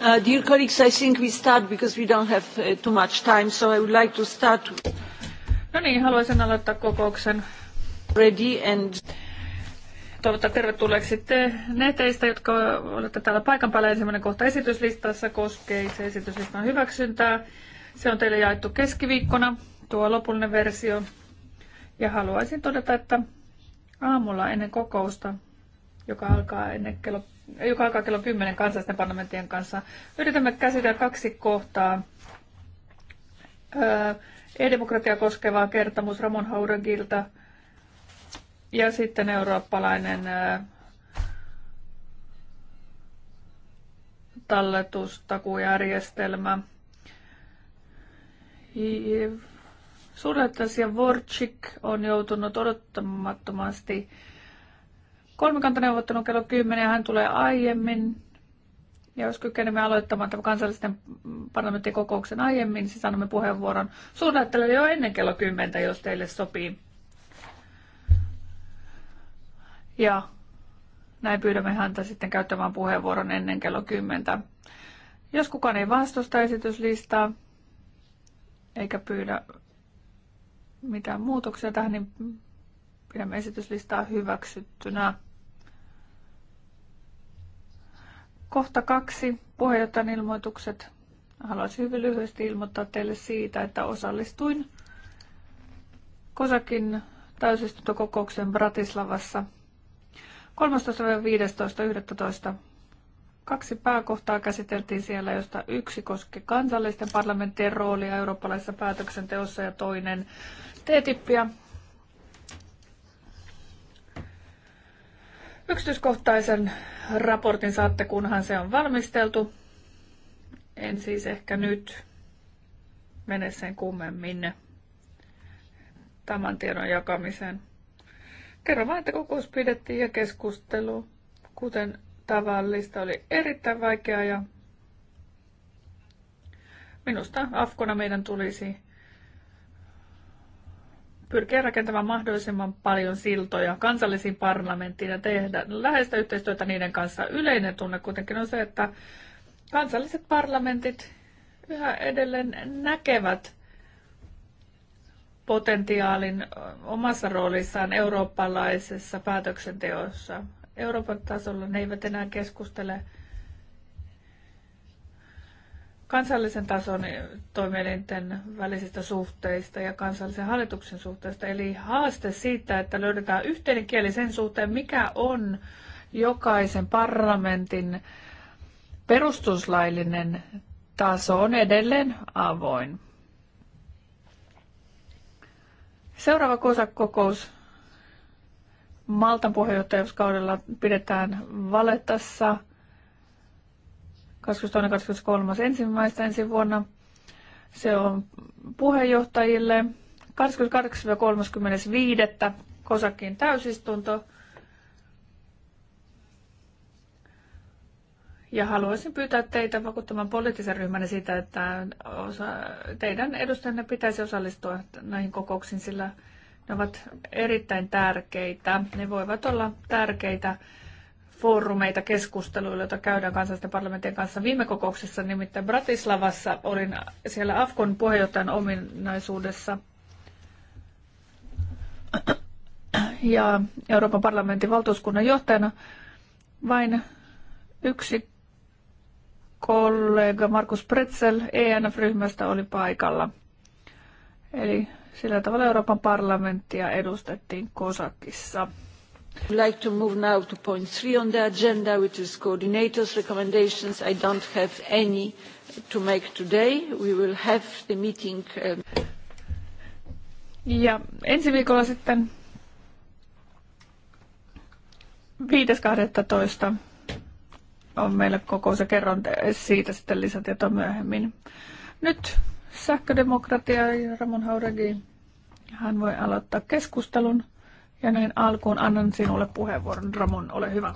Uh, dear colleagues, I think we start because we don't have uh, too much time, so I would like to start. No niin, haluaisin aloittaa kokouksen. Ready and toivottaa tervetulleeksi te, ne teistä, jotka olette täällä paikan päällä. Ensimmäinen kohta esityslistassa koskee itse esityslistan hyväksyntää. Se on teille jaettu keskiviikkona, tuo lopullinen versio. Ja haluaisin todeta, että aamulla ennen kokousta, joka alkaa ennen kello joka alkaa kello 10 kansallisten parlamenttien kanssa. Yritämme käsitellä kaksi kohtaa. E-demokratia koskevaa kertomus Ramon Hauregilta ja sitten eurooppalainen talletustakujärjestelmä. Suurlähettäisiä Vorchik on joutunut odottamattomasti kolmikantaneuvottelun kello 10 ja hän tulee aiemmin. Ja jos kykenemme aloittamaan tämän kansallisten parlamentin kokouksen aiemmin, niin sanomme puheenvuoron suunnittelijalle jo ennen kello 10, jos teille sopii. Ja näin pyydämme häntä sitten käyttämään puheenvuoron ennen kello 10. Jos kukaan ei vastusta esityslistaa eikä pyydä mitään muutoksia tähän, niin pidämme esityslistaa hyväksyttynä. Kohta kaksi, puheenjohtajan ilmoitukset. Haluaisin hyvin lyhyesti ilmoittaa teille siitä, että osallistuin Kosakin täysistuntokokoukseen Bratislavassa 13.15.11. Kaksi pääkohtaa käsiteltiin siellä, josta yksi koski kansallisten parlamenttien roolia eurooppalaisessa päätöksenteossa ja toinen TTIPia Yksityiskohtaisen raportin saatte, kunhan se on valmisteltu. En siis ehkä nyt mene sen kummemmin tämän tiedon jakamiseen. Kerro vain, että kokous pidettiin ja keskustelu, kuten tavallista, oli erittäin vaikeaa ja minusta Afkona meidän tulisi pyrkiä rakentamaan mahdollisimman paljon siltoja kansallisiin parlamenttiin ja tehdä läheistä yhteistyötä niiden kanssa. Yleinen tunne kuitenkin on se, että kansalliset parlamentit yhä edelleen näkevät potentiaalin omassa roolissaan eurooppalaisessa päätöksenteossa. Euroopan tasolla ne eivät enää keskustele kansallisen tason toimielinten välisistä suhteista ja kansallisen hallituksen suhteista. Eli haaste siitä, että löydetään yhteinen kieli sen suhteen, mikä on jokaisen parlamentin perustuslaillinen taso, on edelleen avoin. Seuraava kosakokous Maltan puheenjohtajuuskaudella pidetään Valetassa 22.23. ensimmäistä ensi vuonna. Se on puheenjohtajille 28.35. Kosakin täysistunto. Ja haluaisin pyytää teitä vakuuttamaan poliittisen ryhmänne sitä, että osa, teidän edustajanne pitäisi osallistua näihin kokouksiin, sillä ne ovat erittäin tärkeitä. Ne voivat olla tärkeitä foorumeita keskusteluille joita käydään kansallisten parlamenttien kanssa. Viime kokouksessa nimittäin Bratislavassa olin siellä Afkon puheenjohtajan ominaisuudessa. Ja Euroopan parlamentin valtuuskunnan johtajana vain yksi kollega Markus Pretzel ENF-ryhmästä oli paikalla. Eli sillä tavalla Euroopan parlamenttia edustettiin Kosakissa like to move now to point three on the agenda, which is coordinators' recommendations. I not have any to make today. We will have the meeting. Um, ja ensi viikolla sitten 5.12. on kokous ja kerron siitä sitten myöhemmin. Nyt sähködemokratia ja Ramon Hauregi. Hän voi aloittaa keskustelun. Ja näin alkuun annan sinulle puheenvuoron. Ramon, ole hyvä.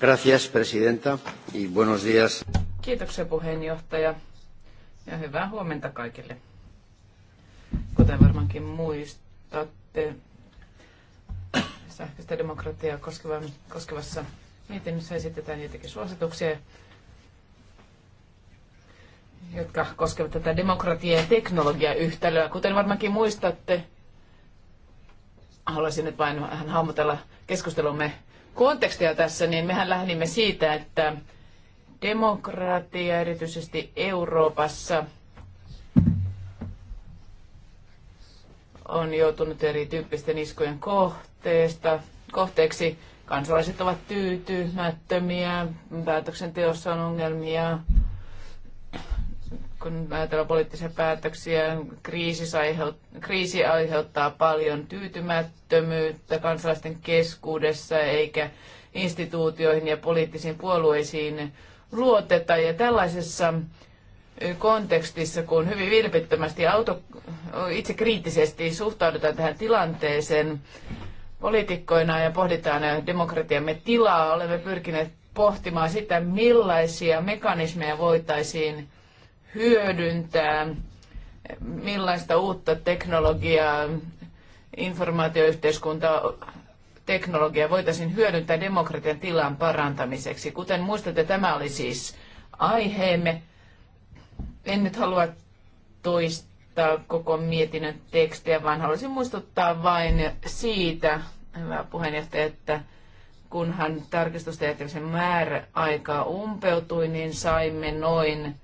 Gracias, presidenta, y buenos días. Kiitoksia puheenjohtaja ja hyvää huomenta kaikille. Kuten varmaankin muistatte, sähköistä demokratiaa koskevassa mietinnössä esitetään joitakin suosituksia, jotka koskevat tätä demokratia- ja teknologiayhtälöä. Kuten varmaankin muistatte, haluaisin nyt vain vähän hahmotella keskustelumme kontekstia tässä, niin mehän lähdimme siitä, että demokratia erityisesti Euroopassa on joutunut erityyppisten iskujen kohteesta, kohteeksi. Kansalaiset ovat tyytymättömiä, päätöksenteossa on ongelmia, kun ajatellaan poliittisia päätöksiä, kriisi, aiheut, kriisi aiheuttaa paljon tyytymättömyyttä kansalaisten keskuudessa, eikä instituutioihin ja poliittisiin puolueisiin luoteta. Ja tällaisessa kontekstissa, kun hyvin vilpittömästi auto, itse kriittisesti suhtaudutaan tähän tilanteeseen poliitikkoina ja pohditaan demokratiamme tilaa, olemme pyrkineet pohtimaan sitä, millaisia mekanismeja voitaisiin hyödyntää, millaista uutta teknologiaa, informaatioyhteiskunta teknologiaa voitaisiin hyödyntää demokratian tilan parantamiseksi. Kuten muistatte, tämä oli siis aiheemme. En nyt halua toistaa koko mietinnön tekstiä, vaan haluaisin muistuttaa vain siitä, hyvä puheenjohtaja, että kunhan tarkistustehtävisen jättämisen määräaikaa umpeutui, niin saimme noin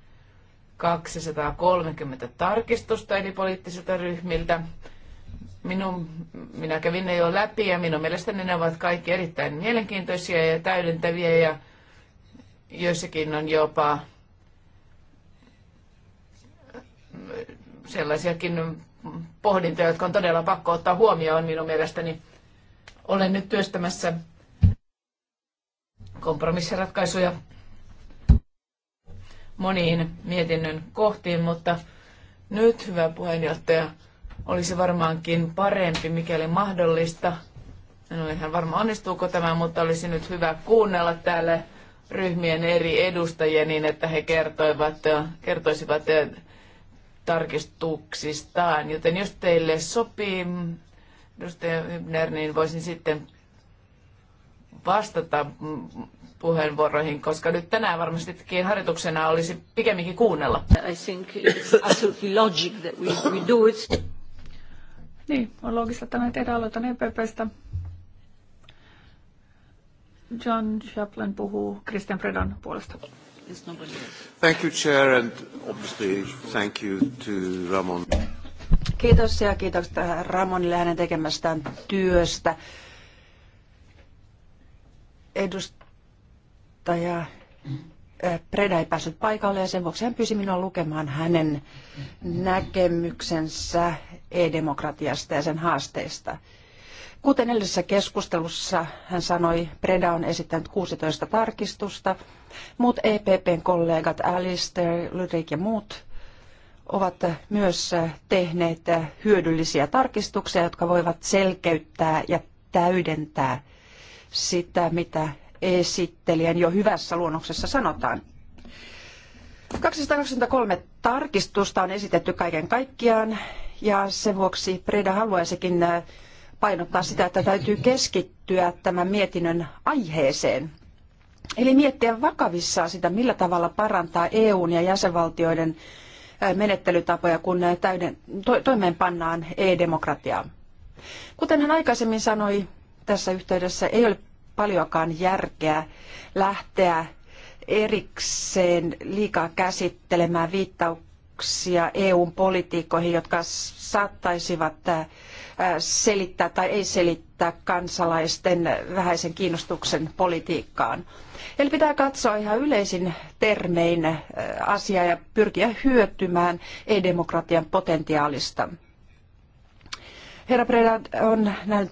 230 tarkistusta eri poliittisilta ryhmiltä. Minun, minä kävin ne jo läpi ja minun mielestäni ne ovat kaikki erittäin mielenkiintoisia ja täydentäviä ja joissakin on jopa mm, sellaisiakin pohdintoja, jotka on todella pakko ottaa huomioon minun mielestäni. Olen nyt työstämässä kompromissiratkaisuja moniin mietinnön kohtiin, mutta nyt, hyvä puheenjohtaja, olisi varmaankin parempi, mikäli mahdollista. En ole ihan varma, onnistuuko tämä, mutta olisi nyt hyvä kuunnella täällä ryhmien eri edustajia niin, että he kertoivat, kertoisivat eh, tarkistuksistaan. Joten jos teille sopii, edustaja Hybner, niin voisin sitten vastata puheenvuoroihin, koska nyt tänään varmastikin harjoituksena olisi pikemminkin kuunnella. I think it's absolutely logic that we, we do it. Niin, on loogista, että näin tehdään aloitan EPPstä. John Chaplin puhuu Christian Fredon puolesta. Thank you, Chair, and obviously thank you to Ramon. Kiitos ja kiitokset Ramonille hänen tekemästään työstä. Edust- puheenjohtaja Preda ei päässyt paikalle ja sen vuoksi hän pyysi minua lukemaan hänen näkemyksensä e-demokratiasta ja sen haasteista. Kuten edellisessä keskustelussa hän sanoi, Preda on esittänyt 16 tarkistusta. Muut EPPn kollegat Alistair, Ludwig ja muut ovat myös tehneet hyödyllisiä tarkistuksia, jotka voivat selkeyttää ja täydentää sitä, mitä esittelijän jo hyvässä luonnoksessa sanotaan. 223 tarkistusta on esitetty kaiken kaikkiaan ja sen vuoksi Preda haluaisikin äh, painottaa sitä, että täytyy keskittyä tämän mietinnön aiheeseen. Eli miettiä vakavissaan sitä, millä tavalla parantaa EUn ja jäsenvaltioiden äh, menettelytapoja, kun äh, täyden, to, toimeenpannaan e-demokratiaa. Kuten hän aikaisemmin sanoi, tässä yhteydessä ei ole paljoakaan järkeä lähteä erikseen liikaa käsittelemään viittauksia EUn politiikkoihin, jotka saattaisivat äh, selittää tai ei selittää kansalaisten vähäisen kiinnostuksen politiikkaan. Eli pitää katsoa ihan yleisin termein äh, asiaa ja pyrkiä hyötymään e-demokratian potentiaalista. Herra Preda on nähnyt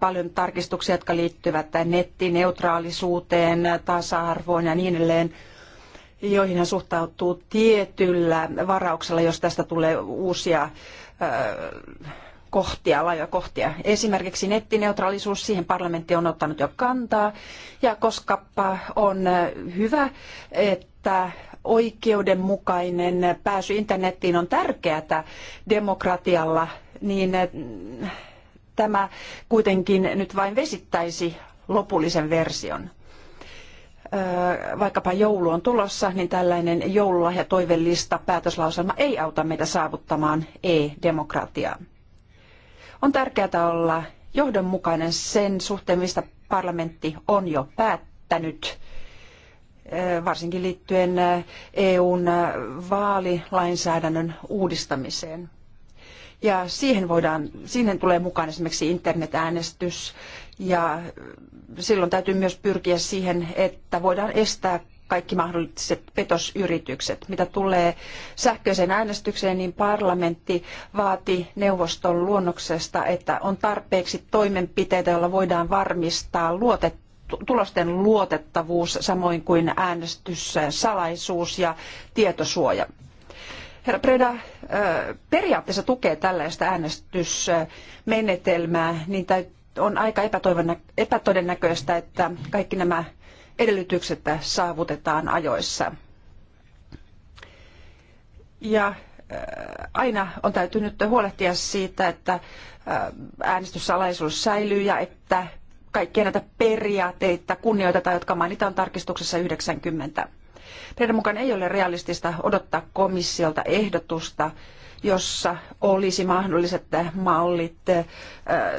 paljon tarkistuksia, jotka liittyvät nettineutraalisuuteen, tasa-arvoon ja niin edelleen, joihin hän suhtautuu tietyllä varauksella, jos tästä tulee uusia kohtia, laajoja kohtia. Esimerkiksi nettineutraalisuus, siihen parlamentti on ottanut jo kantaa. Ja koska on hyvä, että oikeudenmukainen pääsy internettiin on tärkeää demokratialla, niin tämä kuitenkin nyt vain vesittäisi lopullisen version. Vaikkapa joulu on tulossa, niin tällainen joululahja toivellista päätöslauselma ei auta meitä saavuttamaan e-demokratiaa. On tärkeää olla johdonmukainen sen suhteen, mistä parlamentti on jo päättänyt, varsinkin liittyen EUn vaalilainsäädännön uudistamiseen. Ja siihen, voidaan, siihen tulee mukaan esimerkiksi internetäänestys ja silloin täytyy myös pyrkiä siihen, että voidaan estää kaikki mahdolliset petosyritykset. Mitä tulee sähköiseen äänestykseen, niin parlamentti vaati neuvoston luonnoksesta, että on tarpeeksi toimenpiteitä, joilla voidaan varmistaa luotettavuus tulosten luotettavuus, samoin kuin äänestyssalaisuus ja tietosuoja. Herra Preda äh, periaatteessa tukee tällaista äänestysmenetelmää, niin on aika epätodennäköistä, että kaikki nämä edellytykset saavutetaan ajoissa. Ja äh, aina on täytynyt huolehtia siitä, että äh, äänestyssalaisuus säilyy ja että kaikkia näitä periaatteita kunnioitetaan, jotka mainitaan tarkistuksessa 90. Teidän mukaan ei ole realistista odottaa komissiolta ehdotusta, jossa olisi mahdolliset mallit äh,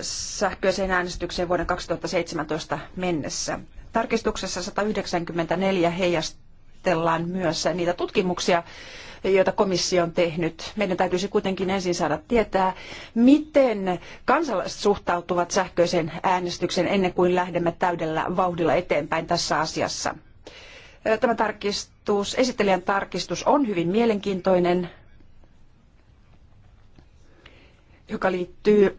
sähköiseen äänestykseen vuoden 2017 mennessä. Tarkistuksessa 194 heijastellaan myös niitä tutkimuksia, joita komissio on tehnyt. Meidän täytyisi kuitenkin ensin saada tietää, miten kansalaiset suhtautuvat sähköiseen äänestykseen ennen kuin lähdemme täydellä vauhdilla eteenpäin tässä asiassa. Tämä tarkistus, esittelijän tarkistus on hyvin mielenkiintoinen, joka liittyy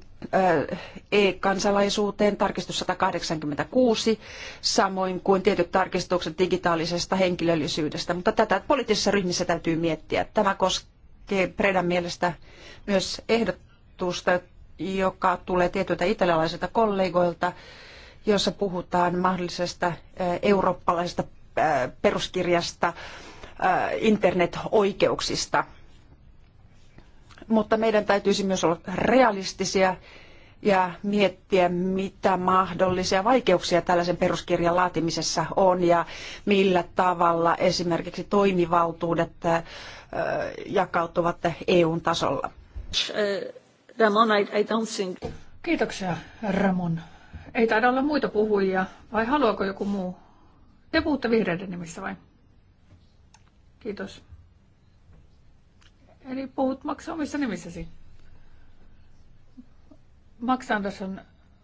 e-kansalaisuuteen, tarkistus 186, samoin kuin tietyt tarkistukset digitaalisesta henkilöllisyydestä. Mutta tätä poliittisissa ryhmissä täytyy miettiä. Tämä koskee Predan mielestä myös ehdotusta, joka tulee tietyiltä italialaisilta kollegoilta, jossa puhutaan mahdollisesta eurooppalaisesta Äh, peruskirjasta, äh, internet-oikeuksista. Mutta meidän täytyisi myös olla realistisia ja miettiä, mitä mahdollisia vaikeuksia tällaisen peruskirjan laatimisessa on ja millä tavalla esimerkiksi toimivaltuudet äh, jakautuvat EUn tasolla. Ramon, I, don't think... Kiitoksia, Ramon. Ei taida olla muita puhujia, vai haluaako joku muu te puhutte vihreiden nimissä vai? Kiitos. Eli puhut maksaa omissa nimissäsi. tässä on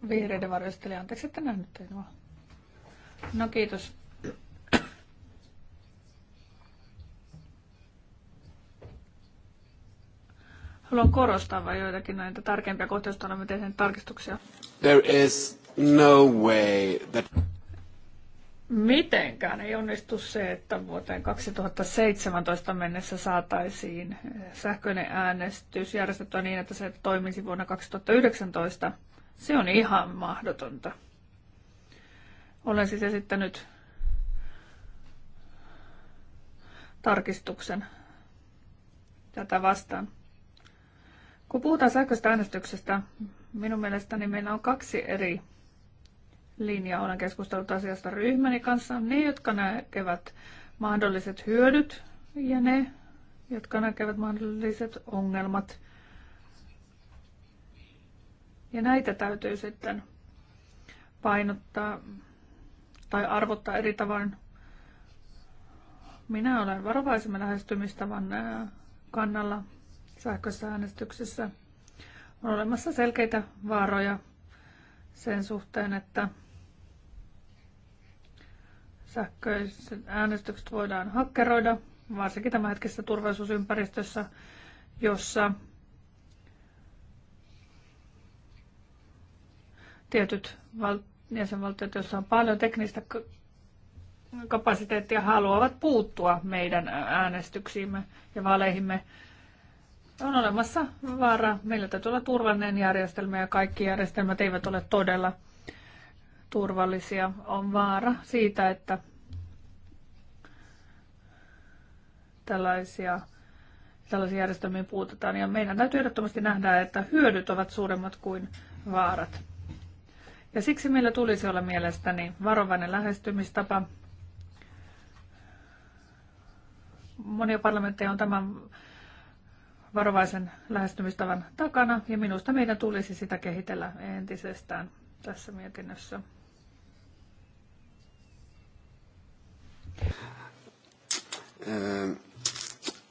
vihreiden varjostelija. Anteeksi, että nähnyt teitä No kiitos. Haluan korostaa vain joitakin näitä tarkempia kohtia, joista olemme tehneet tarkistuksia. There is no way that mitenkään ei onnistu se, että vuoteen 2017 mennessä saataisiin eh, sähköinen äänestys järjestettyä niin, että se toimisi vuonna 2019. Se on ihan mahdotonta. Olen siis esittänyt tarkistuksen tätä vastaan. Kun puhutaan sähköistä äänestyksestä, minun mielestäni meillä on kaksi eri linjaa. Olen keskustellut asiasta ryhmäni kanssa. Ne, jotka näkevät mahdolliset hyödyt ja ne, jotka näkevät mahdolliset ongelmat. Ja näitä täytyy sitten painottaa tai arvottaa eri tavoin. Minä olen varovaisemmin lähestymistavan kannalla sähköisessä äänestyksessä. On olemassa selkeitä vaaroja sen suhteen, että Sähköiset äänestykset voidaan hakkeroida, varsinkin tämänhetkisessä turvallisuusympäristössä, jossa tietyt val- jäsenvaltiot, joissa on paljon teknistä kapasiteettia, haluavat puuttua meidän äänestyksiimme ja vaaleihimme. On olemassa vaara. Meillä täytyy olla turvallinen järjestelmä ja kaikki järjestelmät eivät ole todella turvallisia, on vaara siitä, että tällaisia, tällaisia järjestelmiä puututaan. Ja meidän täytyy ehdottomasti nähdä, että hyödyt ovat suuremmat kuin vaarat. Ja siksi meillä tulisi olla mielestäni varovainen lähestymistapa. Monia parlamentteja on tämän varovaisen lähestymistavan takana ja minusta meidän tulisi sitä kehitellä entisestään tässä mietinnössä. Uh,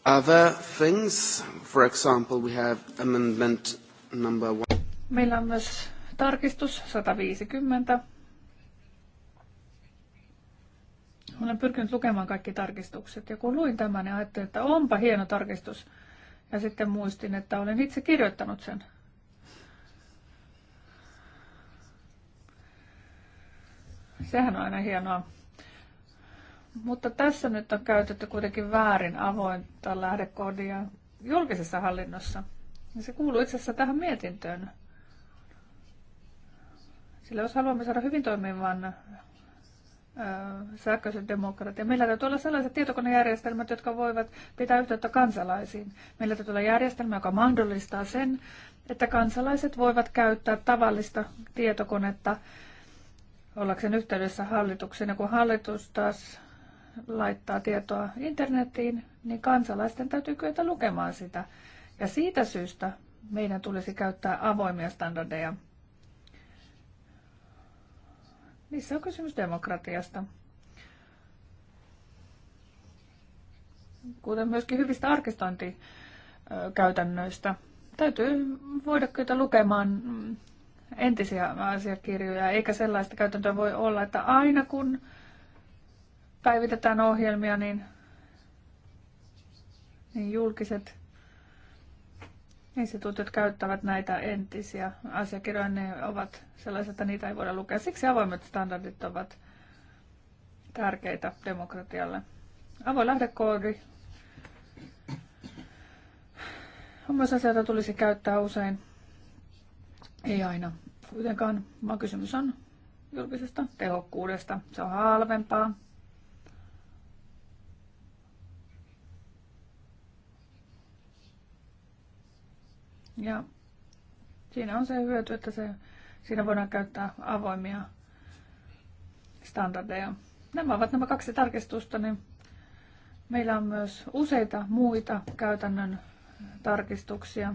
other things, for example, we have amendment number one. Meillä on myös tarkistus 150. Olen pyrkinyt lukemaan kaikki tarkistukset ja kun luin tämän, niin ajattelin, että onpa hieno tarkistus. Ja sitten muistin, että olen itse kirjoittanut sen. Sehän on aina hienoa. Mutta tässä nyt on käytetty kuitenkin väärin avointa lähdekoodia julkisessa hallinnossa. Ja se kuuluu itse asiassa tähän mietintöön. Sillä jos haluamme saada hyvin toimivan sähköisen demokratian. Meillä täytyy olla sellaiset tietokonejärjestelmät, jotka voivat pitää yhteyttä kansalaisiin. Meillä täytyy olla järjestelmä, joka mahdollistaa sen, että kansalaiset voivat käyttää tavallista tietokonetta ollakseen yhteydessä hallitukseen. Ja kun hallitus taas laittaa tietoa internetiin, niin kansalaisten täytyy kyetä lukemaan sitä. Ja siitä syystä meidän tulisi käyttää avoimia standardeja. Niissä on kysymys demokratiasta. Kuten myöskin hyvistä arkistointikäytännöistä. Täytyy voida kyetä lukemaan mm, entisiä asiakirjoja, eikä sellaista käytäntöä voi olla, että aina kun päivitetään ohjelmia, niin, niin julkiset instituutiot käyttävät näitä entisiä asiakirjoja, ne ovat sellaisia, että niitä ei voida lukea. Siksi avoimet standardit ovat tärkeitä demokratialle. Avoin lähdekoodi on myös asia, jota tulisi käyttää usein. Ei aina kuitenkaan, vaan kysymys on julkisesta tehokkuudesta. Se on halvempaa, Ja siinä on se hyöty, että se, siinä voidaan käyttää avoimia standardeja. Nämä ovat nämä kaksi tarkistusta, niin meillä on myös useita muita käytännön tarkistuksia.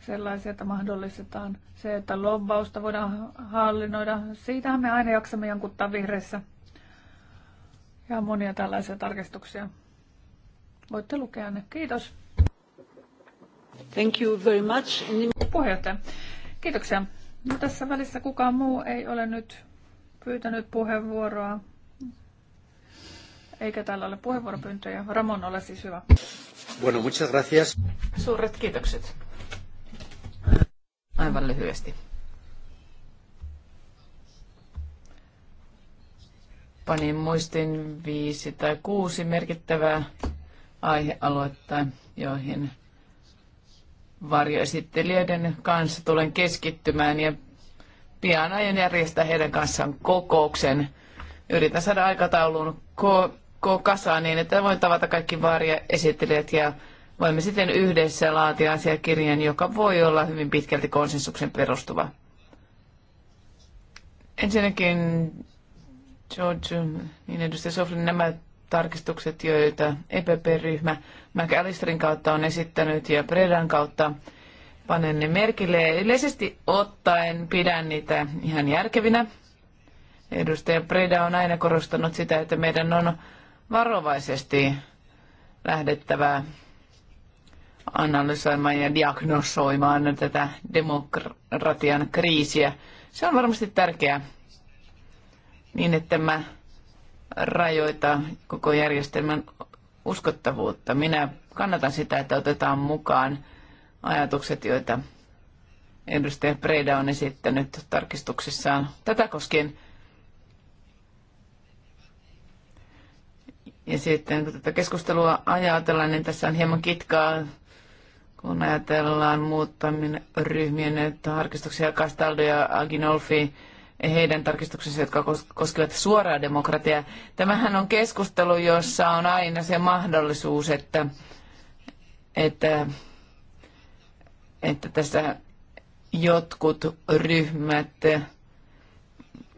Sellaisia, että mahdollistetaan se, että lobbausta voidaan hallinnoida. Siitähän me aina jaksamme jankuttaa vihreissä. Ja monia tällaisia tarkistuksia. Voitte lukea ne. Kiitos. Thank you very much. Puheenjohtaja, kiitoksia. No, tässä välissä kukaan muu ei ole nyt pyytänyt puheenvuoroa. Eikä täällä ole puheenvuoropyyntöjä. Ramon, ole siis hyvä. Bueno, muchas gracias. Suuret kiitokset. Aivan lyhyesti. Panin muistin viisi tai kuusi merkittävää aihealuetta, joihin varjoesittelijöiden kanssa tulen keskittymään ja pian aion järjestää heidän kanssaan kokouksen. Yritän saada aikataulun ko- ko- kasaan niin, että voin tavata kaikki varjoesittelijät ja voimme sitten yhdessä laatia asiakirjan, joka voi olla hyvin pitkälti konsensuksen perustuva. Ensinnäkin George, niin edustaja Soflin, nämä tarkistukset, joita EPP-ryhmä McAllisterin kautta on esittänyt ja Predan kautta panen ne merkille. Yleisesti ottaen pidän niitä ihan järkevinä. Edustaja Preda on aina korostanut sitä, että meidän on varovaisesti lähdettävä analysoimaan ja diagnosoimaan tätä demokratian kriisiä. Se on varmasti tärkeää niin, että mä rajoita koko järjestelmän uskottavuutta. Minä kannatan sitä, että otetaan mukaan ajatukset, joita edustaja Preda on esittänyt tarkistuksissaan tätä koskien. Ja sitten kun tätä keskustelua ajatellaan, niin tässä on hieman kitkaa, kun ajatellaan muuttaminen ryhmien tarkistuksia. Castaldo ja Aginolfi heidän tarkistuksensa, jotka koskevat suoraa demokratiaa. Tämähän on keskustelu, jossa on aina se mahdollisuus, että, että, että tässä jotkut ryhmät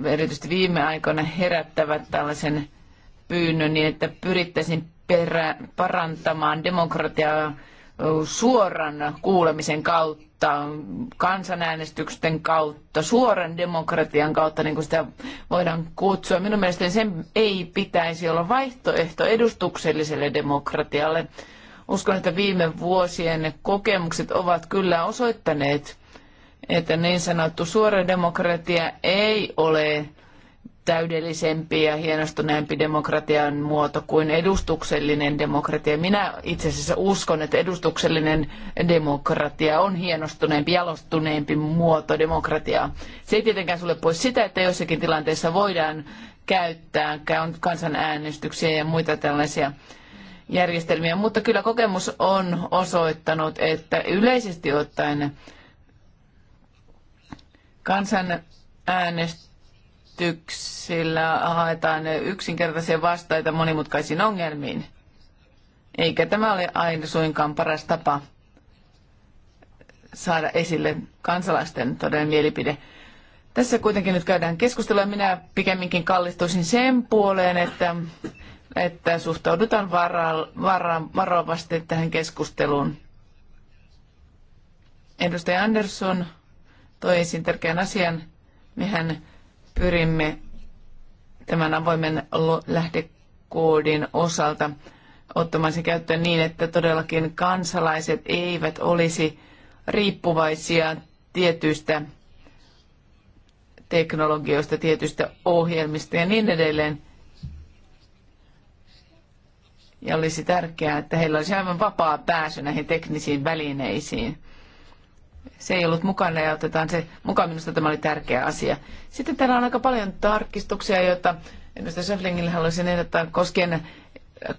erityisesti viime aikoina herättävät tällaisen pyynnön niin, että pyrittäisiin perä, parantamaan demokratiaa suoran kuulemisen kautta, kansanäänestysten kautta, suoran demokratian kautta, niin kuin sitä voidaan kutsua. Minun mielestäni sen ei pitäisi olla vaihtoehto edustukselliselle demokratialle. Uskon, että viime vuosien kokemukset ovat kyllä osoittaneet, että niin sanottu suora demokratia ei ole täydellisempi ja hienostuneempi demokratian muoto kuin edustuksellinen demokratia. Minä itse asiassa uskon, että edustuksellinen demokratia on hienostuneempi, jalostuneempi muoto demokratiaa. Se ei tietenkään sulle pois sitä, että joissakin tilanteissa voidaan käyttää kansanäänestyksiä ja muita tällaisia järjestelmiä, mutta kyllä kokemus on osoittanut, että yleisesti ottaen kansanäänestys esityksillä haetaan yksinkertaisia vastaita monimutkaisiin ongelmiin. Eikä tämä ole aina suinkaan paras tapa saada esille kansalaisten todellinen mielipide. Tässä kuitenkin nyt käydään keskustelua. Minä pikemminkin kallistuisin sen puoleen, että, että suhtaudutaan vara, vara, varovasti tähän keskusteluun. Edustaja Andersson toi esiin tärkeän asian. Mehän pyrimme tämän avoimen lähdekoodin osalta ottamaan se käyttöön niin, että todellakin kansalaiset eivät olisi riippuvaisia tietyistä teknologioista, tietyistä ohjelmista ja niin edelleen. Ja olisi tärkeää, että heillä olisi aivan vapaa pääsy näihin teknisiin välineisiin se ei ollut mukana ja otetaan se mukaan. Minusta tämä oli tärkeä asia. Sitten täällä on aika paljon tarkistuksia, joita Ennusta Söflingille haluaisin ehdottaa koskien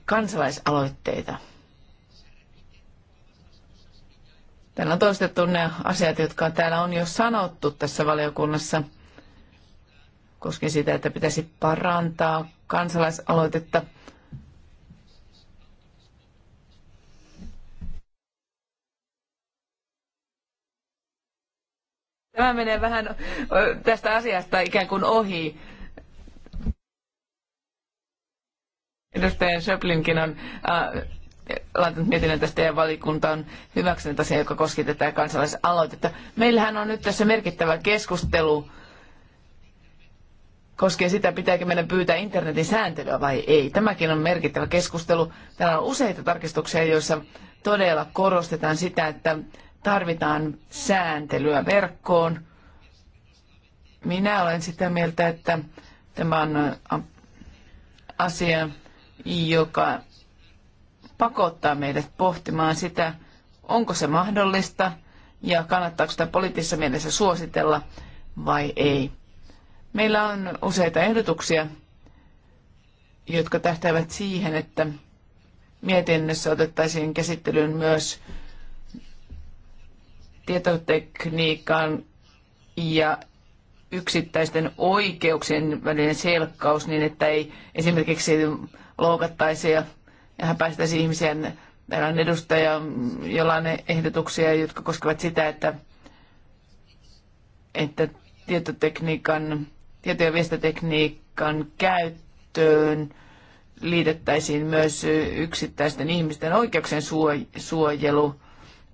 kansalaisaloitteita. Täällä on toistettu ne asiat, jotka täällä on jo sanottu tässä valiokunnassa koskien sitä, että pitäisi parantaa kansalaisaloitetta – Tämä menee vähän tästä asiasta ikään kuin ohi. Edustaja Schöplinkin on äh, laittanut mietinnän tästä ja valikunta on hyväksynyt asian, joka koski tätä kansalaisaloitetta. Meillähän on nyt tässä merkittävä keskustelu koskien sitä, pitääkö meidän pyytää internetin sääntelyä vai ei. Tämäkin on merkittävä keskustelu. Täällä on useita tarkistuksia, joissa todella korostetaan sitä, että tarvitaan sääntelyä verkkoon. Minä olen sitä mieltä, että tämä on äh, asia, joka pakottaa meidät pohtimaan sitä, onko se mahdollista ja kannattaako sitä poliittisessa mielessä suositella vai ei. Meillä on useita ehdotuksia, jotka tähtävät siihen, että mietinnössä otettaisiin käsittelyyn myös tietotekniikan ja yksittäisten oikeuksien välinen selkkaus niin, että ei esimerkiksi loukattaisi ja häpäistäisi ihmisiä. Täällä on edustaja, jolla on ehdotuksia, jotka koskevat sitä, että, että tietotekniikan, tieto- ja viestintätekniikan käyttöön liitettäisiin myös yksittäisten ihmisten oikeuksien suojelu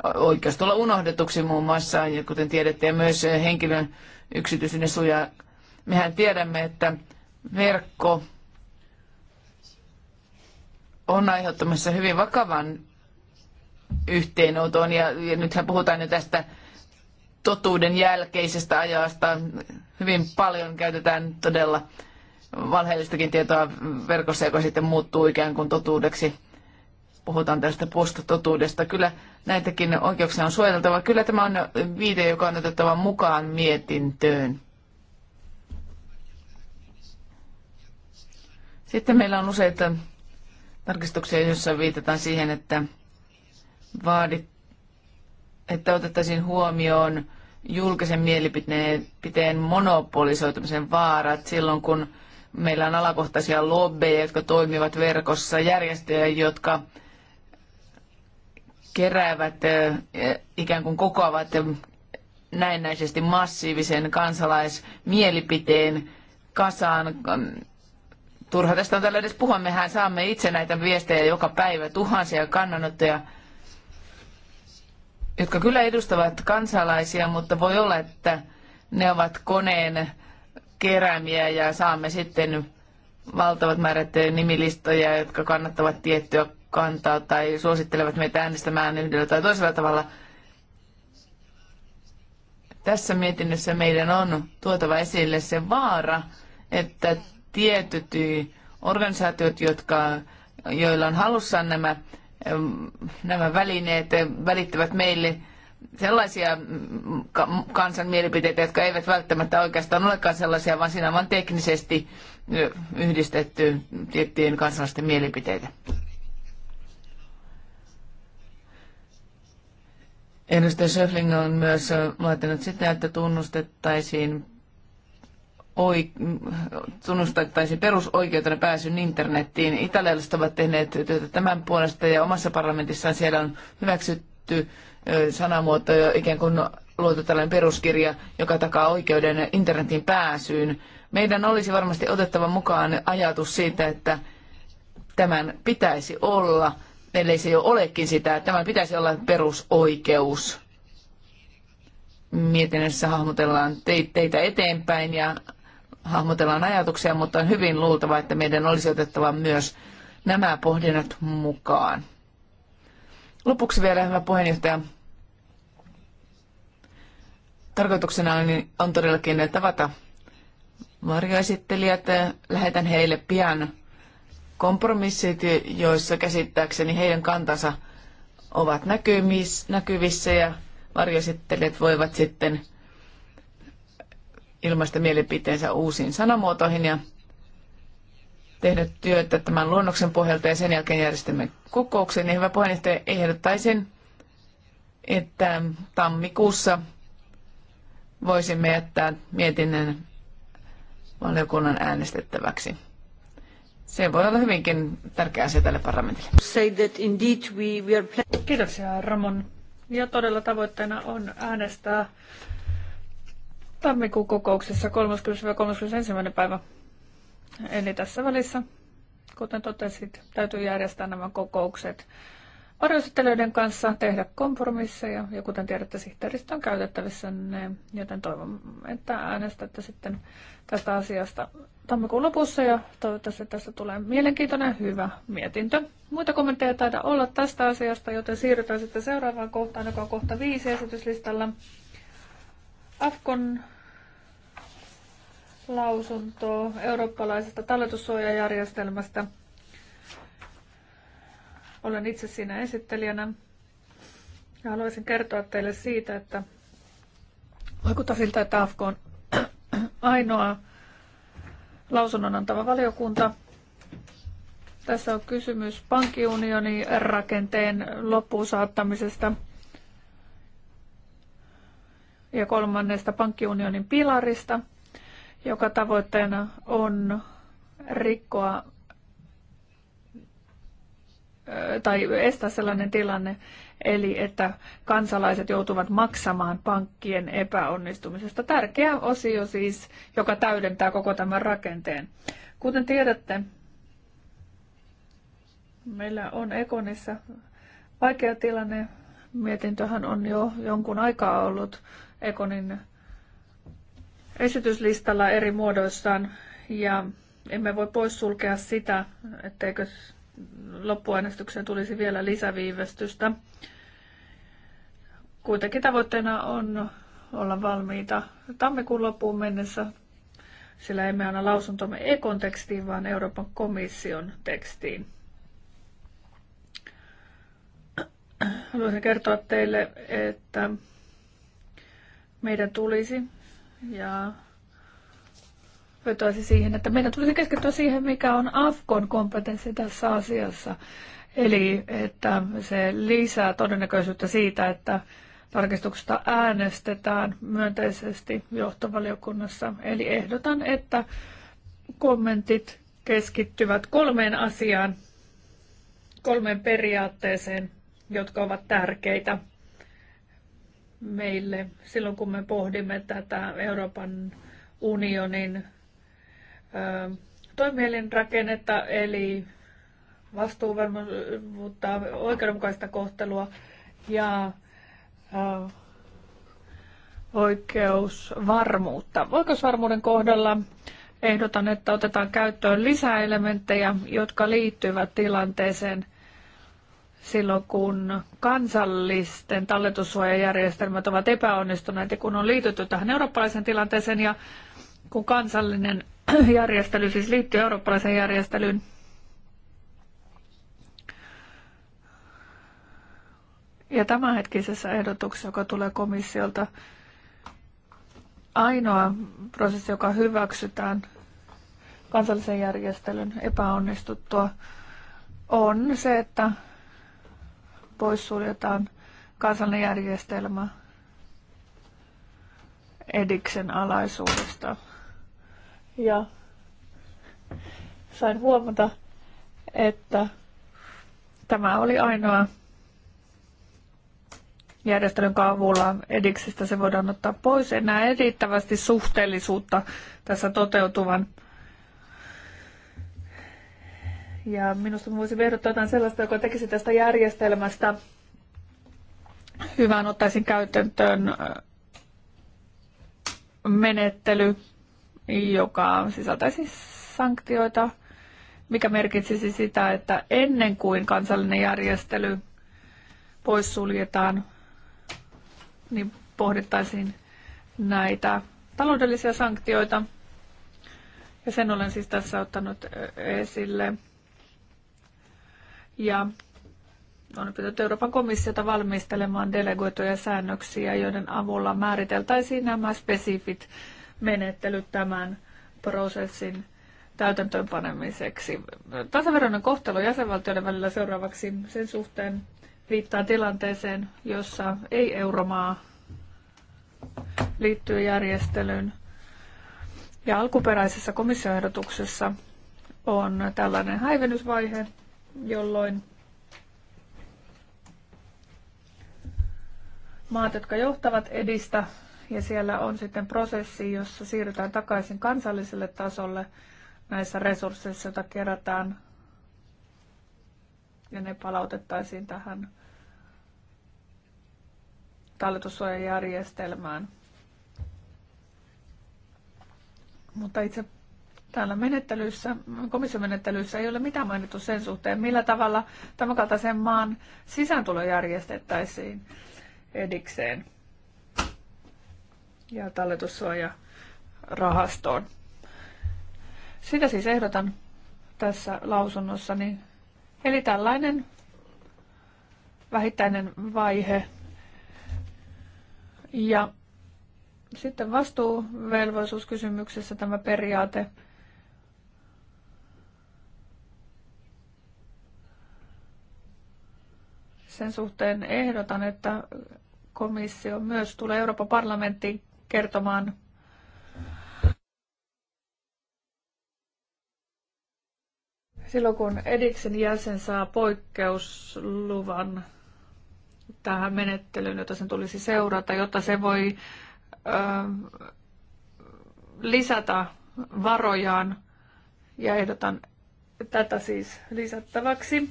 oikeus tulla unohdetuksi muun muassa, ja kuten tiedätte, ja myös henkilön yksityisyyden suoja. Mehän tiedämme, että verkko on aiheuttamassa hyvin vakavan yhteenoton, ja, ja nythän puhutaan jo tästä totuuden jälkeisestä ajasta. Hyvin paljon käytetään todella valheellistakin tietoa verkossa, joka sitten muuttuu ikään kuin totuudeksi puhutaan tästä postatotuudesta. Kyllä näitäkin oikeuksia on suojeltava. Kyllä tämä on video, joka on otettava mukaan mietintöön. Sitten meillä on useita tarkistuksia, joissa viitataan siihen, että vaadit, että otettaisiin huomioon julkisen mielipiteen monopolisoitumisen vaarat silloin, kun meillä on alakohtaisia lobbeja, jotka toimivat verkossa, järjestöjä, jotka keräävät, ikään kuin kokoavat näennäisesti massiivisen kansalaismielipiteen kasaan. Turha tästä on tällä edes puhua, mehän saamme itse näitä viestejä joka päivä, tuhansia kannanottoja, jotka kyllä edustavat kansalaisia, mutta voi olla, että ne ovat koneen keräämiä ja saamme sitten valtavat määrät nimilistoja, jotka kannattavat tiettyä kantaa tai suosittelevat meitä äänestämään yhdellä tai toisella tavalla. Tässä mietinnössä meidän on tuotava esille se vaara, että tietyt organisaatiot, jotka, joilla on halussaan nämä, nämä välineet, välittävät meille sellaisia kansan mielipiteitä, jotka eivät välttämättä oikeastaan olekaan sellaisia, vaan siinä on vain teknisesti yhdistetty tiettyjen kansalaisten mielipiteitä. Edustaja Schöfling on myös vaatinut sitä, että tunnustettaisiin oi, tunnustettaisiin perusoikeutena pääsyn internettiin. Italialaiset ovat tehneet työtä tämän puolesta ja omassa parlamentissaan siellä on hyväksytty sanamuoto ja ikään kuin luotu tällainen peruskirja, joka takaa oikeuden internetin pääsyyn. Meidän olisi varmasti otettava mukaan ajatus siitä, että tämän pitäisi olla ellei se jo olekin sitä. että Tämä pitäisi olla perusoikeus. Mietinnössä hahmotellaan teitä eteenpäin ja hahmotellaan ajatuksia, mutta on hyvin luultava, että meidän olisi otettava myös nämä pohdinnat mukaan. Lopuksi vielä, hyvä puheenjohtaja, tarkoituksena on, on todellakin tavata varjoesittelijät. Lähetän heille pian kompromissit, joissa käsittääkseni heidän kantansa ovat näkymis, näkyvissä ja varjosittelijat voivat sitten ilmaista mielipiteensä uusiin sanamuotoihin ja tehdä työtä tämän luonnoksen pohjalta ja sen jälkeen järjestämme kokouksen. Ja hyvä puheenjohtaja, ehdottaisin, että tammikuussa voisimme jättää mietinnön valiokunnan äänestettäväksi. Se voi olla hyvinkin tärkeä asia tälle parlamentille. Say that indeed we, we are Kiitoksia Ramon. Ja todella tavoitteena on äänestää tammikuun kokouksessa 30-31. päivä. Eli tässä välissä, kuten totesit, täytyy järjestää nämä kokoukset varjoesittelijöiden kanssa, tehdä kompromisseja ja kuten tiedätte, sihteeristö on käytettävissä, ne, joten toivon, että äänestätte sitten tästä asiasta tammikuun lopussa ja toivottavasti tästä tulee mielenkiintoinen ja hyvä mietintö. Muita kommentteja taida olla tästä asiasta, joten siirrytään sitten seuraavaan kohtaan, joka on kohta viisi esityslistalla. Afkon lausunto eurooppalaisesta talletussuojajärjestelmästä. Olen itse siinä esittelijänä ja haluaisin kertoa teille siitä, että vaikuttaa siltä, että Afko on ainoa lausunnon antava valiokunta. Tässä on kysymys pankkiunionin rakenteen loppuun saattamisesta ja kolmannesta pankkiunionin pilarista, joka tavoitteena on rikkoa tai estää sellainen tilanne, eli että kansalaiset joutuvat maksamaan pankkien epäonnistumisesta. Tärkeä osio siis, joka täydentää koko tämän rakenteen. Kuten tiedätte, meillä on Ekonissa vaikea tilanne. Mietintöhän on jo jonkun aikaa ollut Ekonin esityslistalla eri muodoissaan ja emme voi poissulkea sitä, etteikö loppuäänestykseen tulisi vielä lisäviivästystä. Kuitenkin tavoitteena on olla valmiita tammikuun loppuun mennessä, sillä emme anna lausuntomme Ekon tekstiin, vaan Euroopan komission tekstiin. Haluaisin kertoa teille, että meidän tulisi ja vetoisi siihen, että meidän tulisi keskittyä siihen, mikä on Afkon kompetenssi tässä asiassa. Eli että se lisää todennäköisyyttä siitä, että tarkistuksesta äänestetään myönteisesti johtovaliokunnassa. Eli ehdotan, että kommentit keskittyvät kolmeen asiaan, kolmeen periaatteeseen, jotka ovat tärkeitä meille silloin, kun me pohdimme tätä Euroopan unionin toimielinrakennetta, eli vastuuvarmuutta oikeudenmukaista kohtelua ja oikeusvarmuutta. Oikeusvarmuuden kohdalla ehdotan, että otetaan käyttöön lisää elementtejä, jotka liittyvät tilanteeseen silloin, kun kansallisten talletussuojajärjestelmät ovat epäonnistuneet ja kun on liitytty tähän eurooppalaisen tilanteeseen ja kun kansallinen järjestely siis liittyy eurooppalaiseen järjestelyyn. Ja tämänhetkisessä ehdotuksessa, joka tulee komissiolta, ainoa prosessi, joka hyväksytään kansallisen järjestelyn epäonnistuttua, on se, että poissuljetaan kansallinen järjestelmä ediksen alaisuudesta. Ja sain huomata, että tämä oli ainoa järjestelyn kaavulla ediksistä se voidaan ottaa pois. Enää ei riittävästi suhteellisuutta tässä toteutuvan. Ja minusta voisi verrata jotain sellaista, joka tekisi tästä järjestelmästä hyvän, ottaisin käytäntöön menettely, joka sisältäisi sanktioita, mikä merkitsisi sitä, että ennen kuin kansallinen järjestely poissuljetaan, niin pohdittaisiin näitä taloudellisia sanktioita. Ja sen olen siis tässä ottanut esille. Ja on pitänyt Euroopan komissiota valmistelemaan delegoituja säännöksiä, joiden avulla määriteltäisiin nämä spesifit menettelyt tämän prosessin täytäntöönpanemiseksi. Tasaveroinen kohtelu jäsenvaltioiden välillä seuraavaksi sen suhteen viittaa tilanteeseen, jossa ei-euromaa liittyy järjestelyyn. Ja alkuperäisessä komissioehdotuksessa on tällainen häivennysvaihe, jolloin maat, jotka johtavat edistä ja siellä on sitten prosessi, jossa siirrytään takaisin kansalliselle tasolle näissä resursseissa, joita kerätään ja ne palautettaisiin tähän talletussuojajärjestelmään. Mutta itse täällä menettelyssä, menettelyssä ei ole mitään mainittu sen suhteen, millä tavalla tämänkaltaisen maan sisääntulo järjestettäisiin edikseen ja rahastoon. Sitä siis ehdotan tässä lausunnossani. Eli tällainen vähittäinen vaihe. Ja sitten vastuuvelvoisuuskysymyksessä tämä periaate. Sen suhteen ehdotan, että komissio myös tulee Euroopan parlamenttiin kertomaan silloin kun Ediksen jäsen saa poikkeusluvan tähän menettelyyn, jota sen tulisi seurata, jotta se voi ö, lisätä varojaan. Ja ehdotan tätä siis lisättäväksi.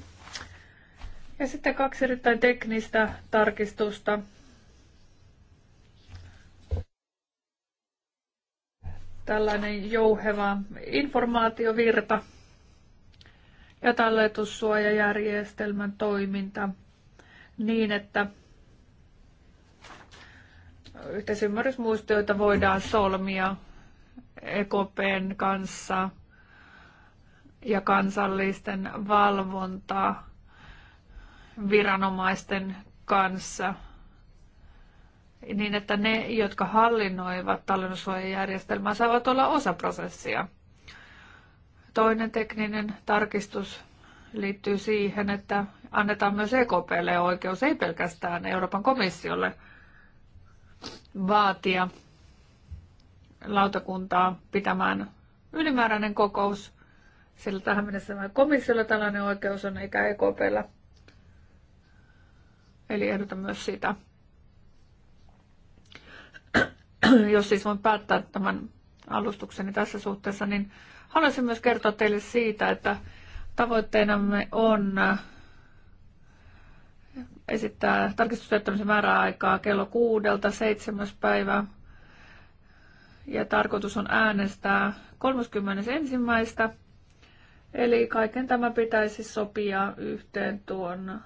Ja sitten kaksi erittäin teknistä tarkistusta. tällainen jouheva informaatiovirta ja talletussuojajärjestelmän toiminta niin, että yhteisymmärrysmuistioita voidaan solmia EKPn kanssa ja kansallisten valvontaa viranomaisten kanssa – niin että ne, jotka hallinnoivat tallennussuojajärjestelmää, saavat olla osa prosessia. Toinen tekninen tarkistus liittyy siihen, että annetaan myös EKPlle oikeus, ei pelkästään Euroopan komissiolle vaatia lautakuntaa pitämään ylimääräinen kokous, sillä tähän mennessä vain komissiolla tällainen oikeus on eikä EKPllä. Eli ehdotan myös sitä. jos siis voin päättää tämän alustukseni tässä suhteessa, niin haluaisin myös kertoa teille siitä, että tavoitteenamme on äh, esittää tarkistustyöttämisen määräaikaa kello kuudelta seitsemäs päivä. Ja tarkoitus on äänestää 31. Eli kaiken tämä pitäisi sopia yhteen tuon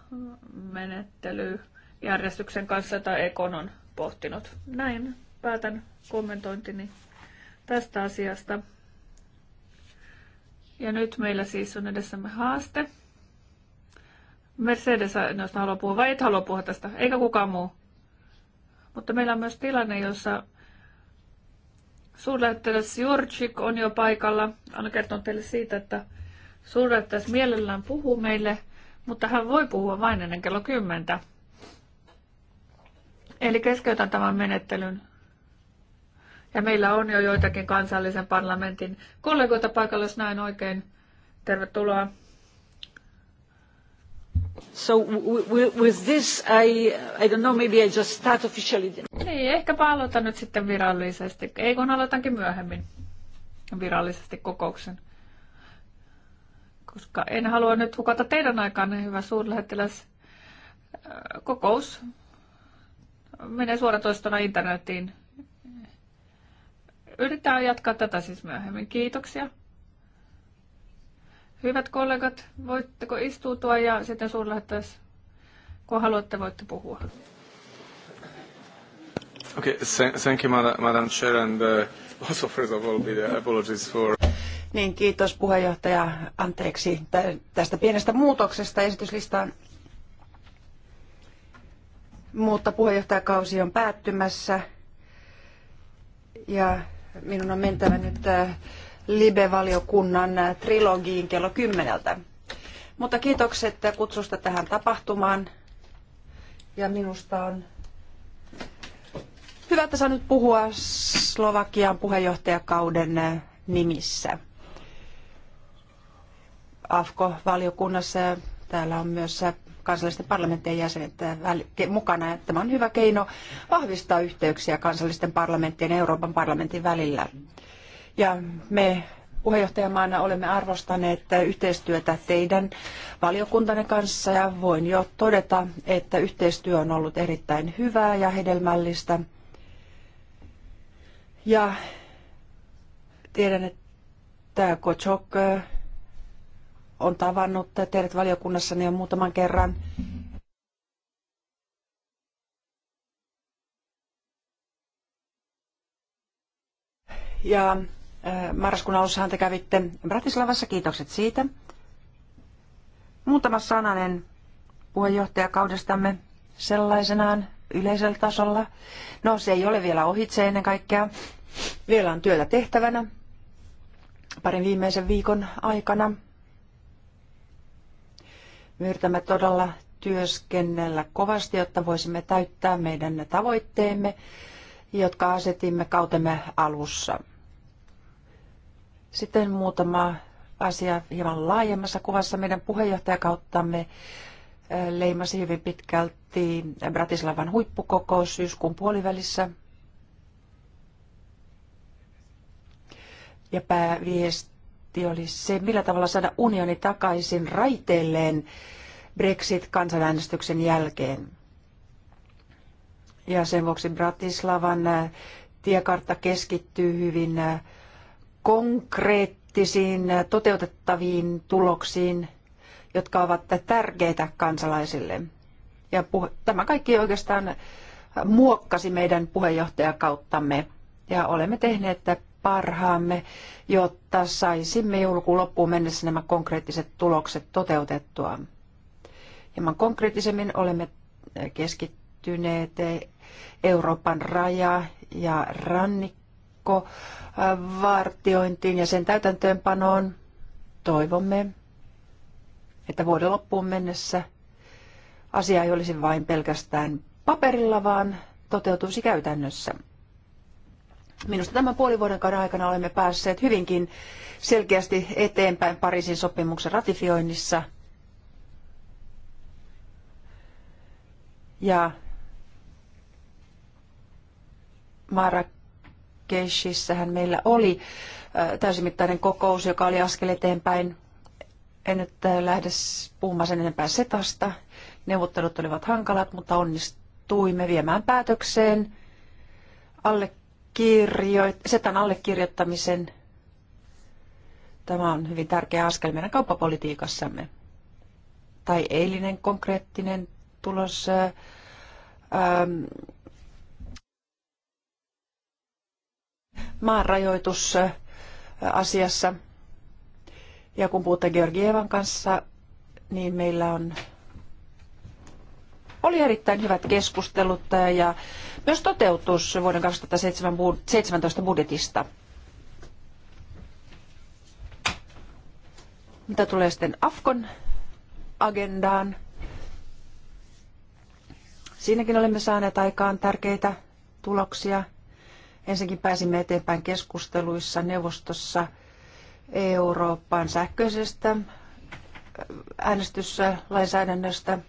menettelyjärjestyksen kanssa, jota Ekon on pohtinut. Näin päätän kommentointini tästä asiasta. Ja nyt meillä siis on edessämme haaste. Mercedes jos haluaa puhua, vai et halua puhua tästä, eikä kukaan muu. Mutta meillä on myös tilanne, jossa suurlähettiläs Jurczyk on jo paikalla. Anna kertoo teille siitä, että suurlähettiläs mielellään puhuu meille, mutta hän voi puhua vain ennen kello kymmentä. Eli keskeytän tämän menettelyn ja meillä on jo joitakin kansallisen parlamentin kollegoita paikalla, jos näin oikein. Tervetuloa. So with this, I, I don't know, maybe I just start officially. Niin, ehkäpä aloitan nyt sitten virallisesti. Ei kun aloitankin myöhemmin virallisesti kokouksen. Koska en halua nyt hukata teidän aikaan, hyvä suurlähettiläs. Kokous menee suoratoistona internetiin Yritetään jatkaa tätä siis myöhemmin. Kiitoksia. Hyvät kollegat, voitteko istuutua ja sitten suurlähettäisiin, kun haluatte, voitte puhua. Okay, thank you, Madam, Madam Chair, and uh, also first of all, the apologies for... Niin, kiitos puheenjohtaja. Anteeksi tästä pienestä muutoksesta esityslistaan. Mutta puheenjohtajakausi on päättymässä ja minun on mentävä nyt äh, Libe-valiokunnan äh, trilogiin kello kymmeneltä. Mutta kiitokset äh, kutsusta tähän tapahtumaan. Ja minusta on hyvä, että saan nyt puhua Slovakian puheenjohtajakauden nimissä. AFKO-valiokunnassa täällä on myös kansallisten parlamenttien jäsenet äh, mukana. Ja tämä on hyvä keino vahvistaa yhteyksiä kansallisten parlamenttien ja Euroopan parlamentin välillä. Ja me puheenjohtajamaana olemme arvostaneet äh, yhteistyötä teidän valiokuntanne kanssa ja voin jo todeta, että yhteistyö on ollut erittäin hyvää ja hedelmällistä. Ja tiedän, että Kochok äh, on tavannut teidät valiokunnassani jo muutaman kerran. Ja äh, marraskuun alussahan te kävitte Bratislavassa, kiitokset siitä. Muutama sananen puheenjohtajakaudestamme sellaisenaan yleisellä tasolla. No se ei ole vielä ohitse ennen kaikkea. Vielä on työtä tehtävänä parin viimeisen viikon aikana. Me yritämme todella työskennellä kovasti, jotta voisimme täyttää meidän tavoitteemme, jotka asetimme kautemme alussa. Sitten muutama asia hieman laajemmassa kuvassa. Meidän puheenjohtajakauttamme eh, leimasi hyvin pitkälti Bratislavan huippukokous syyskuun puolivälissä. Ja pääviesti pointti oli se, millä tavalla saada unioni takaisin raiteilleen Brexit-kansanäänestyksen jälkeen. Ja sen vuoksi Bratislavan äh, tiekartta keskittyy hyvin äh, konkreettisiin äh, toteutettaviin tuloksiin, jotka ovat tärkeitä kansalaisille. Ja tämä kaikki oikeastaan muokkasi meidän puheenjohtajakauttamme ja olemme tehneet parhaamme, jotta saisimme joulukuun loppuun mennessä nämä konkreettiset tulokset toteutettua. Hieman konkreettisemmin olemme keskittyneet Euroopan raja- ja rannikkovartiointiin ja sen täytäntöönpanoon. Toivomme, että vuoden loppuun mennessä asia ei olisi vain pelkästään paperilla, vaan toteutuisi käytännössä. Minusta tämän puolen vuoden aikana olemme päässeet hyvinkin selkeästi eteenpäin Pariisin sopimuksen ratifioinnissa. Ja Marrakeshissähän meillä oli täysimittainen kokous, joka oli askel eteenpäin. En nyt lähde puhumaan sen enempää setasta. Neuvottelut olivat hankalat, mutta onnistuimme viemään päätökseen alle allekirjoit- setan allekirjoittamisen. Tämä on hyvin tärkeä askel meidän kauppapolitiikassamme. Tai eilinen konkreettinen tulos ää, maanrajoitusasiassa. Ja kun puhutte Georgievan kanssa, niin meillä on oli erittäin hyvät keskustelut äh, ja myös toteutus vuoden 2017 budjetista. Mitä tulee sitten Afkon agendaan, siinäkin olemme saaneet aikaan tärkeitä tuloksia. Ensinnäkin pääsimme eteenpäin keskusteluissa neuvostossa Euroopan sähköisestä äh, äänestyslainsäädännöstä –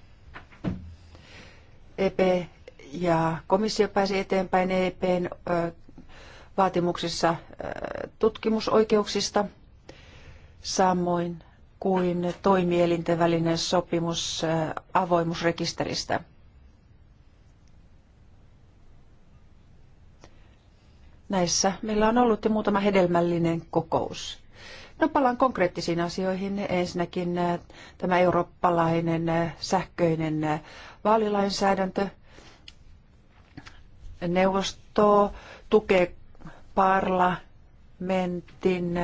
EP ja komissio pääsi eteenpäin EPn vaatimuksissa tutkimusoikeuksista, samoin kuin toimielinten välinen sopimus avoimuusrekisteristä. Näissä meillä on ollut jo muutama hedelmällinen kokous. No palaan konkreettisiin asioihin. Ensinnäkin äh, tämä eurooppalainen äh, sähköinen äh, vaalilainsäädäntö. Neuvosto tukee parlamentin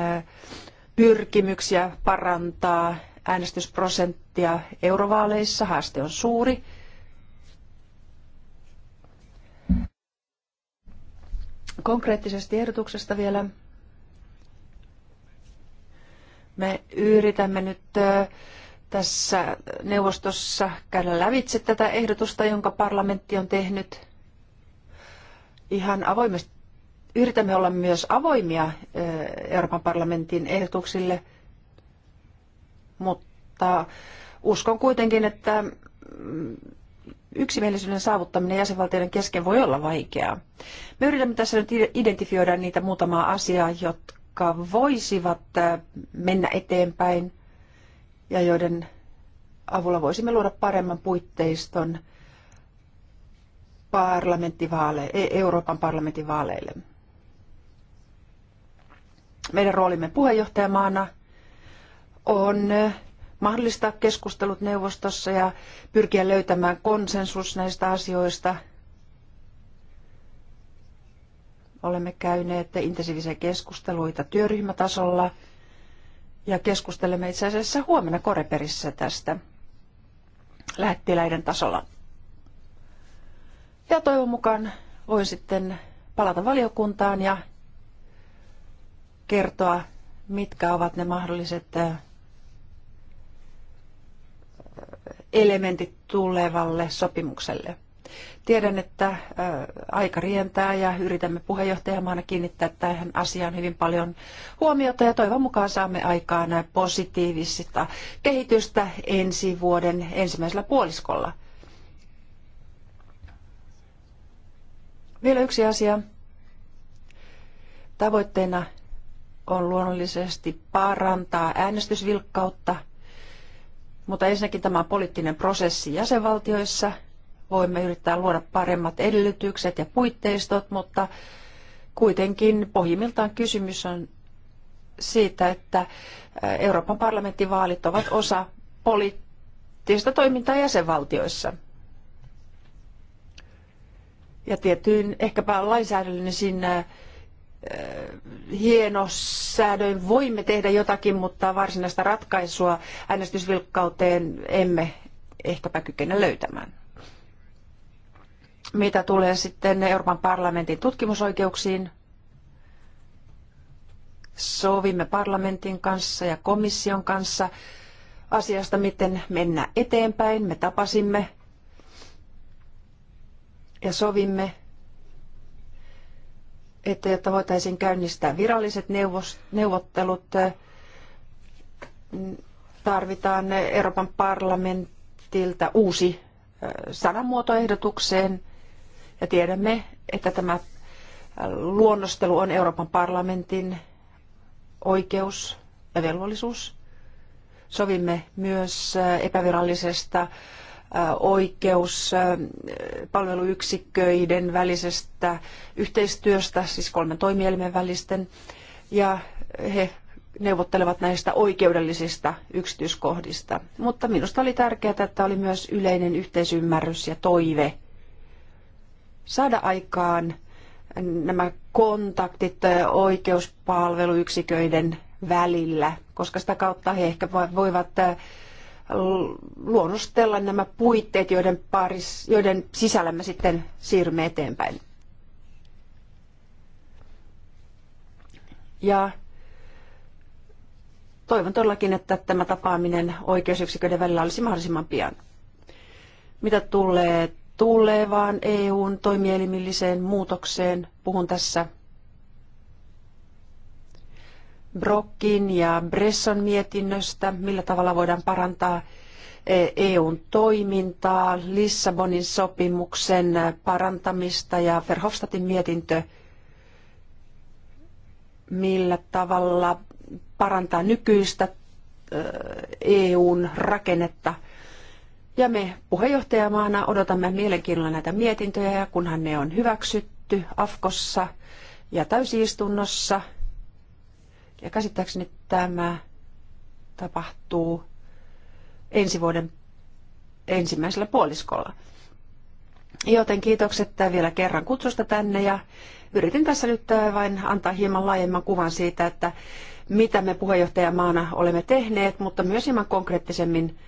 pyrkimyksiä parantaa äänestysprosenttia eurovaaleissa. Haaste on suuri. Konkreettisesti ehdotuksesta vielä me yritämme nyt tässä neuvostossa käydä lävitse tätä ehdotusta, jonka parlamentti on tehnyt ihan avoimesti. Yritämme olla myös avoimia Euroopan parlamentin ehdotuksille, mutta uskon kuitenkin, että mm, yksimielisyyden saavuttaminen jäsenvaltioiden kesken voi olla vaikeaa. Me yritämme tässä nyt identifioida niitä muutamaa asiaa, jotka jotka voisivat äh, mennä eteenpäin ja joiden avulla voisimme luoda paremman puitteiston parlamenttivaale, e- Euroopan parlamentin vaaleille. Meidän roolimme puheenjohtajamaana on äh, mahdollistaa keskustelut neuvostossa ja pyrkiä löytämään konsensus näistä asioista – Olemme käyneet intensiivisiä keskusteluita työryhmätasolla ja keskustelemme itse asiassa huomenna Koreperissä tästä lähettiläiden tasolla. Ja toivon mukaan voin sitten palata valiokuntaan ja kertoa, mitkä ovat ne mahdolliset elementit tulevalle sopimukselle. Tiedän, että äh, aika rientää ja yritämme puheenjohtajamaana kiinnittää tähän asiaan hyvin paljon huomiota ja toivon mukaan saamme aikaan äh, positiivista kehitystä ensi vuoden ensimmäisellä puoliskolla. Vielä yksi asia. Tavoitteena on luonnollisesti parantaa äänestysvilkkautta, mutta ensinnäkin tämä on poliittinen prosessi jäsenvaltioissa – voimme yrittää luoda paremmat edellytykset ja puitteistot, mutta kuitenkin pohjimmiltaan kysymys on siitä, että Euroopan parlamentin vaalit ovat osa poliittista toimintaa jäsenvaltioissa. Ja tietyin ehkäpä lainsäädännöllisiin hienosäädöin voimme tehdä jotakin, mutta varsinaista ratkaisua äänestysvilkkauteen emme ehkäpä kykene löytämään. Mitä tulee sitten Euroopan parlamentin tutkimusoikeuksiin, sovimme parlamentin kanssa ja komission kanssa asiasta, miten mennä eteenpäin. Me tapasimme ja sovimme, että jotta voitaisiin käynnistää viralliset neuvottelut, tarvitaan Euroopan parlamentilta uusi sanamuotoehdotukseen – ja tiedämme, että tämä luonnostelu on Euroopan parlamentin oikeus ja velvollisuus. Sovimme myös äh, epävirallisesta äh, oikeuspalveluyksiköiden äh, välisestä yhteistyöstä, siis kolmen toimielimen välisten, ja he neuvottelevat näistä oikeudellisista yksityiskohdista. Mutta minusta oli tärkeää, että oli myös yleinen yhteisymmärrys ja toive saada aikaan nämä kontaktit oikeuspalveluyksiköiden välillä, koska sitä kautta he ehkä voivat äh, luonnostella nämä puitteet, joiden, paris, joiden sisällä me sitten siirrymme eteenpäin. Ja toivon todellakin, että tämä tapaaminen oikeusyksiköiden välillä olisi mahdollisimman pian. Mitä tulee tulevaan EUn toimielimilliseen muutokseen. Puhun tässä Brockin ja Bresson mietinnöstä, millä tavalla voidaan parantaa e, EUn toimintaa, Lissabonin sopimuksen parantamista ja Verhofstadtin mietintö, millä tavalla parantaa nykyistä e, EUn rakennetta – ja me puheenjohtajamaana odotamme mielenkiinnolla näitä mietintöjä ja kunhan ne on hyväksytty AFKossa ja täysistunnossa. Ja käsittääkseni tämä tapahtuu ensi vuoden ensimmäisellä puoliskolla. Joten kiitokset vielä kerran kutsusta tänne ja yritin tässä nyt äh, vain antaa hieman laajemman kuvan siitä, että mitä me puheenjohtajamaana olemme tehneet, mutta myös hieman konkreettisemmin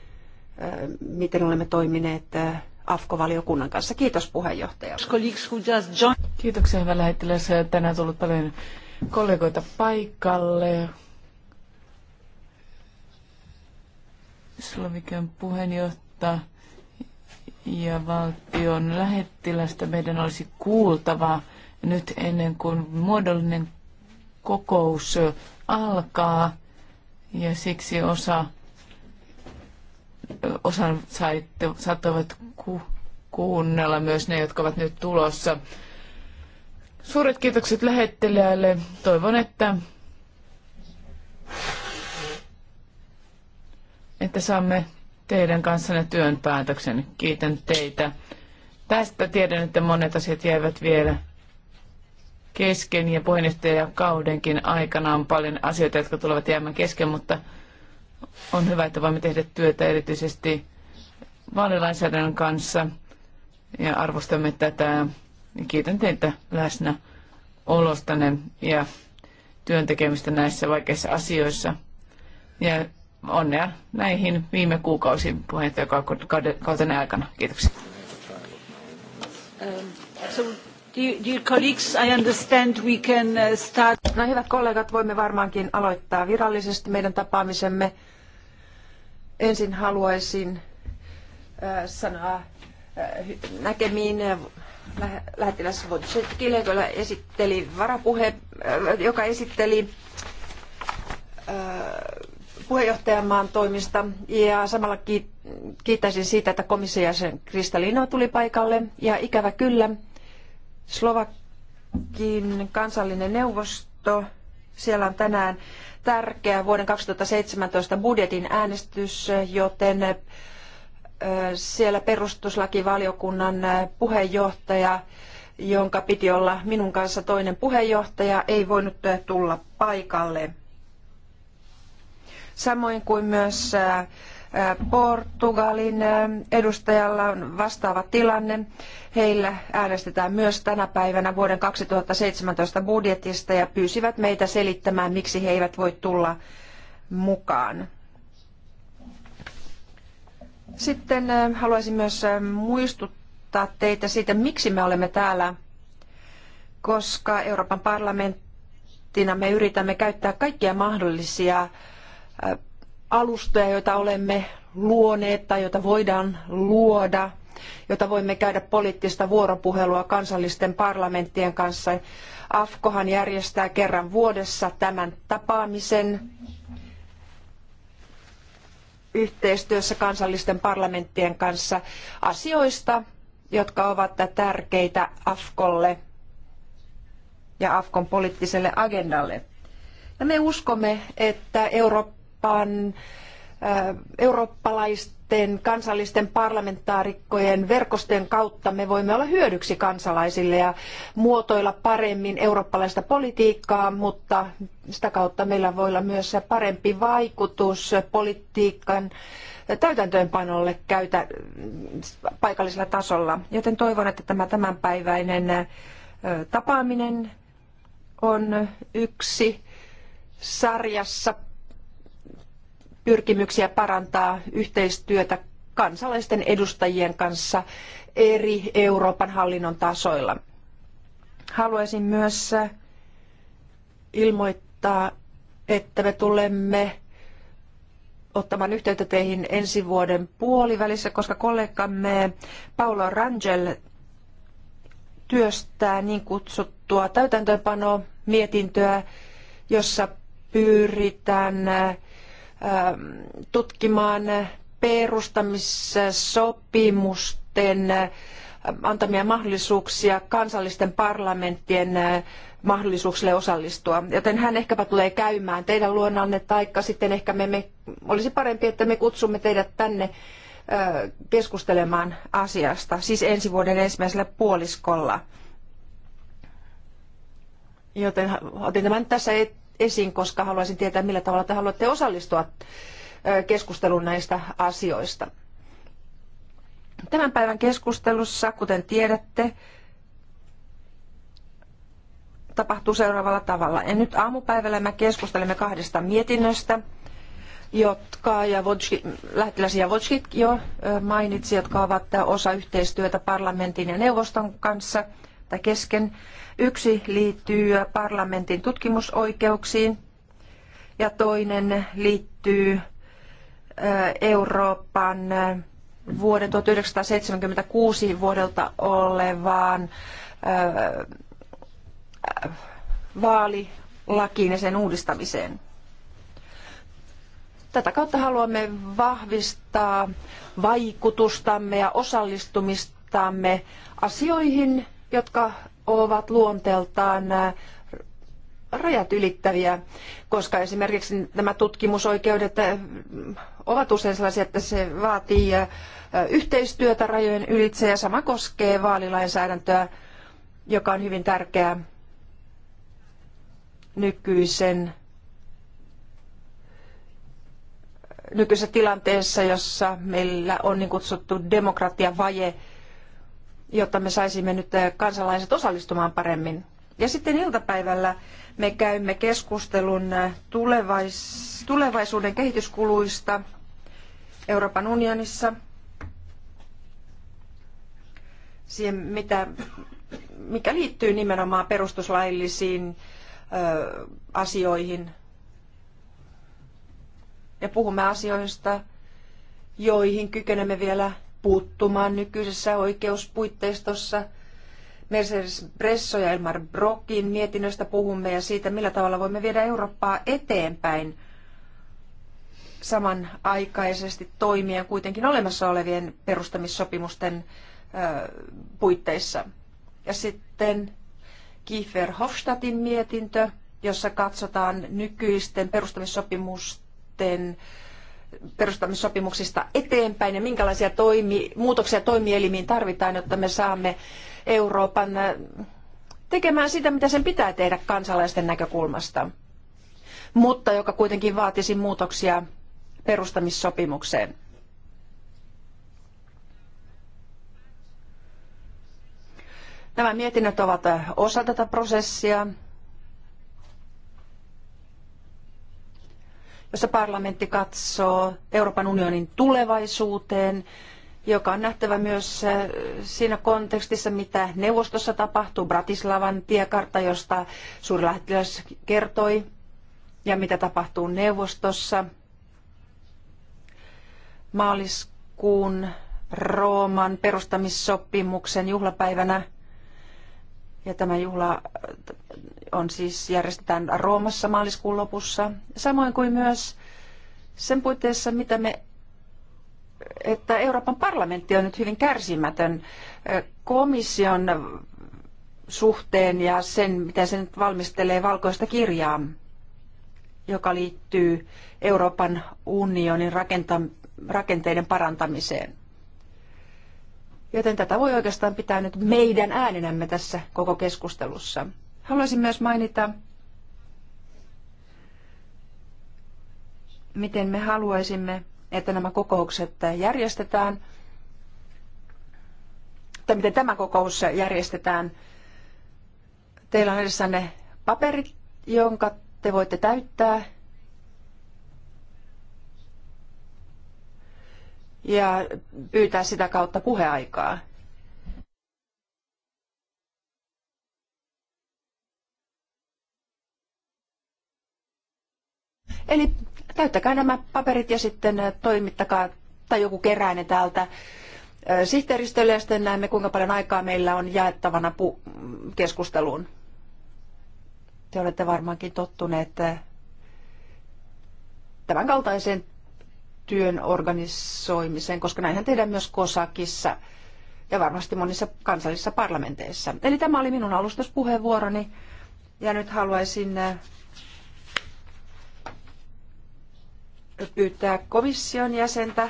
miten olemme toimineet äh, AFKO-valiokunnan kanssa. Kiitos puheenjohtaja. Kiitoksia hyvä lähettiläs. Tänään on tullut paljon kollegoita paikalle. Slovikian puheenjohtaja ja valtion lähettilästä meidän olisi kuultava nyt ennen kuin muodollinen kokous alkaa. Ja siksi osa osan saitte, saattavat ku, kuunnella myös ne, jotka ovat nyt tulossa. Suuret kiitokset lähettelijälle. Toivon, että, että saamme teidän kanssanne työn päätöksen. Kiitän teitä. Tästä tiedän, että monet asiat jäivät vielä kesken ja puheenjohtajakaudenkin aikana on paljon asioita, jotka tulevat jäämään kesken, mutta on hyvä, että voimme tehdä työtä erityisesti vaalilainsäädännön kanssa ja arvostamme tätä. Kiitän teitä läsnä olostanne ja työn tekemistä näissä vaikeissa asioissa. Ja onnea näihin viime kuukausiin puheenjohtajakauden aikana. Kiitoksia. Um, so Dear colleagues, uh, No hyvät kollegat, voimme varmaankin aloittaa virallisesti meidän tapaamisemme. Ensin haluaisin sanoa näkemiin lähettiläs Wojciechille, joka esitteli varapuhe, joka esitteli puheenjohtajamaan toimista ja samalla kiittäisin siitä, että komission jäsen Kristalino tuli paikalle ja ikävä kyllä Slovakin kansallinen neuvosto. Siellä on tänään tärkeä vuoden 2017 budjetin äänestys, joten siellä perustuslakivaliokunnan puheenjohtaja, jonka piti olla minun kanssa toinen puheenjohtaja, ei voinut tulla paikalle. Samoin kuin myös Portugalin edustajalla on vastaava tilanne. Heillä äänestetään myös tänä päivänä vuoden 2017 budjetista ja pyysivät meitä selittämään, miksi he eivät voi tulla mukaan. Sitten haluaisin myös muistuttaa teitä siitä, miksi me olemme täällä, koska Euroopan parlamenttina me yritämme käyttää kaikkia mahdollisia alustoja, joita olemme luoneet tai joita voidaan luoda, jota voimme käydä poliittista vuoropuhelua kansallisten parlamenttien kanssa. AFKohan järjestää kerran vuodessa tämän tapaamisen yhteistyössä kansallisten parlamenttien kanssa asioista, jotka ovat tärkeitä AFKolle ja AFKon poliittiselle agendalle. Ja me uskomme, että Eurooppa Euroopan äh, eurooppalaisten kansallisten parlamentaarikkojen verkostojen kautta me voimme olla hyödyksi kansalaisille ja muotoilla paremmin eurooppalaista politiikkaa, mutta sitä kautta meillä voi olla myös parempi vaikutus politiikan täytäntöönpanolle käytä paikallisella tasolla. Joten toivon, että tämä tämänpäiväinen äh, tapaaminen on yksi sarjassa pyrkimyksiä parantaa yhteistyötä kansalaisten edustajien kanssa eri Euroopan hallinnon tasoilla. Haluaisin myös ilmoittaa, että me tulemme ottamaan yhteyttä teihin ensi vuoden puolivälissä, koska kollegamme Paolo Rangel työstää niin kutsuttua täytäntöönpano mietintöä, jossa pyritään Ähm, tutkimaan perustamissopimusten äh, antamia mahdollisuuksia kansallisten parlamenttien äh, mahdollisuuksille osallistua. Joten hän ehkäpä tulee käymään teidän luonanne, taikka sitten ehkä me, me olisi parempi, että me kutsumme teidät tänne äh, keskustelemaan asiasta, siis ensi vuoden ensimmäisellä puoliskolla. Joten otin tämän tässä esiin, koska haluaisin tietää, millä tavalla te haluatte osallistua keskusteluun näistä asioista. Tämän päivän keskustelussa, kuten tiedätte, tapahtuu seuraavalla tavalla. Ja nyt aamupäivällä me keskustelemme kahdesta mietinnöstä, jotka ja Vodski, lähettiläs Vodskit jo mainitsi, jotka ovat osa yhteistyötä parlamentin ja neuvoston kanssa – tai kesken. Yksi liittyy parlamentin tutkimusoikeuksiin ja toinen liittyy Euroopan vuoden 1976 vuodelta olevaan vaalilakiin ja sen uudistamiseen. Tätä kautta haluamme vahvistaa vaikutustamme ja osallistumistamme asioihin, jotka ovat luonteeltaan rajat ylittäviä, koska esimerkiksi nämä tutkimusoikeudet ovat usein sellaisia, että se vaatii yhteistyötä rajojen ylitse ja sama koskee vaalilainsäädäntöä, joka on hyvin tärkeä nykyisen nykyisessä tilanteessa, jossa meillä on niin kutsuttu demokratiavaje vaje jotta me saisimme nyt eh, kansalaiset osallistumaan paremmin. Ja sitten iltapäivällä me käymme keskustelun eh, tulevais, tulevaisuuden kehityskuluista Euroopan unionissa. Siihen, mitä, mikä liittyy nimenomaan perustuslaillisiin ö, eh, asioihin. Ja puhumme asioista, joihin kykenemme vielä puuttumaan nykyisessä oikeuspuitteistossa. Mercedes Bresso ja Elmar Brockin mietinnöstä puhumme ja siitä, millä tavalla voimme viedä Eurooppaa eteenpäin samanaikaisesti toimien, kuitenkin olemassa olevien perustamissopimusten puitteissa. Ja sitten Kiefer Hofstadtin mietintö, jossa katsotaan nykyisten perustamissopimusten perustamissopimuksista eteenpäin ja minkälaisia toimi, muutoksia toimielimiin tarvitaan, jotta me saamme Euroopan äh, tekemään sitä, mitä sen pitää tehdä kansalaisten näkökulmasta, mutta joka kuitenkin vaatisi muutoksia perustamissopimukseen. Nämä mietinnöt ovat osa tätä prosessia jossa parlamentti katsoo Euroopan unionin tulevaisuuteen, joka on nähtävä myös äh, siinä kontekstissa, mitä neuvostossa tapahtuu, Bratislavan tiekartta, josta suurlähettiläs kertoi, ja mitä tapahtuu neuvostossa, maaliskuun Rooman perustamissopimuksen juhlapäivänä – ja tämä juhla äh, on siis, järjestetään Roomassa maaliskuun lopussa, samoin kuin myös sen puitteissa, mitä me, että Euroopan parlamentti on nyt hyvin kärsimätön äh, komission suhteen ja sen, mitä se nyt valmistelee valkoista kirjaa, joka liittyy Euroopan unionin rakenteiden parantamiseen. Joten tätä voi oikeastaan pitää nyt meidän äänenämme tässä koko keskustelussa. Haluaisin myös mainita, miten me haluaisimme, että nämä kokoukset järjestetään, tai miten tämä kokous järjestetään. Teillä on edessänne paperit, jonka te voitte täyttää ja pyytää sitä kautta puheaikaa. Eli täyttäkää nämä paperit ja sitten toimittakaa tai joku kerää ne täältä sihteeristölle ja sitten näemme, kuinka paljon aikaa meillä on jaettavana keskusteluun. Te olette varmaankin tottuneet tämän kaltaiseen työn organisoimiseen, koska näinhän tehdään myös Kosakissa ja varmasti monissa kansallisissa parlamenteissa. Eli tämä oli minun alustuspuheenvuoroni ja nyt haluaisin äh, pyytää komission jäsentä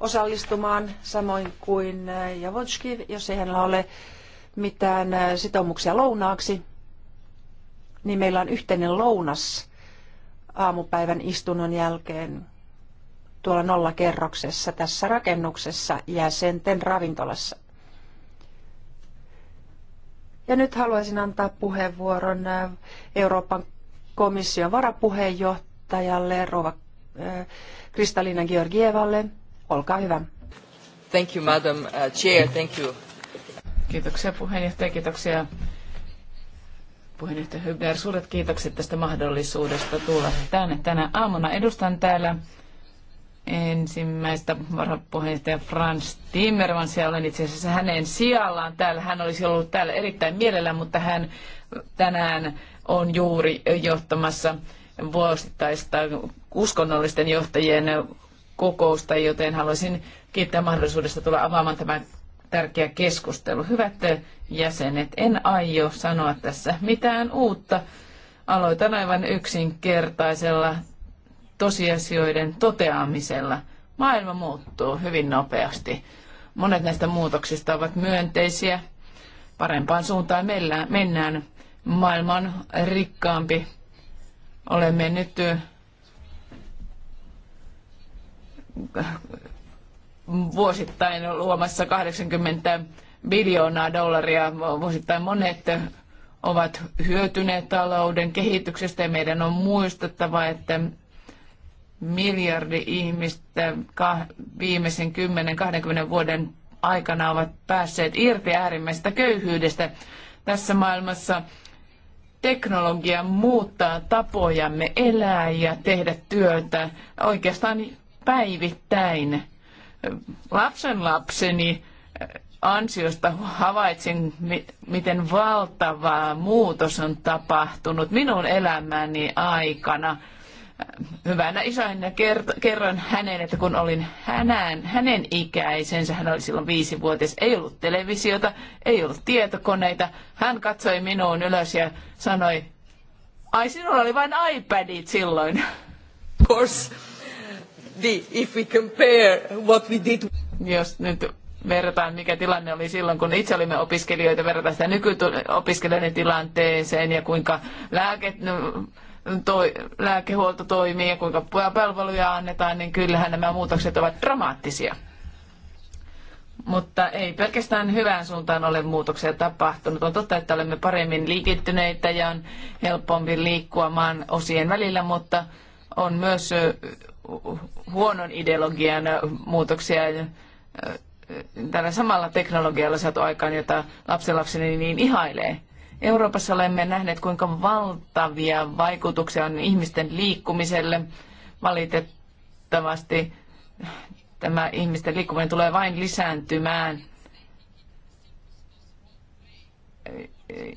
osallistumaan, samoin kuin äh, Javotski, jos ei hänellä ole mitään äh, sitoumuksia lounaaksi, niin meillä on yhteinen lounas aamupäivän istunnon jälkeen tuolla nollakerroksessa tässä rakennuksessa jäsenten ravintolassa. Ja nyt haluaisin antaa puheenvuoron äh, Euroopan komission varapuheenjohtajalle Rova äh, Kristalina Georgievalle. Olkaa hyvä. Thank you, Madam uh, Chair. Thank you. Kiitoksia puheenjohtaja, kiitoksia puheenjohtaja Hübner. Suuret kiitokset tästä mahdollisuudesta tulla tänne tänä aamuna. Edustan täällä ensimmäistä varapuheenjohtaja Franz Timmermansia. Olen itse asiassa hänen sijallaan täällä. Hän olisi ollut täällä erittäin mielellään, mutta hän tänään on juuri johtamassa vuosittaista uskonnollisten johtajien kokousta, joten haluaisin kiittää mahdollisuudesta tulla avaamaan tämä tärkeä keskustelu. Hyvät jäsenet, en aio sanoa tässä mitään uutta. Aloitan aivan yksinkertaisella tosiasioiden toteamisella. Maailma muuttuu hyvin nopeasti. Monet näistä muutoksista ovat myönteisiä. Parempaan suuntaan mennään. Maailma on rikkaampi. Olemme nyt vuosittain luomassa 80 biljoonaa dollaria. Vuosittain monet ovat hyötyneet talouden kehityksestä ja meidän on muistettava, että miljardi ihmistä viimeisen 10-20 vuoden aikana ovat päässeet irti äärimmäisestä köyhyydestä. Tässä maailmassa teknologia muuttaa tapojamme elää ja tehdä työtä oikeastaan päivittäin. Lapsen lapseni ansiosta havaitsin, miten valtava muutos on tapahtunut minun elämäni aikana – hyvänä isoinä kerroin hänen, että kun olin hänään, hänen ikäisensä, hän oli silloin viisivuotias, ei ollut televisiota, ei ollut tietokoneita. Hän katsoi minuun ylös ja sanoi, ai sinulla oli vain iPadit silloin. Of course, the, if we compare what we did... Jos nyt verrataan, mikä tilanne oli silloin, kun itse olimme opiskelijoita, verrataan sitä nykyopiskelijoiden tilanteeseen ja kuinka lääket... No, toi, lääkehuolto toimii ja kuinka palveluja annetaan, niin kyllähän nämä muutokset ovat dramaattisia. Mutta ei pelkästään hyvään suuntaan ole muutoksia tapahtunut. On totta, että olemme paremmin liikittyneitä ja on helpompi liikkua maan osien välillä, mutta on myös huonon ideologian muutoksia tällä samalla teknologialla saatu aikaan, jota lapsenlapseni niin ihailee. Euroopassa olemme nähneet, kuinka valtavia vaikutuksia on ihmisten liikkumiselle. Valitettavasti tämä ihmisten liikkuminen tulee vain lisääntymään.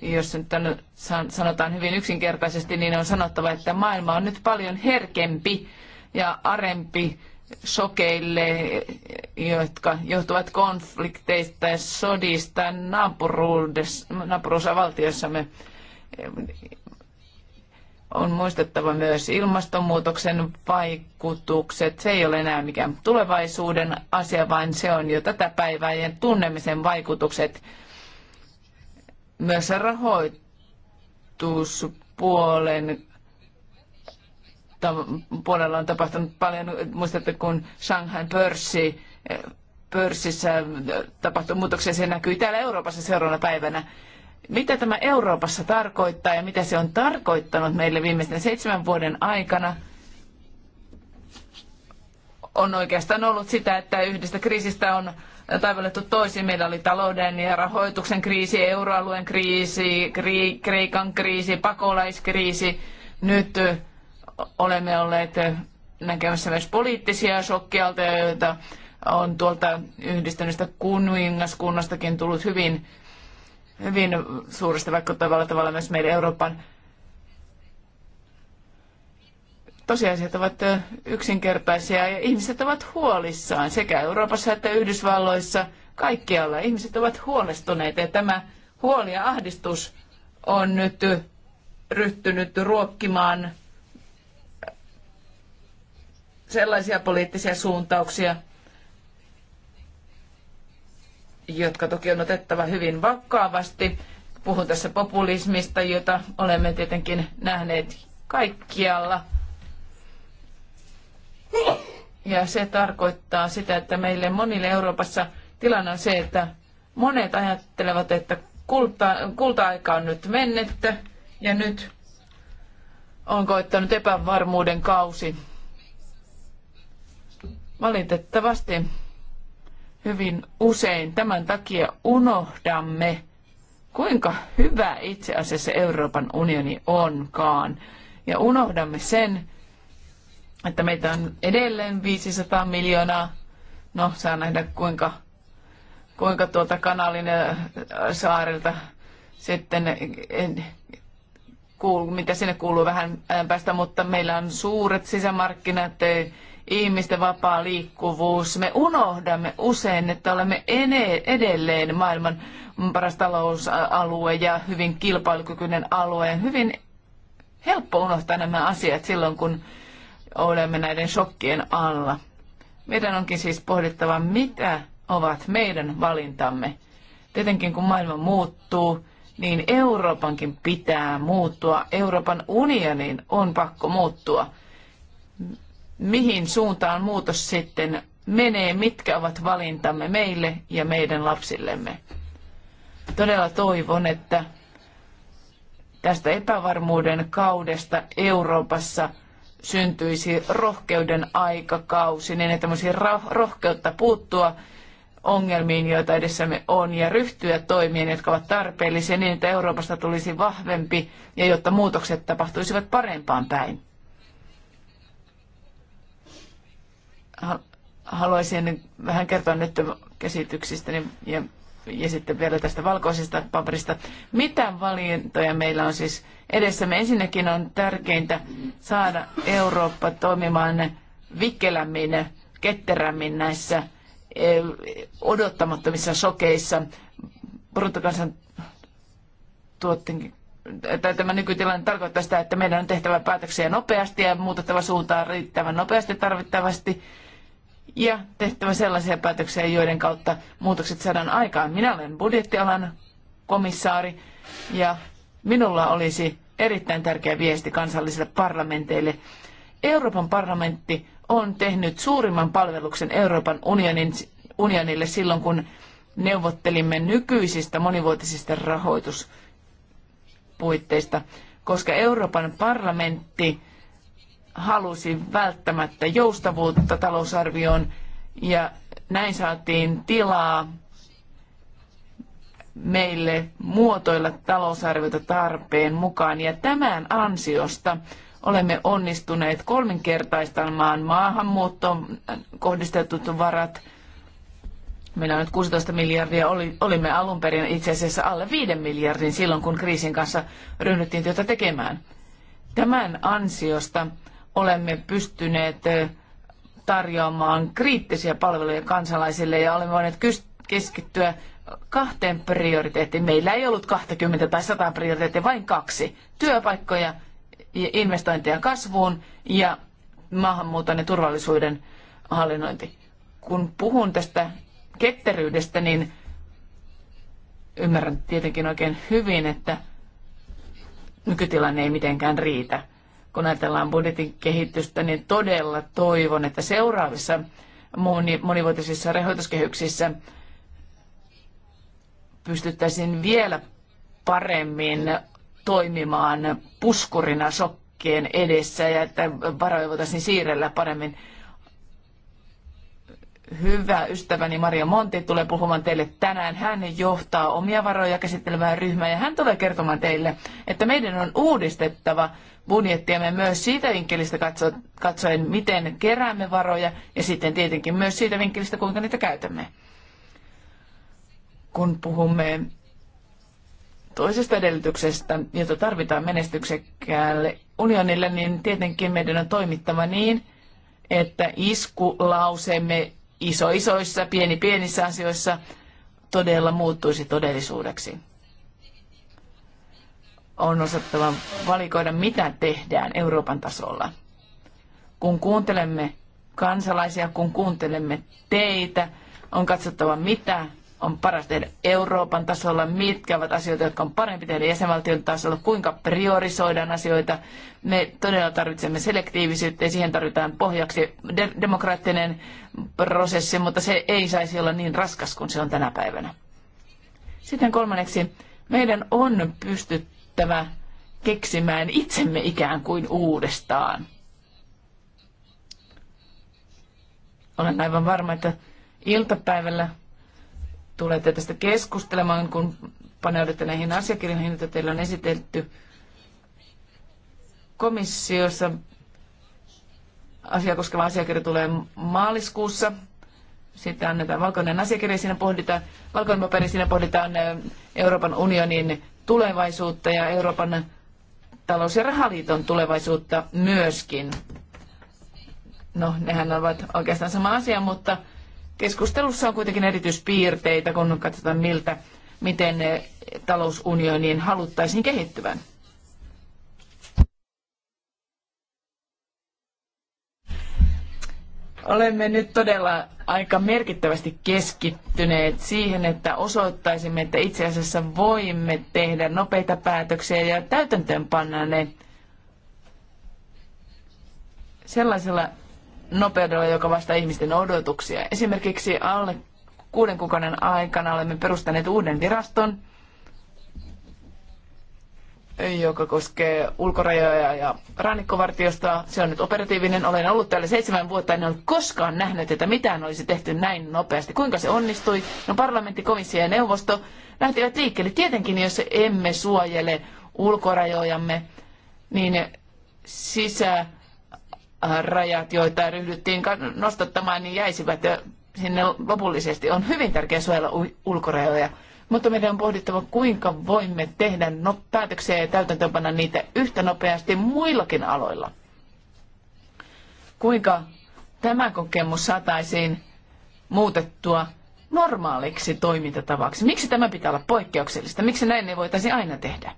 Jos nyt sanotaan hyvin yksinkertaisesti, niin on sanottava, että maailma on nyt paljon herkempi ja arempi sokeille, jotka johtuvat konflikteista ja sodista naapuruusvaltioissamme. On muistettava myös ilmastonmuutoksen vaikutukset. Se ei ole enää mikään tulevaisuuden asia, vaan se on jo tätä päivää ja tunnemisen vaikutukset. Myös rahoituspuolen puolella on tapahtunut paljon. Muistatte, kun Shanghain pörssi, pörssissä tapahtui muutoksia, se näkyy täällä Euroopassa seuraavana päivänä. Mitä tämä Euroopassa tarkoittaa ja mitä se on tarkoittanut meille viimeisten seitsemän vuoden aikana? On oikeastaan ollut sitä, että yhdestä kriisistä on taivallettu toisin. Meillä oli talouden ja rahoituksen kriisi, euroalueen kriisi, Kreikan kriisi, pakolaiskriisi. Nyt olemme olleet näkemässä myös poliittisia shokkialta, joita on tuolta yhdistyneestä kuningaskunnastakin tullut hyvin, hyvin suuresta vaikuttavalla tavalla myös meidän Euroopan. Tosiasiat ovat yksinkertaisia ja ihmiset ovat huolissaan sekä Euroopassa että Yhdysvalloissa. Kaikkialla ihmiset ovat huolestuneita ja tämä huoli ja ahdistus on nyt ryhtynyt ruokkimaan sellaisia poliittisia suuntauksia, jotka toki on otettava hyvin vakavasti. Puhun tässä populismista, jota olemme tietenkin nähneet kaikkialla. Ja se tarkoittaa sitä, että meille monille Euroopassa tilanne on se, että monet ajattelevat, että kulta, kulta-aika on nyt mennettä ja nyt on koittanut epävarmuuden kausi. Valitettavasti hyvin usein tämän takia unohdamme, kuinka hyvä itse asiassa Euroopan unioni onkaan. Ja unohdamme sen, että meitä on edelleen 500 miljoonaa. No, saa nähdä kuinka, kuinka tuolta kanalin äh, saarilta sitten kuuluu, mitä sinne kuuluu vähän äh, päästä, mutta meillä on suuret sisämarkkinat, ihmisten vapaa liikkuvuus. Me unohdamme usein, että olemme edelleen maailman paras talousalue ja hyvin kilpailukykyinen alue. Hyvin helppo unohtaa nämä asiat silloin, kun olemme näiden shokkien alla. Meidän onkin siis pohdittava, mitä ovat meidän valintamme. Tietenkin kun maailma muuttuu, niin Euroopankin pitää muuttua. Euroopan unionin on pakko muuttua mihin suuntaan muutos sitten menee, mitkä ovat valintamme meille ja meidän lapsillemme. Todella toivon, että tästä epävarmuuden kaudesta Euroopassa syntyisi rohkeuden aikakausi, niin että tämmöisiä rohkeutta puuttua ongelmiin, joita edessämme on, ja ryhtyä toimiin, jotka ovat tarpeellisia niin, että Euroopasta tulisi vahvempi ja jotta muutokset tapahtuisivat parempaan päin. haluaisin vähän kertoa nyt niin, ja, ja sitten vielä tästä valkoisesta paperista. Mitä valintoja meillä on siis edessämme? Ensinnäkin on tärkeintä saada Eurooppa toimimaan vikkelämmin, ketterämmin näissä e, odottamattomissa sokeissa. Bruttokansan tuotteen tämä nykytilanne tarkoittaa sitä, että meidän on tehtävä päätöksiä nopeasti ja muutettava suuntaa riittävän nopeasti tarvittavasti ja tehtävä sellaisia päätöksiä, joiden kautta muutokset saadaan aikaan. Minä olen budjettialan komissaari ja minulla olisi erittäin tärkeä viesti kansallisille parlamenteille. Euroopan parlamentti on tehnyt suurimman palveluksen Euroopan unionin, unionille silloin, kun neuvottelimme nykyisistä monivuotisista rahoituspuitteista, koska Euroopan parlamentti halusi välttämättä joustavuutta talousarvioon ja näin saatiin tilaa meille muotoilla talousarviota tarpeen mukaan. Ja tämän ansiosta olemme onnistuneet kolminkertaistamaan maahanmuuttoon kohdistetut varat. Meillä on nyt 16 miljardia, oli, olimme alun perin itse asiassa alle 5 miljardin silloin, kun kriisin kanssa ryhdyttiin työtä tekemään. Tämän ansiosta olemme pystyneet tarjoamaan kriittisiä palveluja kansalaisille ja olemme voineet keskittyä kahteen prioriteettiin. Meillä ei ollut 20 tai 100 prioriteettia, vain kaksi. Työpaikkoja, investointeja kasvuun ja maahanmuuton ja turvallisuuden hallinnointi. Kun puhun tästä ketteryydestä, niin ymmärrän tietenkin oikein hyvin, että nykytilanne ei mitenkään riitä kun ajatellaan budjetin kehitystä, niin todella toivon, että seuraavissa monivuotisissa rahoituskehyksissä pystyttäisiin vielä paremmin toimimaan puskurina sokkien edessä ja että varoja voitaisiin siirrellä paremmin hyvä ystäväni Maria Monti tulee puhumaan teille tänään. Hän johtaa omia varoja käsittelevää ryhmää ja hän tulee kertomaan teille, että meidän on uudistettava budjettiamme myös siitä vinkkelistä katsoen, miten keräämme varoja ja sitten tietenkin myös siitä vinkkelistä, kuinka niitä käytämme. Kun puhumme toisesta edellytyksestä, jota tarvitaan menestyksekkäälle unionille, niin tietenkin meidän on toimittava niin, että iskulauseemme iso isoissa, pieni pienissä asioissa todella muuttuisi todellisuudeksi. On osattava valikoida, mitä tehdään Euroopan tasolla. Kun kuuntelemme kansalaisia, kun kuuntelemme teitä, on katsottava, mitä on paras tehdä Euroopan tasolla, mitkä ovat asioita, jotka on parempi tehdä jäsenvaltion tasolla, kuinka priorisoidaan asioita. Me todella tarvitsemme selektiivisyyttä ja siihen tarvitaan pohjaksi de- demokraattinen prosessi, mutta se ei saisi olla niin raskas kuin se on tänä päivänä. Sitten kolmanneksi, meidän on pystyttävä keksimään itsemme ikään kuin uudestaan. Olen aivan varma, että iltapäivällä tulette tästä keskustelemaan, kun paneudutte näihin asiakirjoihin, joita teillä on esitelty komissiossa. Asia koskeva asiakirja tulee maaliskuussa. Sitten annetaan valkoinen asiakirja, siinä pohditaan, valkoinen paperi, siinä pohditaan Euroopan unionin tulevaisuutta ja Euroopan talous- ja rahaliiton tulevaisuutta myöskin. No, nehän ovat oikeastaan sama asia, mutta Keskustelussa on kuitenkin erityispiirteitä, kun katsotaan miltä, miten talousunioniin haluttaisiin kehittyvän. olemme nyt todella aika merkittävästi keskittyneet siihen, että osoittaisimme, että itse asiassa voimme tehdä nopeita päätöksiä ja täytäntöönpanna ne sellaisella nopeudella, joka vastaa ihmisten odotuksia. Esimerkiksi alle kuuden kuukauden aikana olemme perustaneet uuden viraston, joka koskee ulkorajoja ja rannikkovartiosta. Se on nyt operatiivinen. Olen ollut täällä seitsemän vuotta, en ole koskaan nähnyt, että mitään olisi tehty näin nopeasti. Kuinka se onnistui? No parlamentti, komissio ja neuvosto lähtivät liikkeelle. Tietenkin, jos emme suojele ulkorajojamme, niin sisä rajat, joita ryhdyttiin nostattamaan, niin jäisivät ja sinne lopullisesti. On hyvin tärkeää suojella ulkorajoja, mutta meidän on pohdittava, kuinka voimme tehdä no, päätöksiä ja täytäntöönpanna niitä yhtä nopeasti muillakin aloilla. Kuinka tämä kokemus saataisiin muutettua normaaliksi toimintatavaksi? Miksi tämä pitää olla poikkeuksellista? Miksi näin ei voitaisi aina tehdä?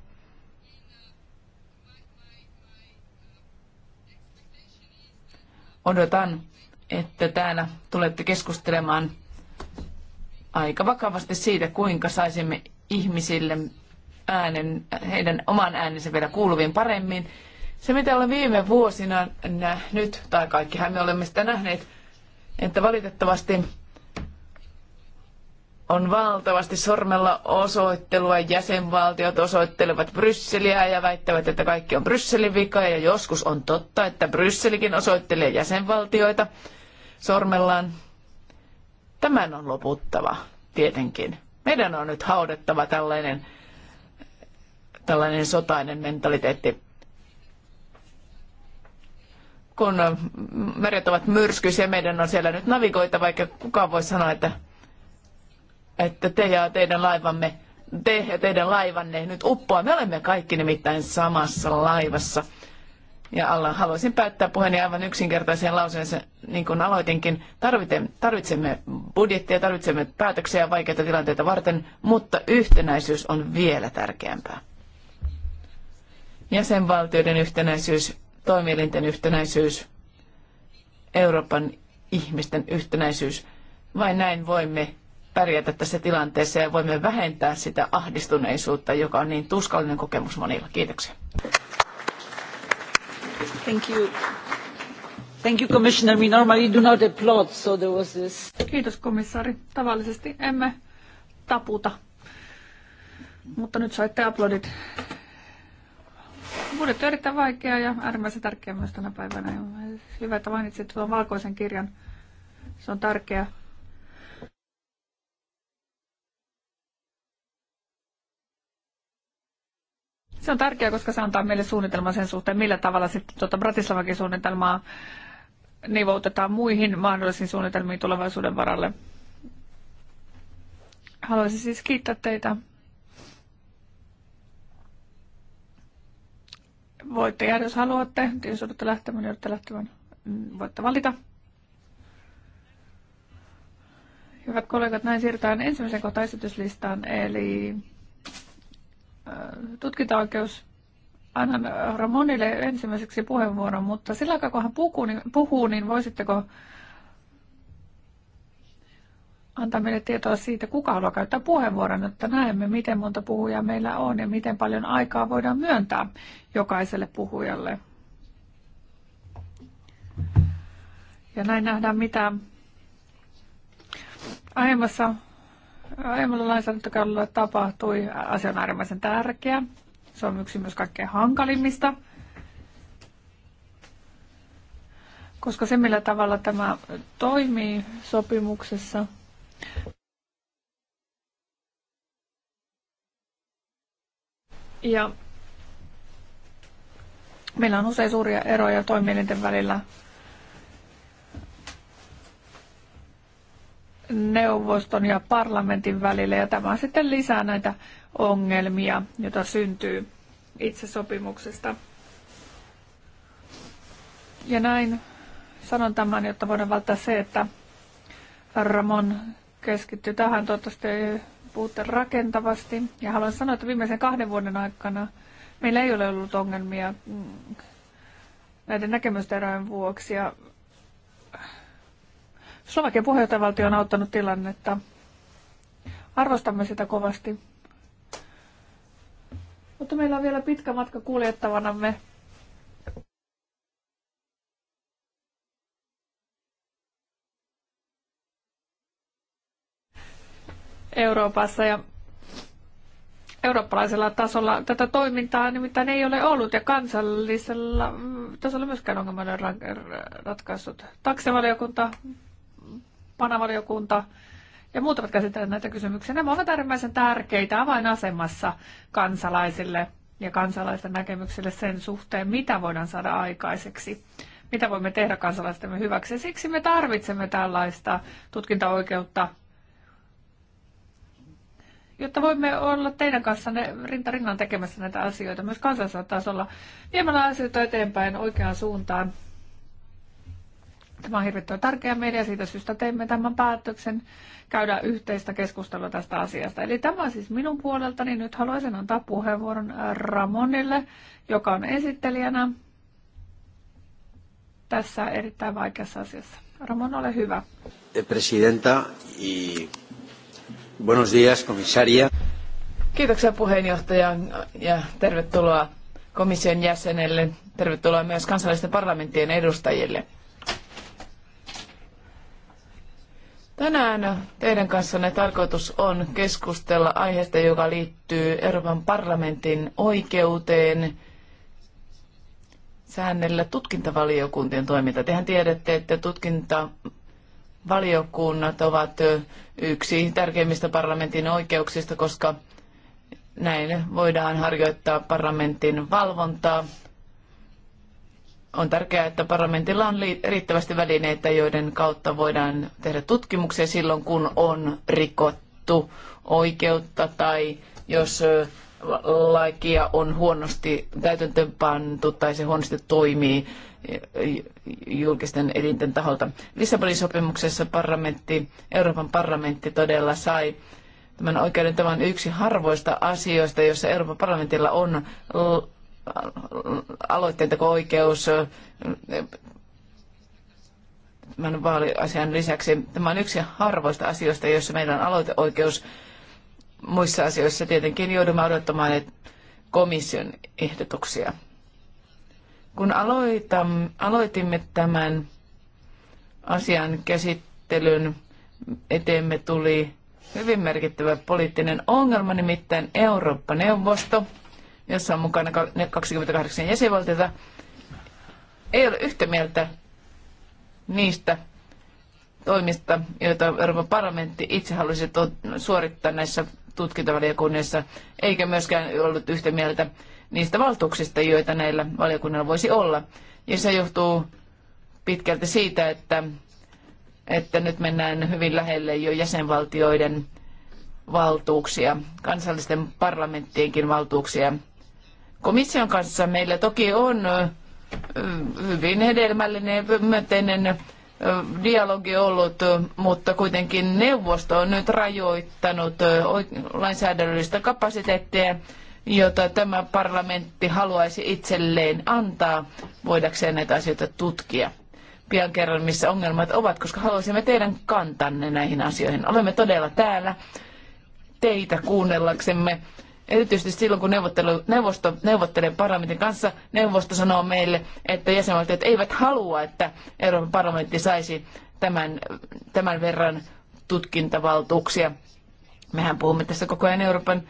Odotan, että täällä tulette keskustelemaan aika vakavasti siitä, kuinka saisimme ihmisille äänen, heidän oman äänensä vielä kuuluviin paremmin. Se, mitä olen viime vuosina nähnyt, tai kaikkihan me olemme sitä nähneet, että valitettavasti on valtavasti sormella osoittelua. Jäsenvaltiot osoittelevat Brysseliä ja väittävät, että kaikki on Brysselin vika. Ja joskus on totta, että Brysselikin osoittelee jäsenvaltioita sormellaan. Tämän on loputtava, tietenkin. Meidän on nyt haudettava tällainen, tällainen sotainen mentaliteetti. Kun meret ovat myrskyisiä, meidän on siellä nyt navigoita, vaikka kukaan voi sanoa, että että te ja teidän laivamme, te ja teidän laivanne nyt uppoa. Me olemme kaikki nimittäin samassa laivassa. Ja alla haluaisin päättää puheeni aivan yksinkertaiseen lauseeseen, niin kuin aloitinkin. Tarvitsemme budjettia, tarvitsemme päätöksiä vaikeita tilanteita varten, mutta yhtenäisyys on vielä tärkeämpää. Jäsenvaltioiden yhtenäisyys, toimielinten yhtenäisyys, Euroopan ihmisten yhtenäisyys. Vain näin voimme pärjätä tässä tilanteessa ja voimme vähentää sitä ahdistuneisuutta, joka on niin tuskallinen kokemus monilla. Kiitoksia. Thank you. Thank you, Commissioner. We normally do not applaud, so there was this. Kiitos, komissaari. Tavallisesti emme taputa, mutta nyt saitte aplodit. Budjetti on erittäin vaikea ja äärimmäisen tärkeä myös tänä päivänä. Hyvä, että mainitsit tuon valkoisen kirjan. Se on tärkeä Se on tärkeää, koska se antaa meille suunnitelman sen suhteen, millä tavalla sitten tuota Bratislavakin suunnitelmaa nivoutetaan muihin mahdollisiin suunnitelmiin tulevaisuuden varalle. Haluaisin siis kiittää teitä. Voitte jäädä, jos haluatte. Jos olette lähtemään, niin olette lähtemään. Voitte valita. Hyvät kollegat, näin siirrytään ensimmäisen kohtaan esityslistaan, eli tutkintaoikeus annan Ramonille ensimmäiseksi puheenvuoron, mutta sillä aikaa kun hän puhuu, niin, puhuu, niin voisitteko antaa meille tietoa siitä, kuka haluaa käyttää puheenvuoron, että näemme, miten monta puhujaa meillä on ja miten paljon aikaa voidaan myöntää jokaiselle puhujalle. Ja näin nähdään, mitä aiemmassa EMUlla lainsäädäntökaudella tapahtui. Asia on äärimmäisen tärkeä. Se on yksi myös kaikkein hankalimmista. Koska se, millä tavalla tämä toimii sopimuksessa, ja meillä on usein suuria eroja toimielinten välillä neuvoston ja parlamentin välillä ja tämä sitten lisää näitä ongelmia, joita syntyy itse sopimuksesta. Ja näin sanon tämän, jotta voidaan välttää se, että Ramon keskittyy tähän. Toivottavasti puhuta rakentavasti. Ja haluan sanoa, että viimeisen kahden vuoden aikana meillä ei ole ollut ongelmia mm, näiden näkemysterojen vuoksi. Ja Slovakian puheenjohtajavaltio on auttanut tilannetta. Arvostamme sitä kovasti. Mutta meillä on vielä pitkä matka kuljettavanamme. Euroopassa ja eurooppalaisella tasolla tätä toimintaa nimittäin ei ole ollut ja kansallisella tasolla myöskään ongelmalle ratkaisut. Taksivaliokunta panavaliokunta ja muut ovat käsitelleet näitä kysymyksiä. Nämä ovat äärimmäisen tärkeitä avainasemassa kansalaisille ja kansalaisten näkemyksille sen suhteen, mitä voidaan saada aikaiseksi, mitä voimme tehdä kansalaistemme hyväksi. Ja siksi me tarvitsemme tällaista tutkintaoikeutta, jotta voimme olla teidän kanssanne rinta rinnan tekemässä näitä asioita myös kansallisella tasolla, viemällä asioita eteenpäin oikeaan suuntaan Tämä on hirvittävän tärkeä meille ja siitä syystä teimme tämän päätöksen käydä yhteistä keskustelua tästä asiasta. Eli tämä siis minun puoleltani. Nyt haluaisin antaa puheenvuoron Ramonille, joka on esittelijänä tässä erittäin vaikeassa asiassa. Ramon, ole hyvä. Eh, presidenta y buenos días, komissaria. Kiitoksia puheenjohtaja ja tervetuloa komission jäsenelle. Tervetuloa myös kansallisten parlamenttien edustajille. Tänään teidän kanssanne tarkoitus on keskustella aiheesta, joka liittyy Euroopan parlamentin oikeuteen säännellä tutkintavaliokuntien toiminta. Tehän tiedätte, että tutkintavaliokunnat ovat yksi tärkeimmistä parlamentin oikeuksista, koska näin voidaan harjoittaa parlamentin valvontaa on tärkeää, että parlamentilla on riittävästi välineitä, joiden kautta voidaan tehdä tutkimuksia silloin, kun on rikottu oikeutta tai jos lakia on huonosti täytäntöönpantu tai se huonosti toimii julkisten elinten taholta. Lissabonin sopimuksessa parlamentti, Euroopan parlamentti todella sai tämän oikeuden tavan yksi harvoista asioista, jossa Euroopan parlamentilla on aloitteenteko-oikeus tämän vaaliasian lisäksi. Tämä on yksi harvoista asioista, joissa meillä on aloiteoikeus. Muissa asioissa tietenkin joudumme odottamaan komission ehdotuksia. Kun aloitam, aloitimme tämän asian käsittelyn, eteemme tuli hyvin merkittävä poliittinen ongelma, nimittäin Eurooppa-neuvosto – jossa on mukana 28 jäsenvaltiota, ei ole yhtä mieltä niistä toimista, joita Euroopan parlamentti itse halusi suorittaa näissä tutkintavaliokunnissa, eikä myöskään ollut yhtä mieltä niistä valtuuksista, joita näillä valiokunnilla voisi olla. Ja se johtuu pitkälti siitä, että, että nyt mennään hyvin lähelle jo jäsenvaltioiden valtuuksia, kansallisten parlamenttienkin valtuuksia Komission kanssa meillä toki on hyvin hedelmällinen myönteinen dialogi ollut, mutta kuitenkin neuvosto on nyt rajoittanut lainsäädännöllistä kapasiteettia, jota tämä parlamentti haluaisi itselleen antaa, voidakseen näitä asioita tutkia. Pian kerron, missä ongelmat ovat, koska haluaisimme teidän kantanne näihin asioihin. Olemme todella täällä teitä kuunnellaksemme Erityisesti silloin, kun neuvottelu, neuvosto neuvottelee parlamentin kanssa, neuvosto sanoo meille, että jäsenvaltiot eivät halua, että Euroopan parlamentti saisi tämän, tämän verran tutkintavaltuuksia. Mehän puhumme tässä koko ajan Euroopan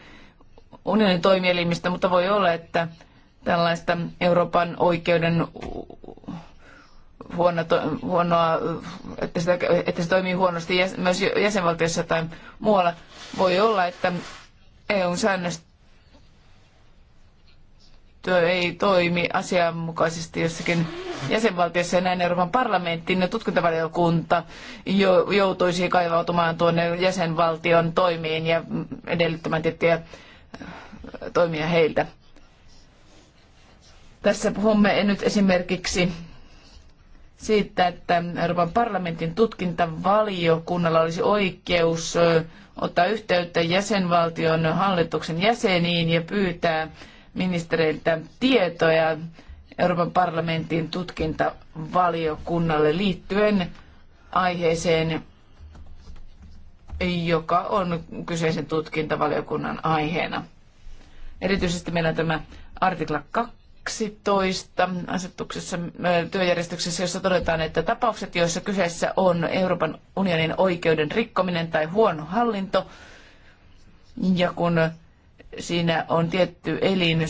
unionin toimielimistä, mutta voi olla, että tällaista Euroopan oikeuden huono, huonoa, että, sitä, että se toimii huonosti jäs, myös jäsenvaltiossa tai muualla. Voi olla, että EUn säännöstä ei toimi asianmukaisesti jossakin jäsenvaltiossa ja näin Euroopan parlamenttiin ja tutkintavaliokunta jo, joutuisi kaivautumaan tuonne jäsenvaltion toimiin ja edellyttämään tiettyjä äh, toimia heiltä. Tässä puhumme nyt esimerkiksi siitä, että Euroopan parlamentin tutkintavaliokunnalla olisi oikeus äh, ottaa yhteyttä jäsenvaltion hallituksen jäseniin ja pyytää ministereiltä tietoja Euroopan parlamentin tutkintavaliokunnalle liittyen aiheeseen, joka on kyseisen tutkintavaliokunnan aiheena. Erityisesti meillä on tämä artikla 12 asetuksessa työjärjestyksessä, jossa todetaan, että tapaukset, joissa kyseessä on Euroopan unionin oikeuden rikkominen tai huono hallinto, ja kun siinä on tietty elin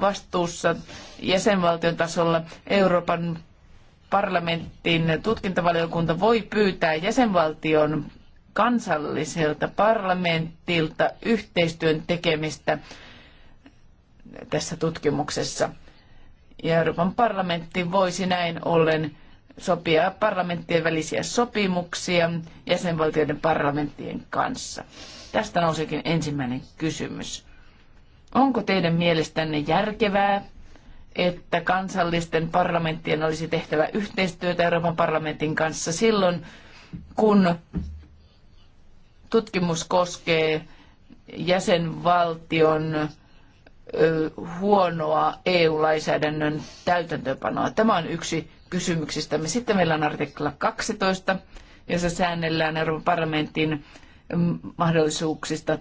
vastuussa jäsenvaltion tasolla. Euroopan parlamentin tutkintavaliokunta voi pyytää jäsenvaltion kansalliselta parlamentilta yhteistyön tekemistä tässä tutkimuksessa. Ja Euroopan parlamentti voisi näin ollen sopia parlamenttien välisiä sopimuksia jäsenvaltioiden parlamenttien kanssa. Tästä nousikin ensimmäinen kysymys. Onko teidän mielestänne järkevää, että kansallisten parlamenttien olisi tehtävä yhteistyötä Euroopan parlamentin kanssa silloin, kun tutkimus koskee jäsenvaltion huonoa EU-lainsäädännön täytäntöönpanoa. Tämä on yksi kysymyksistämme. Sitten meillä on artikla 12, jossa säännellään Euroopan parlamentin mahdollisuuksista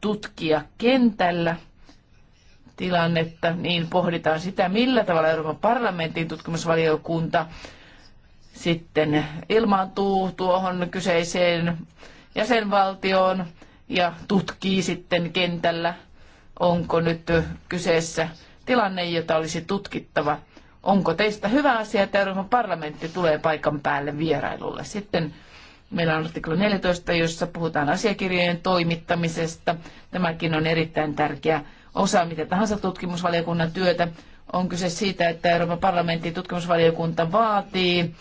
tutkia kentällä tilannetta, niin pohditaan sitä, millä tavalla Euroopan parlamentin tutkimusvaliokunta sitten ilmaantuu tuohon kyseiseen jäsenvaltioon ja tutkii sitten kentällä, onko nyt kyseessä tilanne, jota olisi tutkittava. Onko teistä hyvä asia, että Euroopan parlamentti tulee paikan päälle vierailulle? Sitten Meillä on artikla 14, jossa puhutaan asiakirjojen toimittamisesta. Tämäkin on erittäin tärkeä osa mitä tahansa tutkimusvaliokunnan työtä. On kyse siitä, että Euroopan parlamentin tutkimusvaliokunta vaatii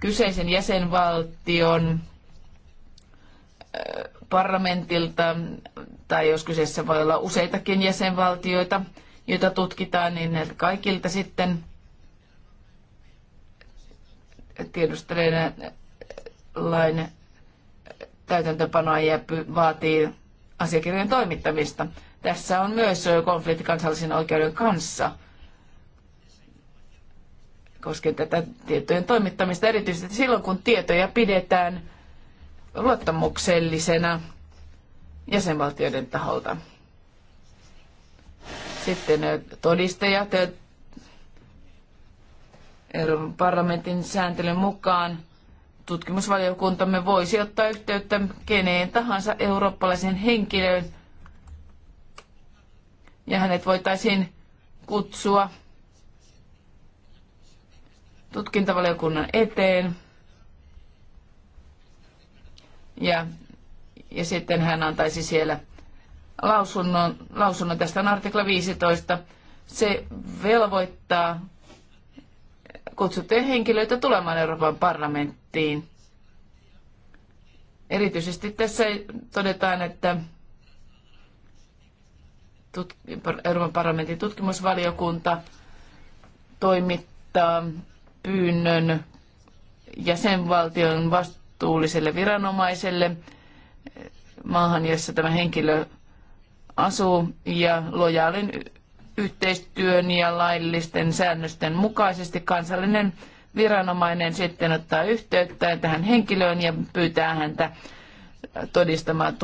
kyseisen jäsenvaltion parlamentilta, tai jos kyseessä voi olla useitakin jäsenvaltioita, joita tutkitaan, niin näiltä kaikilta sitten tiedustelee lain täytäntöpanoa ja vaatii asiakirjojen toimittamista. Tässä on myös konflikti kansallisen oikeuden kanssa koskien tätä tietojen toimittamista, erityisesti silloin kun tietoja pidetään luottamuksellisena jäsenvaltioiden taholta. Sitten todistajat Euroopan parlamentin sääntelyn mukaan tutkimusvaliokuntamme voisi ottaa yhteyttä keneen tahansa eurooppalaisen henkilöön ja hänet voitaisiin kutsua tutkintavaliokunnan eteen. Ja, ja sitten hän antaisi siellä lausunnon, lausunnon tästä on artikla 15. Se velvoittaa kutsuttuja henkilöitä tulemaan Euroopan parlamenttiin otettiin. Erityisesti tässä todetaan, että Euroopan parlamentin tutkimusvaliokunta toimittaa pyynnön jäsenvaltion vastuulliselle viranomaiselle maahan, jossa tämä henkilö asuu, ja lojaalin yhteistyön ja laillisten säännösten mukaisesti kansallinen viranomainen sitten ottaa yhteyttä tähän henkilöön ja pyytää häntä todistamaan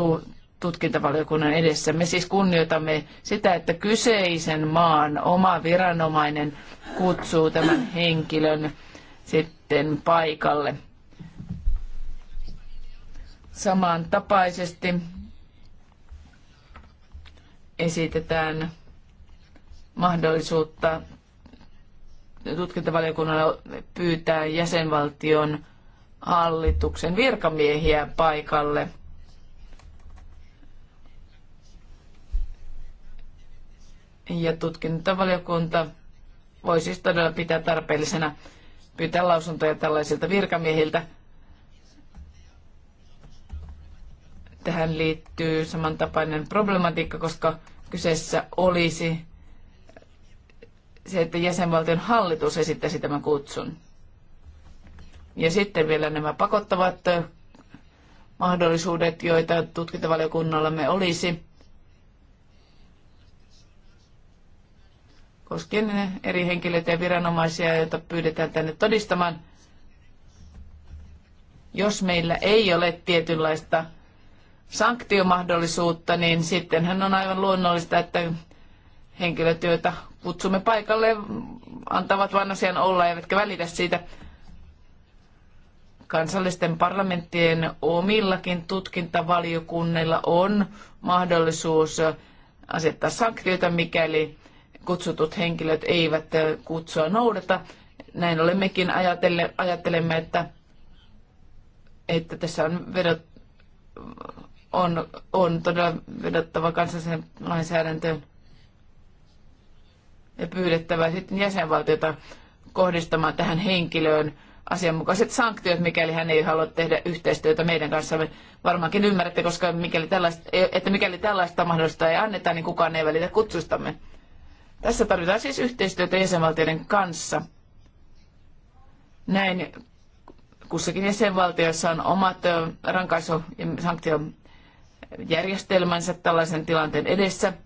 tutkintavaliokunnan edessä. Me siis kunnioitamme sitä, että kyseisen maan oma viranomainen kutsuu tämän henkilön sitten paikalle. Samantapaisesti esitetään mahdollisuutta tutkintavaliokunnalla pyytää jäsenvaltion hallituksen virkamiehiä paikalle. Ja tutkintavaliokunta voi siis todella pitää tarpeellisena pyytää lausuntoja tällaisilta virkamiehiltä. Tähän liittyy samantapainen problematiikka, koska kyseessä olisi se, että jäsenvaltion hallitus esittäisi tämän kutsun. Ja sitten vielä nämä pakottavat mahdollisuudet, joita tutkintavaliokunnallamme olisi, koskien eri henkilöitä ja viranomaisia, joita pyydetään tänne todistamaan. Jos meillä ei ole tietynlaista sanktiomahdollisuutta, niin sittenhän on aivan luonnollista, että henkilöt, joita kutsumme paikalle, antavat vain asian olla eivätkä välitä siitä. Kansallisten parlamenttien omillakin tutkintavaliokunnilla on mahdollisuus asettaa sanktioita, mikäli kutsutut henkilöt eivät kutsua noudata. Näin olemmekin ajatelle, ajattelemme, että, että tässä on, vedot, on, on todella vedottava kansallisen lainsäädäntöön ja pyydettävä sitten jäsenvaltiota kohdistamaan tähän henkilöön asianmukaiset sanktiot, mikäli hän ei halua tehdä yhteistyötä meidän kanssamme. Varmaankin ymmärrätte, koska mikäli tällaista, että mikäli tällaista mahdollista ei anneta, niin kukaan ei välitä kutsustamme. Tässä tarvitaan siis yhteistyötä jäsenvaltioiden kanssa. Näin kussakin jäsenvaltiossa on omat rankaisu- ja sanktiojärjestelmänsä tällaisen tilanteen edessä –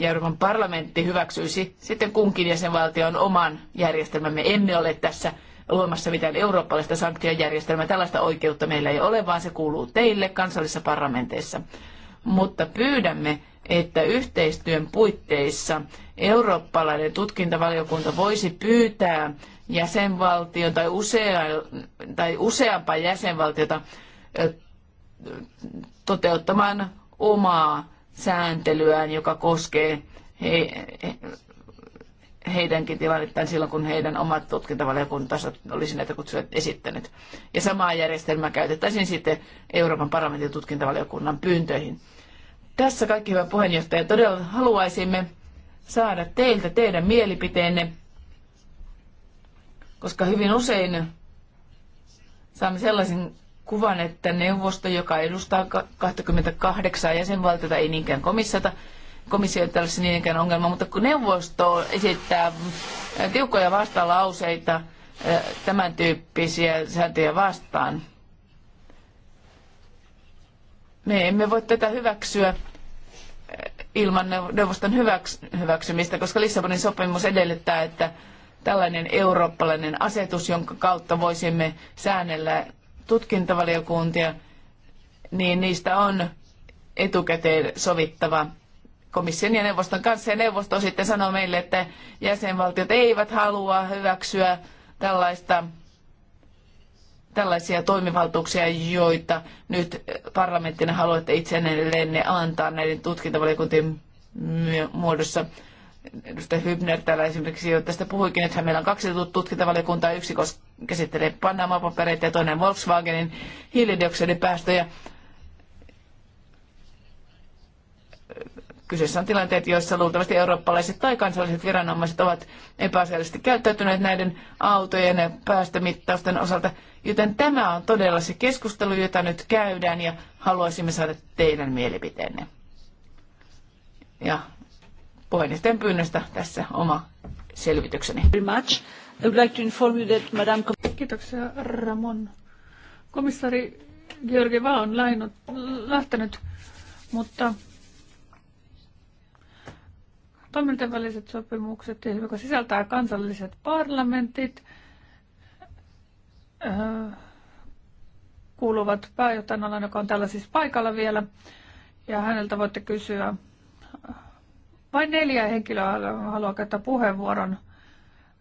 ja Euroopan parlamentti hyväksyisi sitten kunkin jäsenvaltion oman järjestelmämme. Emme ole tässä luomassa mitään eurooppalaista sanktiojärjestelmää. Tällaista oikeutta meillä ei ole, vaan se kuuluu teille kansallisissa parlamenteissa. Mutta pyydämme, että yhteistyön puitteissa eurooppalainen tutkintavaliokunta voisi pyytää jäsenvaltion tai, usea, tai useampaa jäsenvaltiota toteuttamaan omaa sääntelyään, joka koskee he, he, heidänkin tilannettaan silloin, kun heidän omat tutkintavaliokuntansa olisi näitä kutsuja esittänyt. Ja samaa järjestelmää käytettäisiin sitten Euroopan parlamentin tutkintavaliokunnan pyyntöihin. Tässä kaikki hyvä puheenjohtaja. Todella haluaisimme saada teiltä teidän mielipiteenne, koska hyvin usein saamme sellaisen kuvan, että neuvosto, joka edustaa 28 jäsenvaltiota, ei niinkään komissiota, komissio ei tällaisen niinkään ongelma, mutta kun neuvosto esittää äh, tiukkoja vastalauseita äh, tämän tyyppisiä sääntöjä vastaan, me emme voi tätä hyväksyä äh, ilman neuvoston hyväksymistä, koska Lissabonin sopimus edellyttää, että tällainen eurooppalainen asetus, jonka kautta voisimme säännellä tutkintavaliokuntia, niin niistä on etukäteen sovittava komission ja neuvoston kanssa. Ja neuvosto sitten sanoo meille, että jäsenvaltiot eivät halua hyväksyä tällaista, tällaisia toimivaltuuksia, joita nyt parlamenttina haluatte itsellenne antaa näiden tutkintavaliokuntien muodossa. Edustaja Hybner täällä esimerkiksi jo tästä puhuikin, että meillä on kaksi tutkintavaliokuntaa. Yksi käsittelee Panama-papereita ja toinen Volkswagenin hiilidioksidipäästöjä. Kyseessä on tilanteet, joissa luultavasti eurooppalaiset tai kansalliset viranomaiset ovat epäasiallisesti käyttäytyneet näiden autojen ja päästömittausten osalta. Joten tämä on todella se keskustelu, jota nyt käydään ja haluaisimme saada teidän mielipiteenne. Ja puheenjohtajan pyynnöstä tässä oma selvitykseni. Kiitoksia Ramon. Komissaari Georgi Va on lainut, lähtenyt, mutta toimintojen väliset sopimukset, joka sisältää kansalliset parlamentit, kuuluvat pääjohtajan alan, joka on täällä siis paikalla vielä. Ja häneltä voitte kysyä vain neljä henkilöä haluaa käyttää puheenvuoron,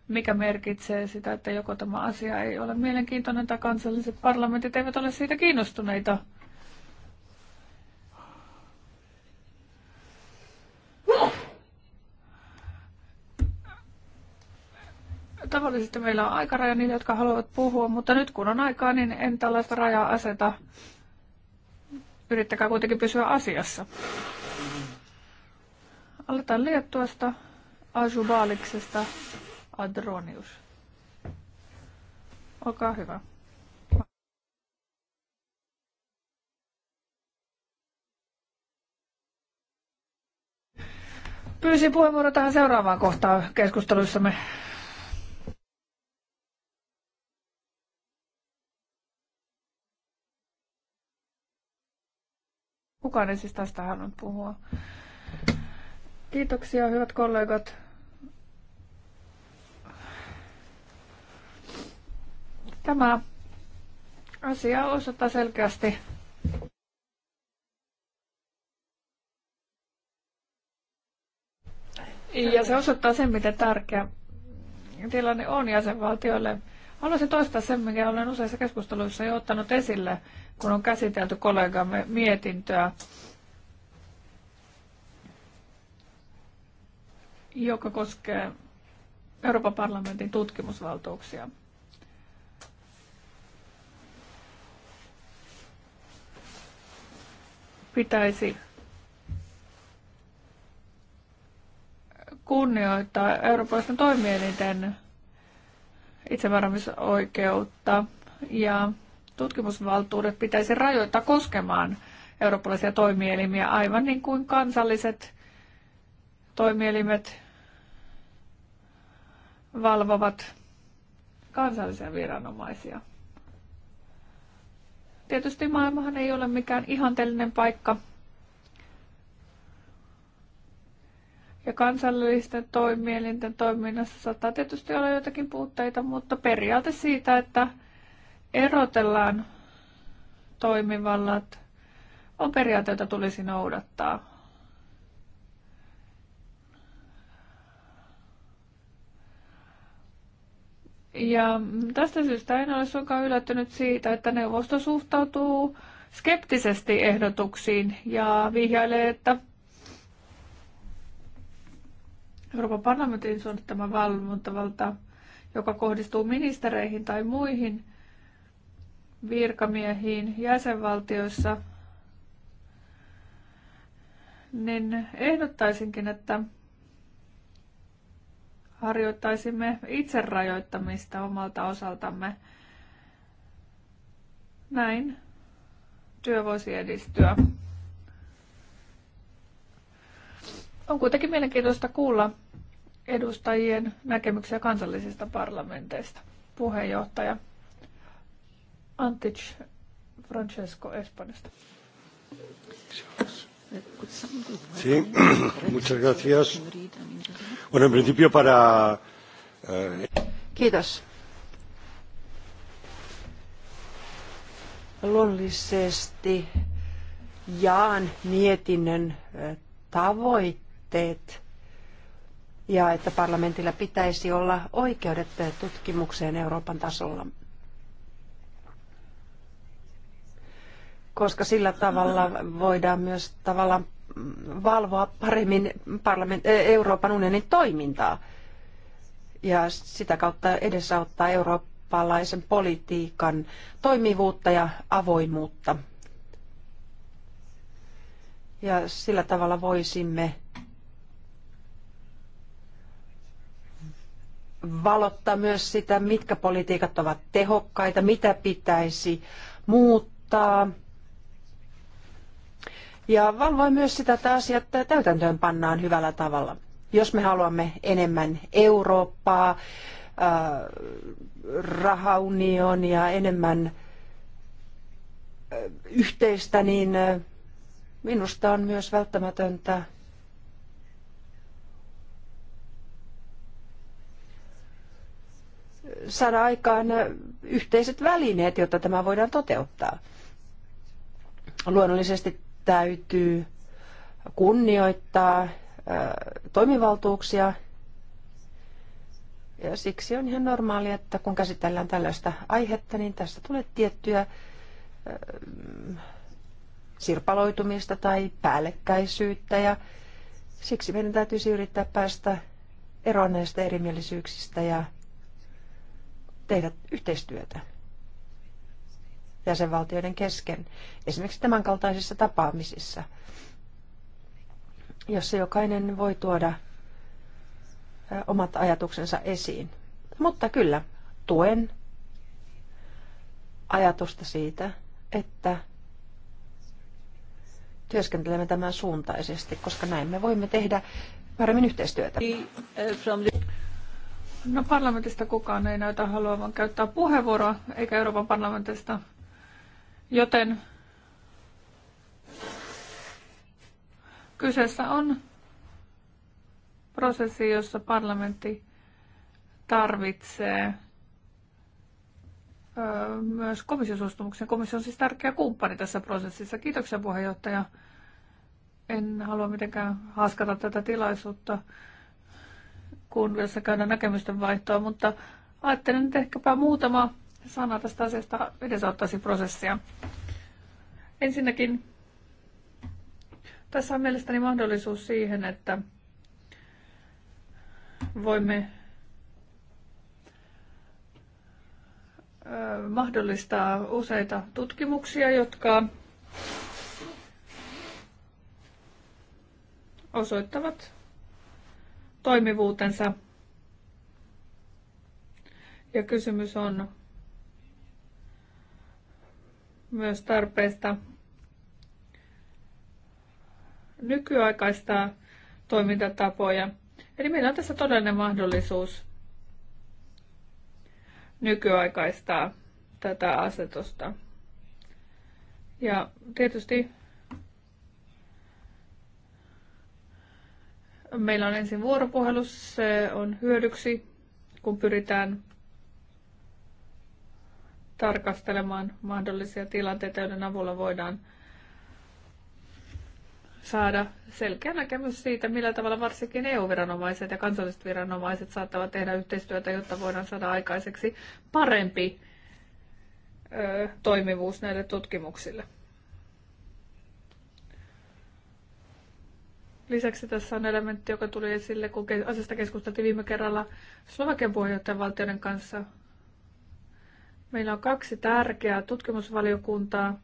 mikä merkitsee sitä, että joko tämä asia ei ole mielenkiintoinen tai kansalliset parlamentit eivät ole siitä kiinnostuneita. tavallisesti meillä on aikaraja niille, jotka haluavat puhua, mutta nyt kun on aikaa, niin en tällaista rajaa aseta. Yrittäkää kuitenkin pysyä asiassa. Aloitetaan Liettuasta, Ajubaliksesta, Adronius. Olkaa hyvä. Pyysin puheenvuoro tähän seuraavaan kohtaan keskusteluissamme. Kukaan ei siis tästä halunnut puhua. Kiitoksia, hyvät kollegat. Tämä asia osoittaa selkeästi ja se osoittaa sen, miten tärkeä tilanne on jäsenvaltioille. Haluaisin toistaa sen, mikä olen useissa keskusteluissa jo ottanut esille, kun on käsitelty kollegamme mietintöä joka koskee Euroopan parlamentin tutkimusvaltuuksia. Pitäisi kunnioittaa eurooppalaisten toimielinten itsevarmisoikeutta ja tutkimusvaltuudet pitäisi rajoittaa koskemaan eurooppalaisia toimielimiä, aivan niin kuin kansalliset toimielimet valvovat kansallisia viranomaisia. Tietysti maailmahan ei ole mikään ihanteellinen paikka. Ja kansallisten toimielinten toiminnassa saattaa tietysti olla jotakin puutteita, mutta periaate siitä, että erotellaan toimivallat, on periaate, jota tulisi noudattaa Ja tästä syystä en ole suinkaan yllättynyt siitä, että neuvosto suhtautuu skeptisesti ehdotuksiin ja vihjailee, että Euroopan parlamentin suunnittama valvontavalta, joka kohdistuu ministereihin tai muihin virkamiehiin jäsenvaltioissa, niin ehdottaisinkin, että harjoittaisimme itserajoittamista omalta osaltamme. Näin työ voisi edistyä. On kuitenkin mielenkiintoista kuulla edustajien näkemyksiä kansallisista parlamenteista. Puheenjohtaja Antic Francesco Espanjasta. Sí, muchas gracias. Bueno, en principio para... Eh, Kiitos. Luonnollisesti jaan mietinnön tavoitteet ja että parlamentilla pitäisi olla oikeudet tutkimukseen Euroopan tasolla. koska sillä tavalla voidaan myös tavallaan valvoa paremmin eh, Euroopan unionin toimintaa ja sitä kautta edesauttaa eurooppalaisen politiikan toimivuutta ja avoimuutta. Ja sillä tavalla voisimme valottaa myös sitä, mitkä politiikat ovat tehokkaita, mitä pitäisi muuttaa – ja valvoi myös sitä, että asiat täytäntöön pannaan hyvällä tavalla. Jos me haluamme enemmän Eurooppaa, äh, rahaunionia, enemmän äh, yhteistä, niin äh, minusta on myös välttämätöntä saada aikaan yhteiset välineet, jotta tämä voidaan toteuttaa. Luonnollisesti täytyy kunnioittaa toimivaltuuksia. Ja siksi on ihan normaali, että kun käsitellään tällaista aihetta, niin tästä tulee tiettyä sirpaloitumista tai päällekkäisyyttä ja siksi meidän täytyisi yrittää päästä eroon näistä erimielisyyksistä ja tehdä yhteistyötä jäsenvaltioiden kesken, esimerkiksi tämänkaltaisissa tapaamisissa, jossa jokainen voi tuoda omat ajatuksensa esiin. Mutta kyllä, tuen ajatusta siitä, että työskentelemme tämän suuntaisesti, koska näin me voimme tehdä paremmin yhteistyötä. No parlamentista kukaan ei näytä haluavan käyttää puheenvuoroa, eikä Euroopan parlamentista Joten kyseessä on prosessi, jossa parlamentti tarvitsee myös komission suostumuksen. Komissio on siis tärkeä kumppani tässä prosessissa. Kiitoksia puheenjohtaja. En halua mitenkään haskata tätä tilaisuutta, kun vielä käydään näkemysten vaihtoa, mutta ajattelen nyt ehkäpä muutama sana tästä asiasta edesauttaisi prosessia. Ensinnäkin tässä on mielestäni mahdollisuus siihen, että voimme mahdollistaa useita tutkimuksia, jotka osoittavat toimivuutensa. Ja kysymys on myös tarpeesta nykyaikaistaa toimintatapoja. Eli meillä on tässä todellinen mahdollisuus nykyaikaistaa tätä asetusta. Ja tietysti meillä on ensin vuoropuhelu, se on hyödyksi, kun pyritään tarkastelemaan mahdollisia tilanteita, joiden avulla voidaan saada selkeä näkemys siitä, millä tavalla varsinkin EU-viranomaiset ja kansalliset viranomaiset saattavat tehdä yhteistyötä, jotta voidaan saada aikaiseksi parempi ö, toimivuus näille tutkimuksille. Lisäksi tässä on elementti, joka tuli esille, kun asiasta keskusteltiin viime kerralla Slovakian valtioiden kanssa Meillä on kaksi tärkeää tutkimusvaliokuntaa,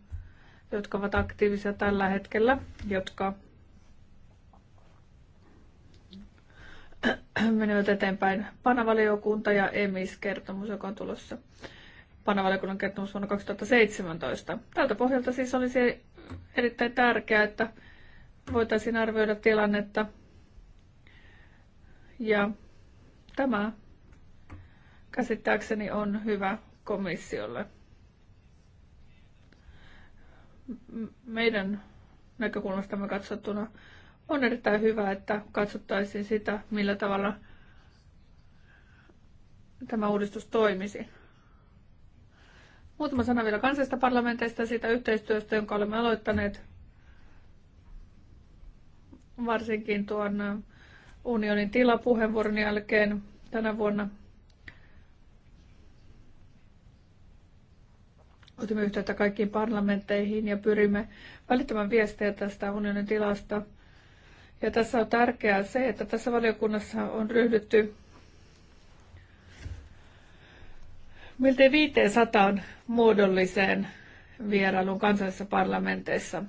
jotka ovat aktiivisia tällä hetkellä, jotka menevät eteenpäin. Panavaliokunta ja EMIS-kertomus, joka on tulossa Panavaliokunnan kertomus vuonna 2017. Tältä pohjalta siis olisi erittäin tärkeää, että voitaisiin arvioida tilannetta. Ja tämä käsittääkseni on hyvä komissiolle. Meidän näkökulmastamme katsottuna on erittäin hyvä, että katsottaisiin sitä, millä tavalla tämä uudistus toimisi. Muutama sana vielä kansallisesta parlamenteista ja siitä yhteistyöstä, jonka olemme aloittaneet varsinkin tuon unionin tilapuheenvuoron jälkeen tänä vuonna – otimme yhteyttä kaikkiin parlamentteihin ja pyrimme välittämään viestejä tästä unionin tilasta. Ja tässä on tärkeää se, että tässä valiokunnassa on ryhdytty miltei 500 muodolliseen vierailuun kansallisissa parlamenteissa.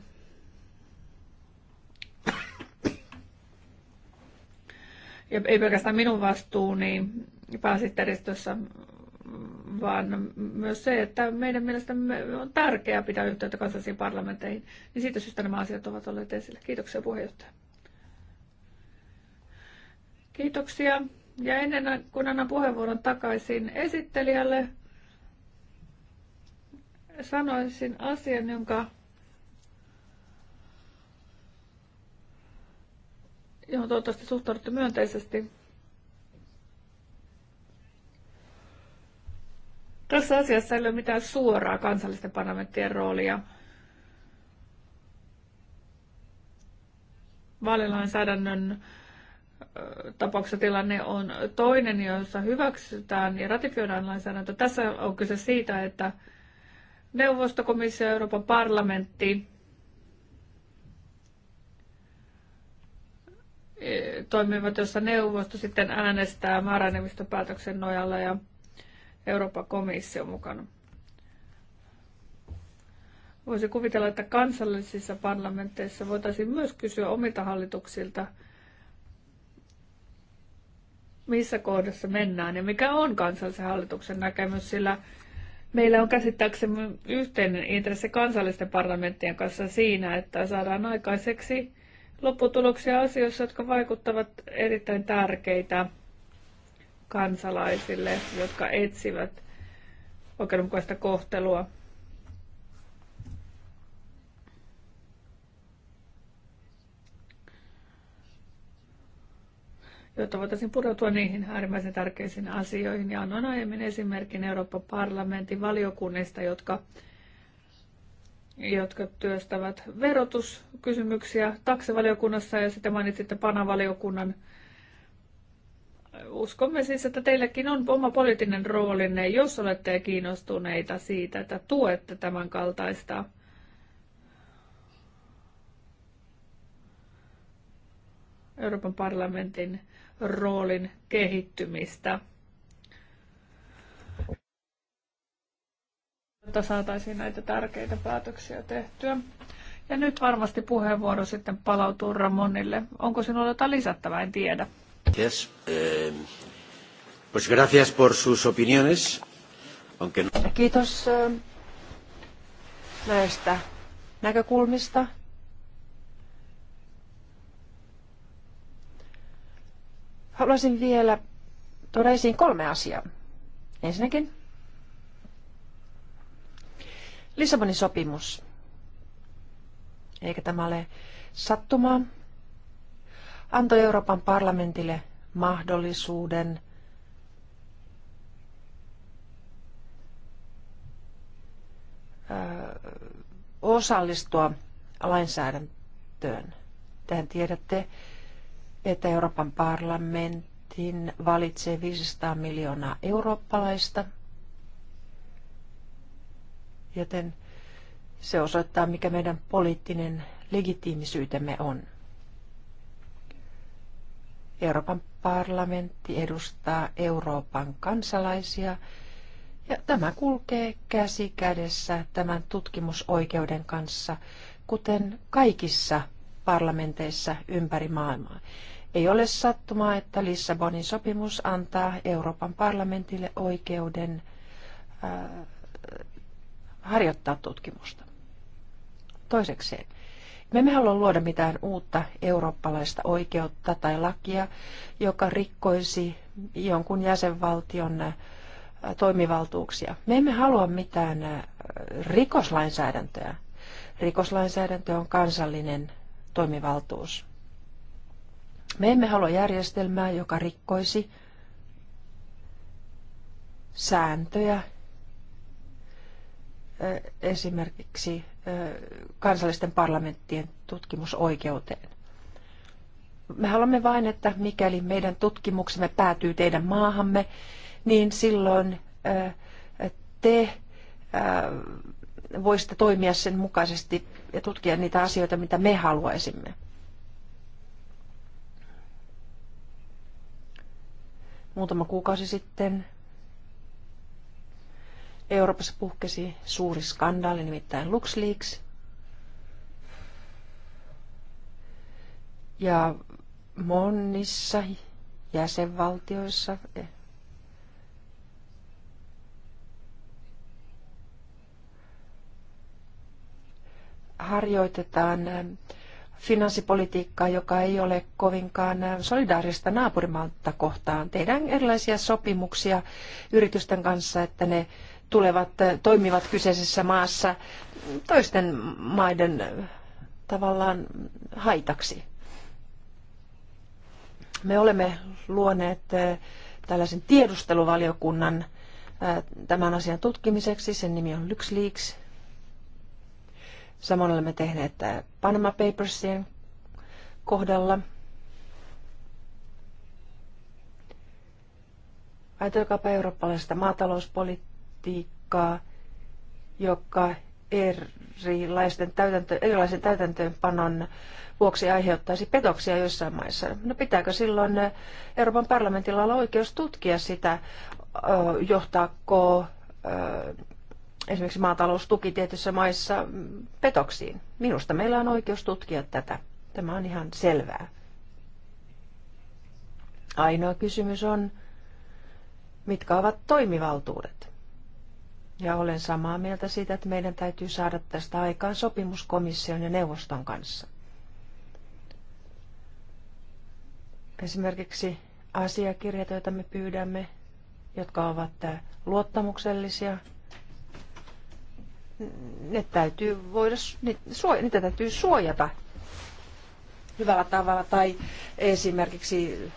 Ja ei pelkästään minun vastuuni pääsihteeristössä, vaan myös se, että meidän mielestämme on tärkeää pitää yhteyttä kansallisiin parlamenteihin. niin siitä syystä nämä asiat ovat olleet esillä. Kiitoksia puheenjohtaja. Kiitoksia. Ja ennen kuin annan puheenvuoron takaisin esittelijälle, sanoisin asian, jonka johon toivottavasti suhtaudutte myönteisesti. Tässä asiassa ei ole mitään suoraa kansallisten parlamenttien roolia. Vaalilainsäädännön tapauksessa tilanne on toinen, jossa hyväksytään ja ratifioidaan lainsäädäntö. Tässä on kyse siitä, että neuvostokomissio ja Euroopan parlamentti e, toimivat, jossa neuvosto sitten äänestää määräenemmistöpäätöksen nojalla ja Euroopan komissio mukana. Voisi kuvitella, että kansallisissa parlamenteissa voitaisiin myös kysyä omilta hallituksilta, missä kohdassa mennään ja mikä on kansallisen hallituksen näkemys, sillä meillä on käsittääksemme yhteinen intressi kansallisten parlamenttien kanssa siinä, että saadaan aikaiseksi lopputuloksia asioissa, jotka vaikuttavat erittäin tärkeitä kansalaisille, jotka etsivät oikeudenmukaista kohtelua. jotta voitaisiin pureutua niihin äärimmäisen tärkeisiin asioihin. Ja annoin aiemmin esimerkin Euroopan parlamentin valiokunnista, jotka, jotka työstävät verotuskysymyksiä taksevaliokunnassa ja sitten mainitsitte panavaliokunnan valiokunnan uskomme siis, että teilläkin on oma poliittinen roolinne, jos olette kiinnostuneita siitä, että tuette tämän kaltaista Euroopan parlamentin roolin kehittymistä. jotta saataisiin näitä tärkeitä päätöksiä tehtyä. Ja nyt varmasti puheenvuoro sitten palautuu Ramonille. Onko sinulla jotain lisättävää? En tiedä. Eh, pues gracias por sus opiniones. Aunque no... Kiitos eh, näistä näkökulmista. Haluaisin vielä tuoda esiin kolme asiaa. Ensinnäkin Lissabonin sopimus. Eikä tämä ole sattumaa antoi Euroopan parlamentille mahdollisuuden osallistua lainsäädäntöön. Tähän tiedätte, että Euroopan parlamentin valitsee 500 miljoonaa eurooppalaista, joten se osoittaa, mikä meidän poliittinen legitiimisyytemme on. Euroopan parlamentti edustaa Euroopan kansalaisia ja tämä kulkee käsi kädessä tämän tutkimusoikeuden kanssa, kuten kaikissa parlamenteissa ympäri maailmaa. Ei ole sattumaa, että Lissabonin sopimus antaa Euroopan parlamentille oikeuden äh, harjoittaa tutkimusta. Toisekseen, me emme halua luoda mitään uutta eurooppalaista oikeutta tai lakia, joka rikkoisi jonkun jäsenvaltion äh, toimivaltuuksia. Me emme halua mitään äh, rikoslainsäädäntöä. Rikoslainsäädäntö on kansallinen toimivaltuus. Me emme halua järjestelmää, joka rikkoisi sääntöjä äh, esimerkiksi kansallisten parlamenttien tutkimusoikeuteen. Me haluamme vain, että mikäli meidän tutkimuksemme päätyy teidän maahamme, niin silloin te voisitte toimia sen mukaisesti ja tutkia niitä asioita, mitä me haluaisimme. Muutama kuukausi sitten Euroopassa puhkesi suuri skandaali, nimittäin LuxLeaks. Ja monissa jäsenvaltioissa eh, harjoitetaan eh, finanssipolitiikkaa, joka ei ole kovinkaan eh, solidaarista naapurimaalta kohtaan. Tehdään erilaisia sopimuksia yritysten kanssa, että ne tulevat, eh, toimivat kyseisessä maassa toisten maiden eh, tavallaan haitaksi. Me olemme luoneet eh, tällaisen tiedusteluvaliokunnan tämän asian tutkimiseksi. Sen nimi on LuxLeaks. Samoin olemme tehneet Panama Papersien kohdalla. Ajatelkaapa eurooppalaisesta maatalouspolitiikasta politiikkaa, joka erilaisten täytäntö, erilaisen täytäntöönpanon vuoksi aiheuttaisi petoksia joissain maissa. No pitääkö silloin Euroopan parlamentilla olla oikeus tutkia sitä, johtaako esimerkiksi maataloustuki tietyissä maissa petoksiin? Minusta meillä on oikeus tutkia tätä. Tämä on ihan selvää. Ainoa kysymys on, mitkä ovat toimivaltuudet? Ja olen samaa mieltä siitä, että meidän täytyy saada tästä aikaan sopimuskomission ja neuvoston kanssa. Esimerkiksi asiakirjat, joita me pyydämme, jotka ovat äh, luottamuksellisia, ne täytyy voida, niitä täytyy suojata hyvällä tavalla tai esimerkiksi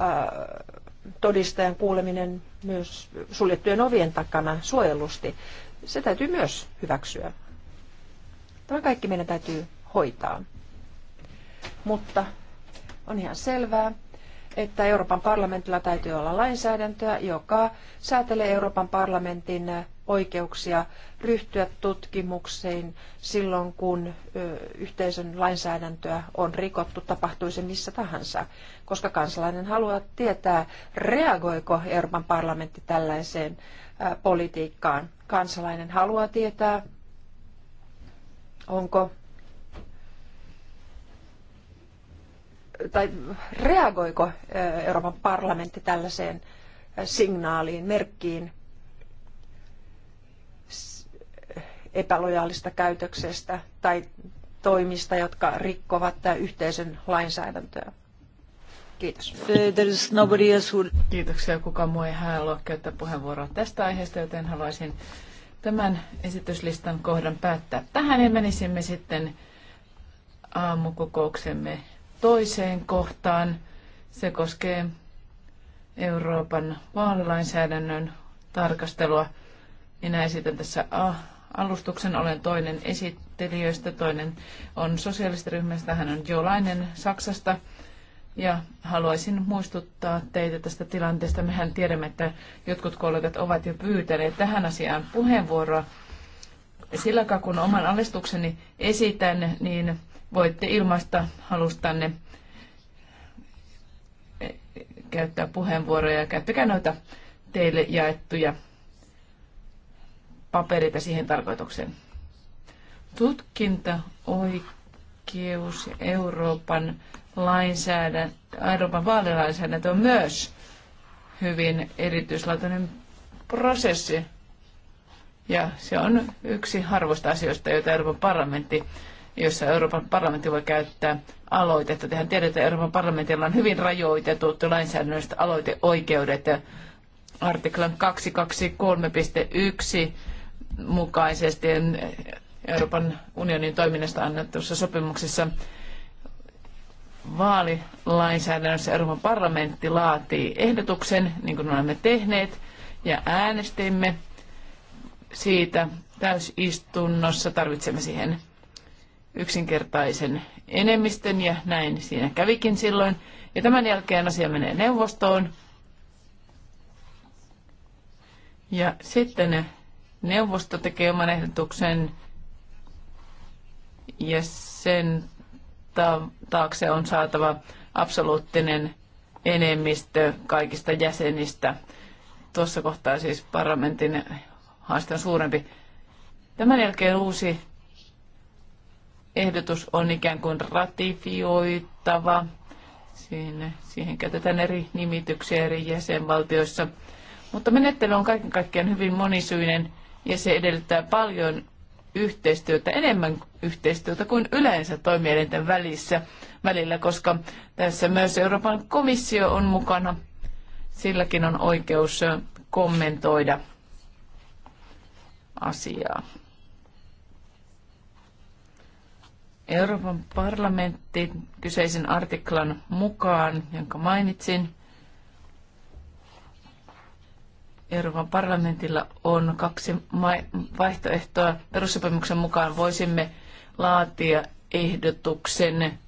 äh, todistajan kuuleminen myös suljettujen ovien takana suojellusti, se täytyy myös hyväksyä. Tämä kaikki meidän täytyy hoitaa. Mutta on ihan selvää, että Euroopan parlamentilla täytyy olla lainsäädäntöä, joka säätelee Euroopan parlamentin oikeuksia ryhtyä tutkimuksiin silloin, kun yhteisön lainsäädäntöä on rikottu, tapahtui se missä tahansa. Koska kansalainen haluaa tietää, reagoiko Euroopan parlamentti tällaiseen politiikkaan. Kansalainen haluaa tietää, onko tai reagoiko eh, Euroopan parlamentti tällaiseen eh, signaaliin, merkkiin eh, epälojaalista käytöksestä tai toimista, jotka rikkovat yhteisön lainsäädäntöä? Kiitos. Kiitoksia. Kuka muu ei halua käyttää puheenvuoroa tästä aiheesta, joten haluaisin tämän esityslistan kohdan päättää. Tähän ja menisimme sitten aamukokouksemme toiseen kohtaan. Se koskee Euroopan vaalilainsäädännön tarkastelua. Minä esitän tässä alustuksen. Olen toinen esittelijöistä, toinen on sosiaalistiryhmästä, hän on Jolainen Saksasta. Ja haluaisin muistuttaa teitä tästä tilanteesta. Mehän tiedämme, että jotkut kollegat ovat jo pyytäneet tähän asiaan puheenvuoroa. Silläkään kun oman alistukseni esitän, niin voitte ilmaista halustanne e, käyttää puheenvuoroja. Käyttäkää noita teille jaettuja paperita siihen tarkoitukseen. Tutkinta, oikeus ja Euroopan lainsäädäntö, Euroopan vaalilainsäädäntö on myös hyvin erityislaatuinen prosessi. Ja se on yksi harvoista asioista, joita Euroopan parlamentti jossa Euroopan parlamentti voi käyttää aloitetta. Tehän tiedetään, että Euroopan parlamentilla on hyvin rajoitetut lainsäädännölliset aloiteoikeudet. Artiklan 223.1 mukaisesti Euroopan unionin toiminnasta annetussa sopimuksessa vaalilainsäädännössä Euroopan parlamentti laatii ehdotuksen, niin kuin olemme tehneet, ja äänestimme siitä täysistunnossa. Tarvitsemme siihen yksinkertaisen enemmistön ja näin siinä kävikin silloin. Ja tämän jälkeen asia menee neuvostoon. Ja sitten neuvosto tekee oman ehdotuksen ja sen taakse on saatava absoluuttinen enemmistö kaikista jäsenistä. Tuossa kohtaa siis parlamentin haaste on suurempi. Tämän jälkeen uusi ehdotus on ikään kuin ratifioitava, Siihen, siihen käytetään eri nimityksiä eri jäsenvaltioissa. Mutta menettely on kaiken kaikkiaan hyvin monisyinen ja se edellyttää paljon yhteistyötä, enemmän yhteistyötä kuin yleensä toimielinten välissä, välillä, koska tässä myös Euroopan komissio on mukana. Silläkin on oikeus kommentoida asiaa. Euroopan parlamentti kyseisen artiklan mukaan, jonka mainitsin, Euroopan parlamentilla on kaksi vaihtoehtoa. Perussopimuksen mukaan voisimme laatia ehdotuksen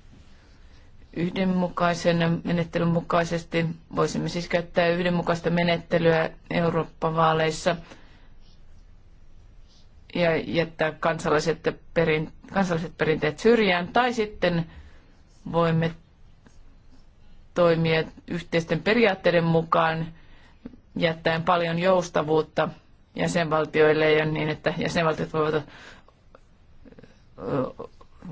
yhdenmukaisen menettelyn mukaisesti. Voisimme siis käyttää yhdenmukaista menettelyä Eurooppa-vaaleissa – ja jättää kansalliset, perin, kansalliset perinteet syrjään, tai sitten voimme toimia yhteisten periaatteiden mukaan jättäen paljon joustavuutta jäsenvaltioille ja niin, että jäsenvaltiot voivat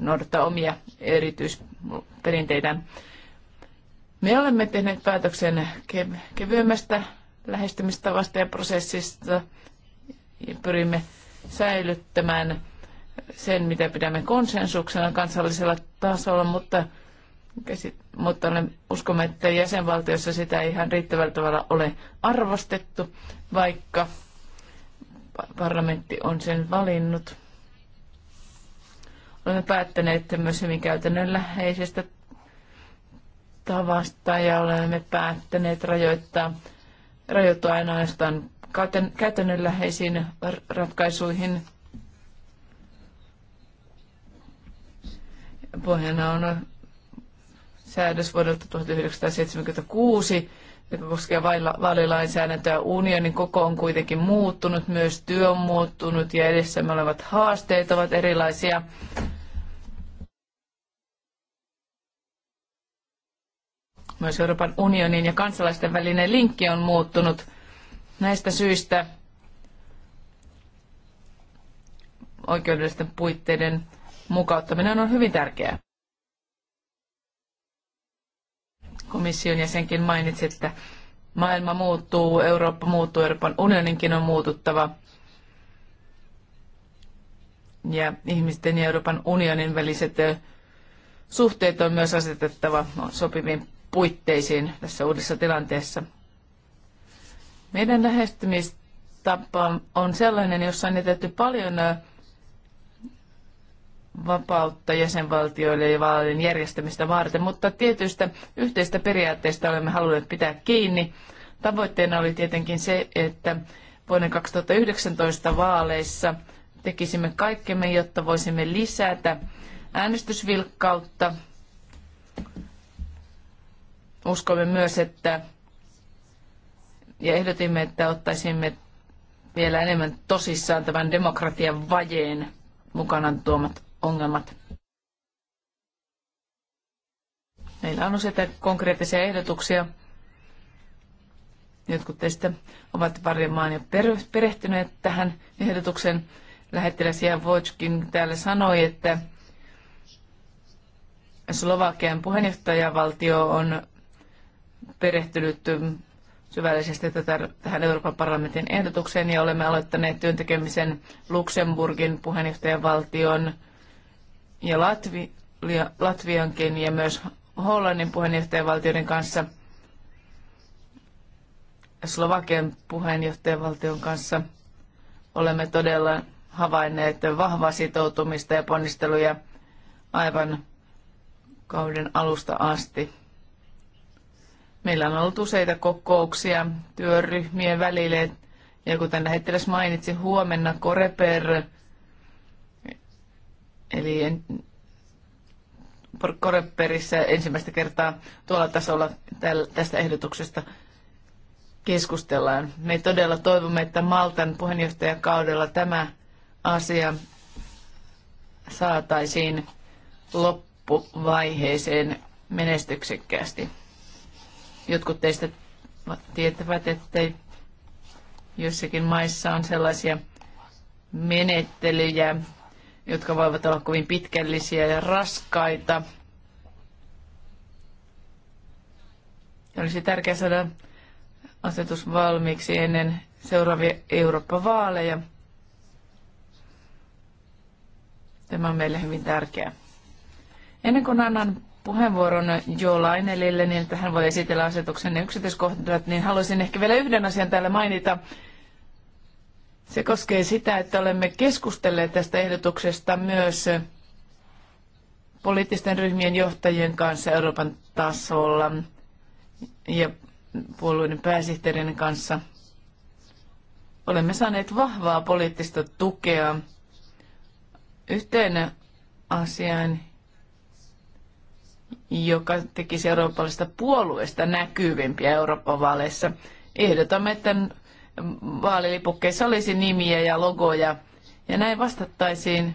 noudattaa omia erityisperinteitä. Me olemme tehneet päätöksen kevyemmästä lähestymistavasta ja prosessista ja pyrimme säilyttämään sen, mitä pidämme konsensuksena kansallisella tasolla, mutta, mutta olen, uskomme, että jäsenvaltiossa sitä ei ihan riittävällä tavalla ole arvostettu, vaikka parlamentti on sen valinnut. Olemme päättäneet myös hyvin käytännönläheisestä tavasta ja olemme päättäneet rajoittaa rajoittaa ainoastaan käytännönläheisiin ratkaisuihin. Pohjana on säädös vuodelta 1976, joka koskee vaalilainsäädäntöä. Unionin koko on kuitenkin muuttunut, myös työ on muuttunut ja edessämme olevat haasteet ovat erilaisia. Myös Euroopan unionin ja kansalaisten välinen linkki on muuttunut – Näistä syistä oikeudellisten puitteiden mukauttaminen on hyvin tärkeää. Komission jäsenkin mainitsi, että maailma muuttuu, Eurooppa muuttuu, Euroopan unioninkin on muututtava. Ja ihmisten ja Euroopan unionin väliset suhteet on myös asetettava sopiviin puitteisiin tässä uudessa tilanteessa. Meidän lähestymistapa on sellainen, jossa on jätetty paljon vapautta jäsenvaltioille ja vaalien järjestämistä varten, mutta tietyistä yhteistä periaatteista olemme halunneet pitää kiinni. Tavoitteena oli tietenkin se, että vuonna 2019 vaaleissa tekisimme kaikkemme, jotta voisimme lisätä äänestysvilkkautta. Uskomme myös, että ja ehdotimme, että ottaisimme vielä enemmän tosissaan tämän demokratian vajeen mukanaan tuomat ongelmat. Meillä on useita konkreettisia ehdotuksia. Jotkut teistä ovat varmaan jo perehtyneet tähän ehdotuksen. Lähettiläs Javotskin täällä sanoi, että Slovakian puheenjohtajavaltio on perehtynyt syvällisesti tätä, tähän Euroopan parlamentin ehdotukseen ja olemme aloittaneet työntekemisen Luxemburgin puheenjohtajavaltion ja Latvi, Latviankin ja myös Hollannin puheenjohtajavaltioiden kanssa, Slovakian puheenjohtajavaltion kanssa. Olemme todella havainneet vahvaa sitoutumista ja ponnisteluja aivan kauden alusta asti. Meillä on ollut useita kokouksia työryhmien välille, ja kuten lähettiläs mainitsi, huomenna Koreper, eli en, Koreperissä ensimmäistä kertaa tuolla tasolla tästä ehdotuksesta keskustellaan. Me todella toivomme, että Maltan puheenjohtajakaudella tämä asia saataisiin loppuvaiheeseen menestyksekkäästi. Jotkut teistä tietävät, että jossakin maissa on sellaisia menettelyjä, jotka voivat olla kovin pitkällisiä ja raskaita. Olisi tärkeää saada asetus valmiiksi ennen seuraavia Eurooppa-vaaleja. Tämä on meille hyvin tärkeää. Ennen kuin annan puheenvuoron Jo Lainelille, niin että hän voi esitellä asetuksen yksityiskohdat, niin haluaisin ehkä vielä yhden asian täällä mainita. Se koskee sitä, että olemme keskustelleet tästä ehdotuksesta myös poliittisten ryhmien johtajien kanssa Euroopan tasolla ja puolueiden pääsihteerin kanssa. Olemme saaneet vahvaa poliittista tukea yhteen asiaan, joka tekisi eurooppalaisista puolueista näkyvimpiä Euroopan vaaleissa. Ehdotamme, että vaalilipukkeissa olisi nimiä ja logoja, ja näin vastattaisiin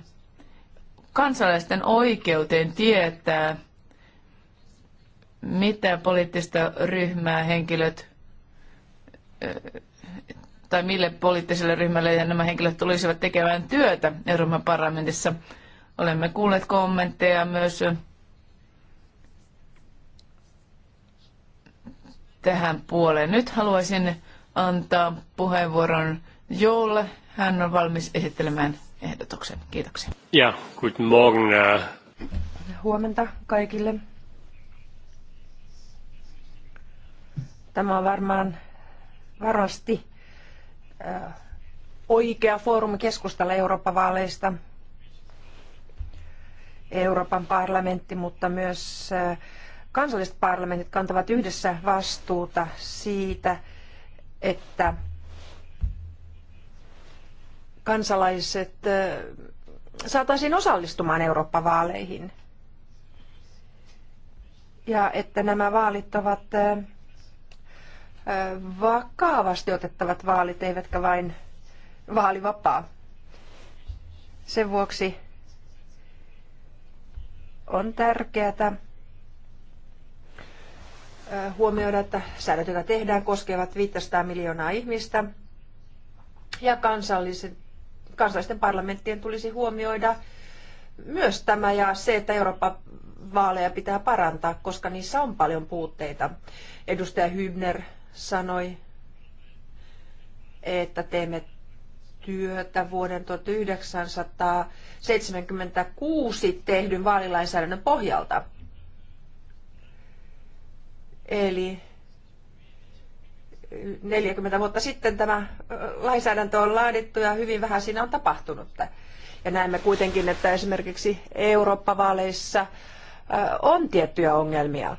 kansalaisten oikeuteen tietää, mitä poliittista ryhmää henkilöt tai mille poliittiselle ryhmälle nämä henkilöt tulisivat tekemään työtä Euroopan parlamentissa. Olemme kuulleet kommentteja myös tähän puoleen. Nyt haluaisin antaa puheenvuoron Joulle. Hän on valmis esittelemään ehdotuksen. Kiitoksia. Ja, good morning. Äh. Huomenta kaikille. Tämä on varmaan varmasti äh, oikea foorumi keskustella Eurooppa-vaaleista, Euroopan parlamentti, mutta myös äh, kansalliset parlamentit kantavat yhdessä vastuuta siitä, että kansalaiset saataisiin osallistumaan Eurooppa-vaaleihin. Ja että nämä vaalit ovat vakavasti otettavat vaalit, eivätkä vain vaalivapaa. Sen vuoksi on tärkeää, huomioida, että säädöt, joita tehdään, koskevat 500 miljoonaa ihmistä. Ja kansallisten parlamenttien tulisi huomioida myös tämä ja se, että Euroopan vaaleja pitää parantaa, koska niissä on paljon puutteita. Edustaja Hybner sanoi, että teemme työtä vuoden 1976 tehdyn vaalilainsäädännön pohjalta. Eli 40 vuotta sitten tämä lainsäädäntö on laadittu ja hyvin vähän siinä on tapahtunut. Ja näemme kuitenkin, että esimerkiksi Eurooppa-vaaleissa on tiettyjä ongelmia.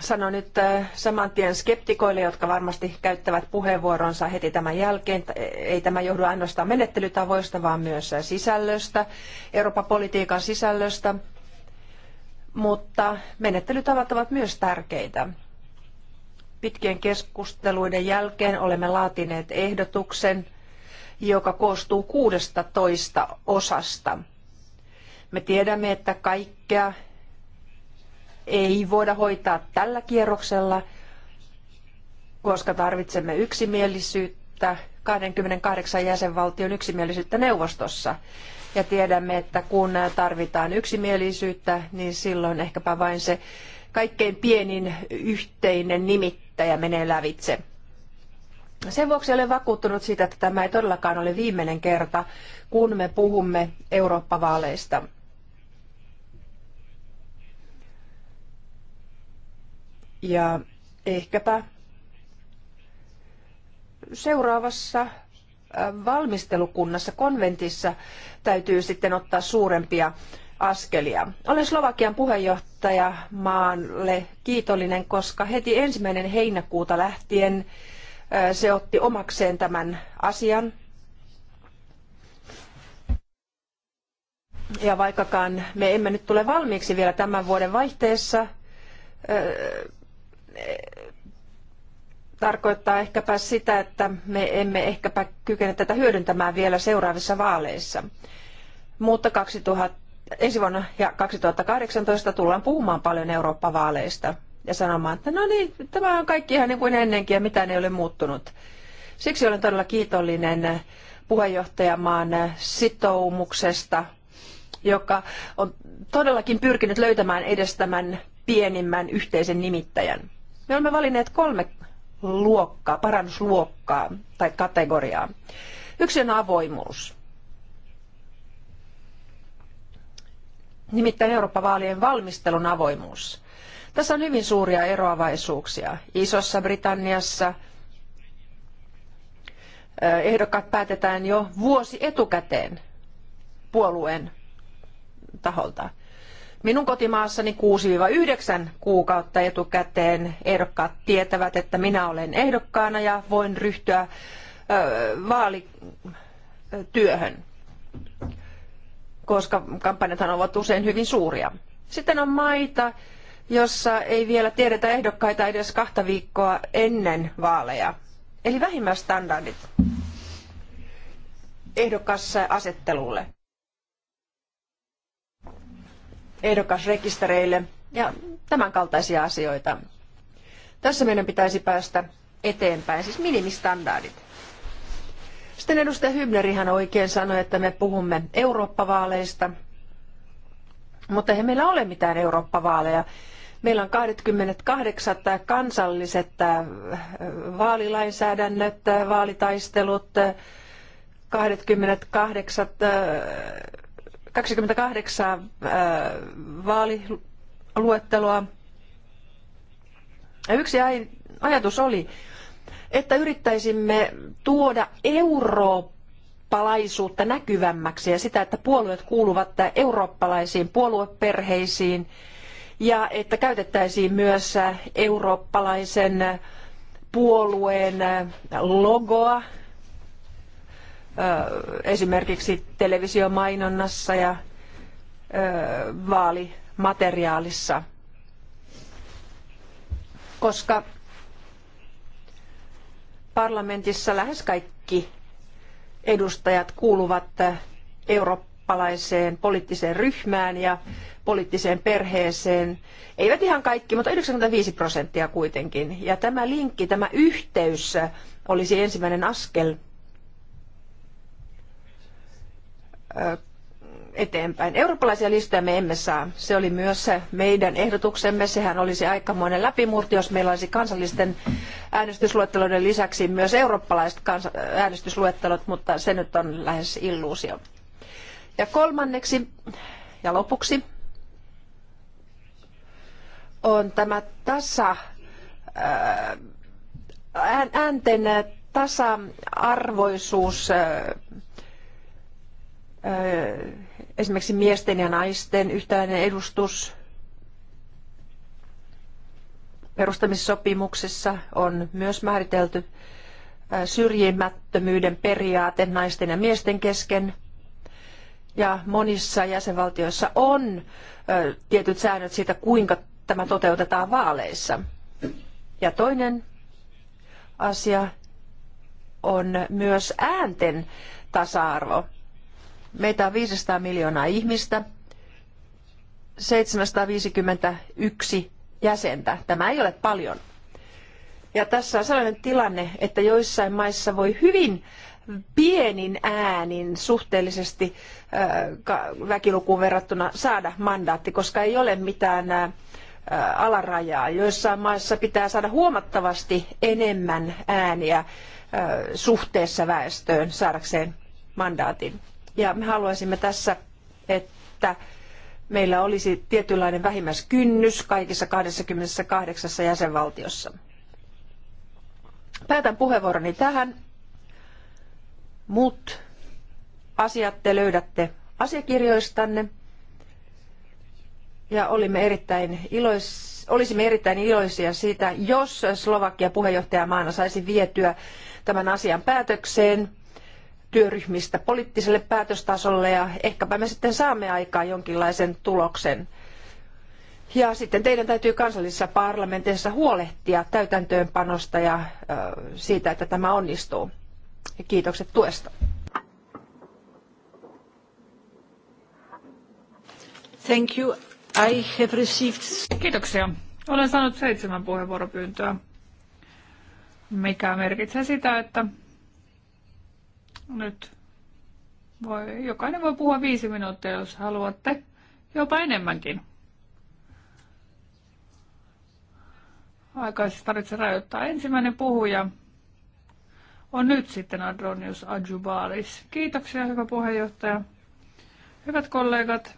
Sanon nyt saman tien skeptikoille, jotka varmasti käyttävät puheenvuoronsa heti tämän jälkeen. Ei tämä johdu ainoastaan menettelytavoista, vaan myös sisällöstä, Euroopan politiikan sisällöstä mutta menettelytavat ovat myös tärkeitä. Pitkien keskusteluiden jälkeen olemme laatineet ehdotuksen, joka koostuu 16 osasta. Me tiedämme, että kaikkea ei voida hoitaa tällä kierroksella, koska tarvitsemme yksimielisyyttä, 28 jäsenvaltion yksimielisyyttä neuvostossa. Ja tiedämme, että kun tarvitaan yksimielisyyttä, niin silloin ehkäpä vain se kaikkein pienin yhteinen nimittäjä menee lävitse. Sen vuoksi olen vakuuttunut siitä, että tämä ei todellakaan ole viimeinen kerta, kun me puhumme Eurooppa-vaaleista. Ja ehkäpä seuraavassa valmistelukunnassa, konventissa täytyy sitten ottaa suurempia askelia. Olen Slovakian puheenjohtaja maalle kiitollinen, koska heti ensimmäinen heinäkuuta lähtien se otti omakseen tämän asian. Ja vaikkakaan me emme nyt tule valmiiksi vielä tämän vuoden vaihteessa, tarkoittaa ehkäpä sitä, että me emme ehkäpä kykene tätä hyödyntämään vielä seuraavissa vaaleissa. Mutta 2000, ensi vuonna ja 2018 tullaan puhumaan paljon Eurooppa-vaaleista ja sanomaan, että no niin, tämä on kaikki ihan niin kuin ennenkin ja mitään ei ole muuttunut. Siksi olen todella kiitollinen puheenjohtajamaan sitoumuksesta, joka on todellakin pyrkinyt löytämään edes tämän pienimmän yhteisen nimittäjän. Me olemme valinneet kolme luokkaa, parannusluokkaa tai kategoriaa. Yksi on avoimuus. Nimittäin Eurooppa-vaalien valmistelun avoimuus. Tässä on hyvin suuria eroavaisuuksia. Isossa Britanniassa ehdokkaat päätetään jo vuosi etukäteen puolueen taholta. Minun kotimaassani 6-9 kuukautta etukäteen ehdokkaat tietävät, että minä olen ehdokkaana ja voin ryhtyä vaalityöhön, koska kampanjathan ovat usein hyvin suuria. Sitten on maita, jossa ei vielä tiedetä ehdokkaita edes kahta viikkoa ennen vaaleja. Eli vähimmäistandardit ehdokas asettelulle ehdokasrekistereille ja tämän kaltaisia asioita. Tässä meidän pitäisi päästä eteenpäin, siis minimistandardit. Sitten edustaja Hybner ihan oikein sanoi, että me puhumme Eurooppa-vaaleista, mutta eihän meillä ole mitään Eurooppa-vaaleja. Meillä on 28 kansalliset äh, vaalilainsäädännöt, äh, vaalitaistelut, 28 äh, 28 äh, vaaliluetteloa. Yksi ajatus oli, että yrittäisimme tuoda eurooppalaisuutta näkyvämmäksi ja sitä, että puolueet kuuluvat eurooppalaisiin puolueperheisiin ja että käytettäisiin myös eurooppalaisen puolueen logoa esimerkiksi televisiomainonnassa ja vaalimateriaalissa, koska parlamentissa lähes kaikki edustajat kuuluvat eurooppalaiseen poliittiseen ryhmään ja poliittiseen perheeseen. Eivät ihan kaikki, mutta 95 prosenttia kuitenkin. Ja tämä linkki, tämä yhteys olisi ensimmäinen askel eteenpäin. Eurooppalaisia listoja me emme saa. Se oli myös meidän ehdotuksemme. Sehän olisi aikamoinen läpimurti, jos meillä olisi kansallisten äänestysluetteloiden lisäksi myös eurooppalaiset äänestysluettelot, mutta se nyt on lähes illuusio. Ja kolmanneksi ja lopuksi on tämä tasa, äänten tasa-arvoisuus esimerkiksi miesten ja naisten yhtäläinen edustus perustamissopimuksessa on myös määritelty syrjimättömyyden periaate naisten ja miesten kesken. Ja monissa jäsenvaltioissa on tietyt säännöt siitä, kuinka tämä toteutetaan vaaleissa. Ja toinen asia on myös äänten tasa-arvo Meitä on 500 miljoonaa ihmistä, 751 jäsentä. Tämä ei ole paljon. Ja tässä on sellainen tilanne, että joissain maissa voi hyvin pienin äänin suhteellisesti väkilukuun verrattuna saada mandaatti, koska ei ole mitään alarajaa. Joissain maissa pitää saada huomattavasti enemmän ääniä suhteessa väestöön saadakseen mandaatin. Ja me haluaisimme tässä, että meillä olisi tietynlainen vähimmäiskynnys kaikissa 28 jäsenvaltiossa. Päätän puheenvuoroni tähän. Muut asiat te löydätte asiakirjoistanne. Ja olimme erittäin ilois, olisimme erittäin iloisia siitä, jos Slovakia puheenjohtajamaana saisi vietyä tämän asian päätökseen työryhmistä poliittiselle päätöstasolle ja ehkäpä me sitten saamme aikaan jonkinlaisen tuloksen. Ja sitten teidän täytyy kansallisissa parlamenteissa huolehtia täytäntöönpanosta ja siitä, että tämä onnistuu. Ja kiitokset tuesta. Thank you. I have received... Kiitoksia. Olen saanut seitsemän puheenvuoropyyntöä, mikä merkitsee sitä, että nyt voi, jokainen voi puhua viisi minuuttia, jos haluatte. Jopa enemmänkin. Aikaisesti tarvitse rajoittaa. Ensimmäinen puhuja on nyt sitten Adronius Adjubalis. Kiitoksia, hyvä puheenjohtaja. Hyvät kollegat,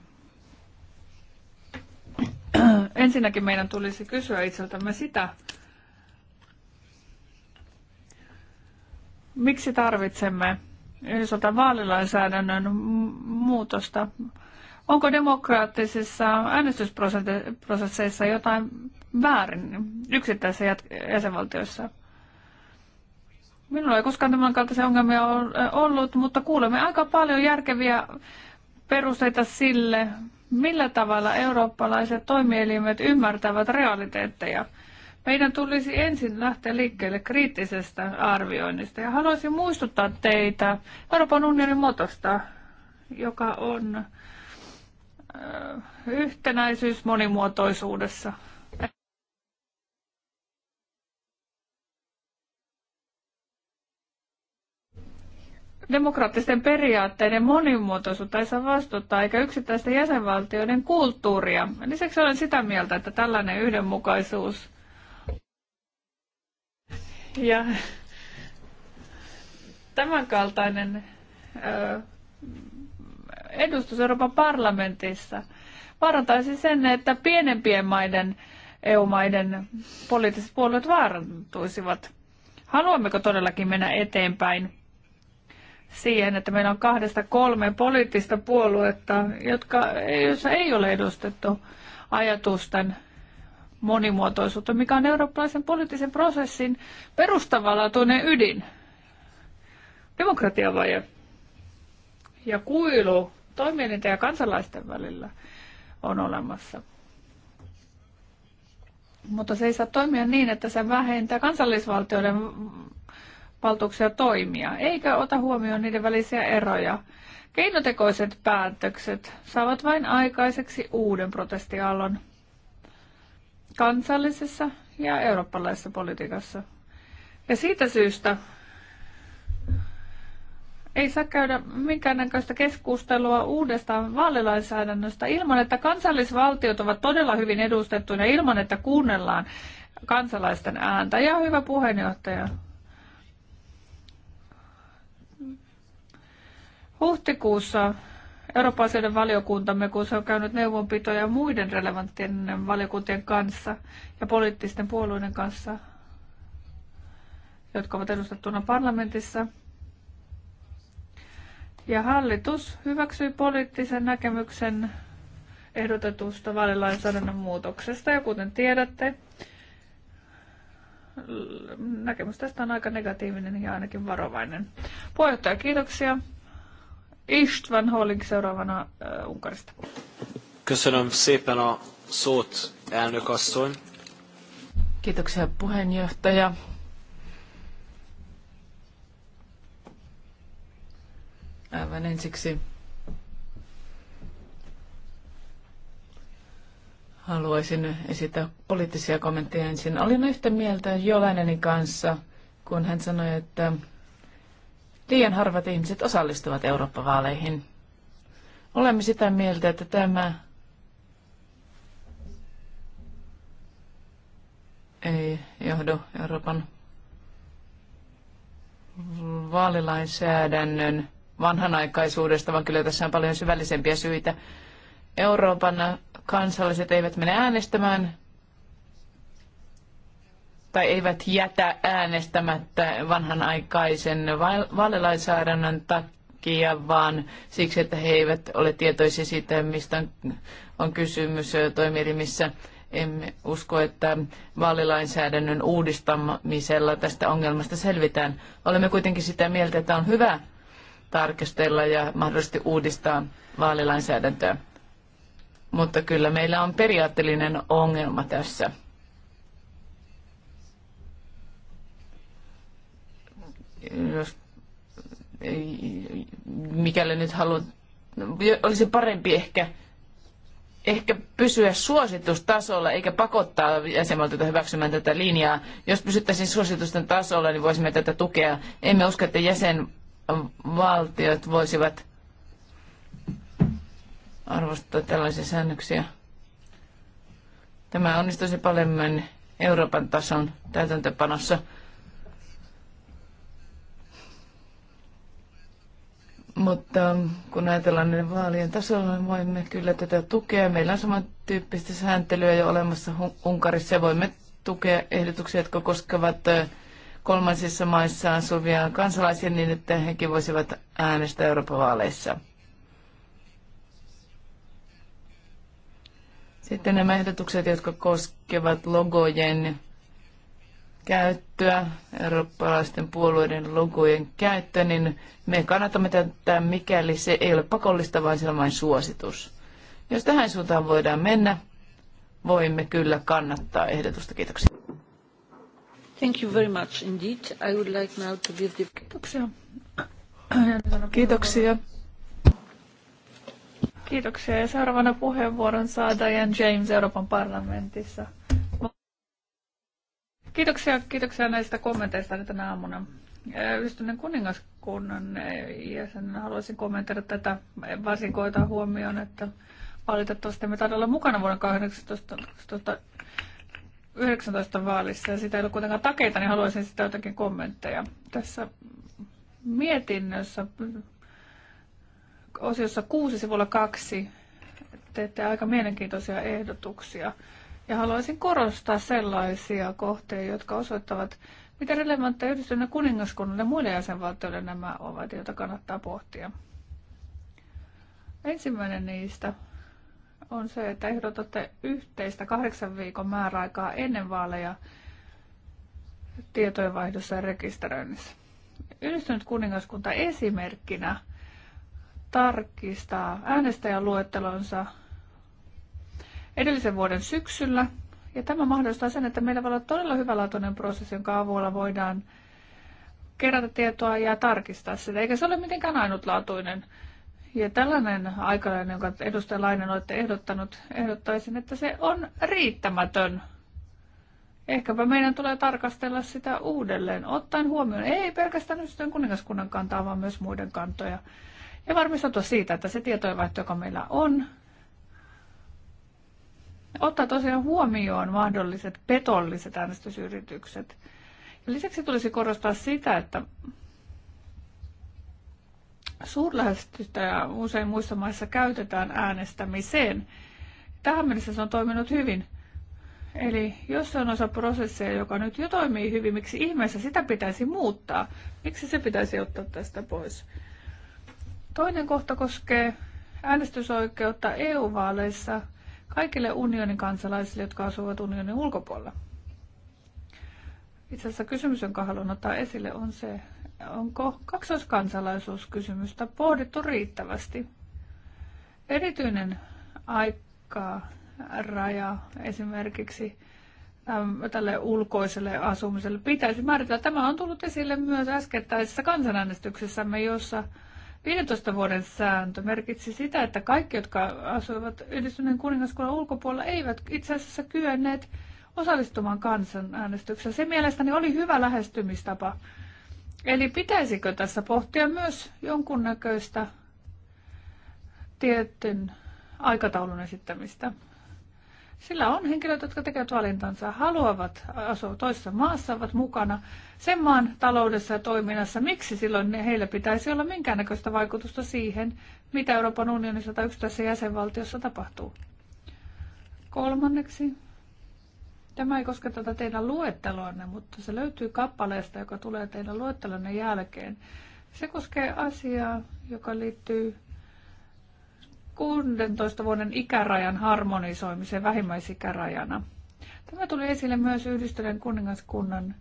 ensinnäkin meidän tulisi kysyä itseltämme sitä, miksi tarvitsemme Yhdysvaltain vaalilainsäädännön muutosta. Onko demokraattisissa äänestysprosesseissa jotain väärin yksittäisissä jäsenvaltioissa? Minulla ei koskaan tämän kaltaisia ongelmia ollut, mutta kuulemme aika paljon järkeviä perusteita sille, millä tavalla eurooppalaiset toimielimet ymmärtävät realiteetteja – meidän tulisi ensin lähteä liikkeelle kriittisestä arvioinnista ja haluaisin muistuttaa teitä Euroopan unionin motosta, joka on äh, yhtenäisyys monimuotoisuudessa. Demokraattisten periaatteiden monimuotoisuutta ei saa vastuuttaa eikä yksittäisten jäsenvaltioiden kulttuuria. Lisäksi olen sitä mieltä, että tällainen yhdenmukaisuus – ja tämänkaltainen ö, edustus Euroopan parlamentissa vaarantaisi sen, että pienempien maiden, EU-maiden poliittiset puolueet vaarantuisivat. Haluammeko todellakin mennä eteenpäin siihen, että meillä on kahdesta kolme poliittista puoluetta, jotka, joissa ei ole edustettu ajatusten monimuotoisuutta, mikä on eurooppalaisen poliittisen prosessin perustavanlaatuinen ydin. Demokratiavaje ja kuilu toimielinten ja kansalaisten välillä on olemassa. Mutta se ei saa toimia niin, että se vähentää kansallisvaltioiden valtuuksia toimia, eikä ota huomioon niiden välisiä eroja. Keinotekoiset päätökset saavat vain aikaiseksi uuden protestiaallon – kansallisessa ja eurooppalaisessa politiikassa. Ja siitä syystä ei saa käydä minkäännäköistä keskustelua uudestaan vaalilainsäädännöstä ilman, että kansallisvaltiot ovat todella hyvin edustettuina ilman, että kuunnellaan kansalaisten ääntä. Ja hyvä puheenjohtaja. Huhtikuussa Euroopan asioiden valiokuntamme, kun se on käynyt neuvonpitoja muiden relevanttien valiokuntien kanssa ja poliittisten puolueiden kanssa, jotka ovat edustettuna parlamentissa. Ja hallitus hyväksyi poliittisen näkemyksen ehdotetusta vaalilainsäädännön muutoksesta. Ja kuten tiedätte, näkemys tästä on aika negatiivinen ja ainakin varovainen. Puheenjohtaja, kiitoksia. Istvan Holling seuraavana äh, Unkarista. Köszönöm szépen a szót, elnök asszony. Kiitoksia puheenjohtaja. Aivan ensiksi haluaisin esittää poliittisia kommentteja ensin. Olin yhtä mieltä Jolaneni kanssa, kun hän sanoi, että Liian harvat ihmiset osallistuvat Eurooppa-vaaleihin. Olemme sitä mieltä, että tämä ei johdu Euroopan vaalilainsäädännön vanhanaikaisuudesta, vaan kyllä tässä on paljon syvällisempiä syitä. Euroopan kansalaiset eivät mene äänestämään tai eivät jätä äänestämättä vanhanaikaisen vaalilainsäädännön takia, vaan siksi, että he eivät ole tietoisia siitä, mistä on kysymys toimielimissä. Emme usko, että vaalilainsäädännön uudistamisella tästä ongelmasta selvitään. Olemme kuitenkin sitä mieltä, että on hyvä tarkastella ja mahdollisesti uudistaa vaalilainsäädäntöä. Mutta kyllä meillä on periaatteellinen ongelma tässä. jos, mikäli nyt haluat, olisi parempi ehkä, ehkä pysyä suositustasolla eikä pakottaa jäsenvaltiota hyväksymään tätä linjaa. Jos pysyttäisiin suositusten tasolla, niin voisimme tätä tukea. Emme usko, että jäsenvaltiot voisivat arvostaa tällaisia säännöksiä. Tämä onnistuisi paljon Euroopan tason täytäntöpanossa. Mutta kun ajatellaan niiden vaalien tasolla, niin voimme kyllä tätä tukea. Meillä on samantyyppistä sääntelyä jo olemassa Unkarissa ja voimme tukea ehdotuksia, jotka koskevat kolmansissa maissa asuvia kansalaisia niin, että hekin voisivat äänestää Euroopan vaaleissa. Sitten nämä ehdotukset, jotka koskevat logojen käyttöä, eurooppalaisten puolueiden logojen käyttöä, niin me kannatamme tätä, mikäli se ei ole pakollista, vaan se on vain suositus. Jos tähän suuntaan voidaan mennä, voimme kyllä kannattaa ehdotusta. Kiitoksia. Thank you very much indeed. I would like now to give the... Kiitoksia. Kiitoksia. Kiitoksia. Ja seuraavana puheenvuoron saa Diane James Euroopan parlamentissa. Kiitoksia, kiitoksia näistä kommenteista tänä aamuna. Ystävän kuningaskunnan jäsen haluaisin kommentoida tätä, varsinkin kun huomioon, että valitettavasti me taidaan olla mukana vuoden 2019 19 vaalissa ja sitä ei ole kuitenkaan takeita, niin haluaisin sitä jotakin kommentteja. Tässä mietinnössä osiossa 6 sivulla 2 teette aika mielenkiintoisia ehdotuksia ja haluaisin korostaa sellaisia kohteita, jotka osoittavat, mitä relevantteja yhdistyneen kuningaskunnalle ja muille jäsenvaltioille nämä ovat, joita kannattaa pohtia. Ensimmäinen niistä on se, että ehdotatte yhteistä kahdeksan viikon määräaikaa ennen vaaleja tietojenvaihdossa ja rekisteröinnissä. Yhdistynyt kuningaskunta esimerkkinä tarkistaa äänestäjäluettelonsa edellisen vuoden syksyllä. Ja tämä mahdollistaa sen, että meillä voi olla todella hyvälaatuinen prosessi, jonka avulla voidaan kerätä tietoa ja tarkistaa sitä. Eikä se ole mitenkään ainutlaatuinen. Ja tällainen aikalainen, jonka edustaja Lainen olette ehdottanut, ehdottaisin, että se on riittämätön. Ehkäpä meidän tulee tarkastella sitä uudelleen, ottaen huomioon ei pelkästään nyt kuningaskunnan kantaa, vaan myös muiden kantoja. Ja varmistautua siitä, että se tietojenvaihto, joka meillä on, ottaa tosiaan huomioon mahdolliset petolliset äänestysyritykset. Ja lisäksi tulisi korostaa sitä, että suurlähestystä usein muissa maissa käytetään äänestämiseen. Tähän mennessä se on toiminut hyvin. Eli jos se on osa prosessia, joka nyt jo toimii hyvin, miksi ihmeessä sitä pitäisi muuttaa? Miksi se pitäisi ottaa tästä pois? Toinen kohta koskee äänestysoikeutta EU-vaaleissa – kaikille unionin kansalaisille, jotka asuvat unionin ulkopuolella. Itse asiassa kysymys, jonka haluan ottaa esille, on se, onko kaksoiskansalaisuuskysymystä pohdittu riittävästi. Erityinen aika raja esimerkiksi ähm, tälle ulkoiselle asumiselle pitäisi määritellä. Tämä on tullut esille myös äskettäisessä kansanäänestyksessämme, jossa 15 vuoden sääntö merkitsi sitä, että kaikki, jotka asuivat yhdistyneen kuningaskunnan ulkopuolella, eivät itse asiassa kyenneet osallistumaan kansanäänestykseen. Se mielestäni oli hyvä lähestymistapa. Eli pitäisikö tässä pohtia myös jonkunnäköistä tietyn aikataulun esittämistä? Sillä on henkilöt, jotka tekevät valintansa, haluavat asua toisessa maassa, ovat mukana sen maan taloudessa ja toiminnassa. Miksi silloin heillä pitäisi olla minkäännäköistä vaikutusta siihen, mitä Euroopan unionissa tai yksittäisessä jäsenvaltiossa tapahtuu? Kolmanneksi, tämä ei koske tätä teidän luetteloanne, mutta se löytyy kappaleesta, joka tulee teidän luettelonne jälkeen. Se koskee asiaa, joka liittyy 16 vuoden ikärajan harmonisoimisen vähimmäisikärajana. Tämä tuli esille myös Yhdistyneen kuningaskunnan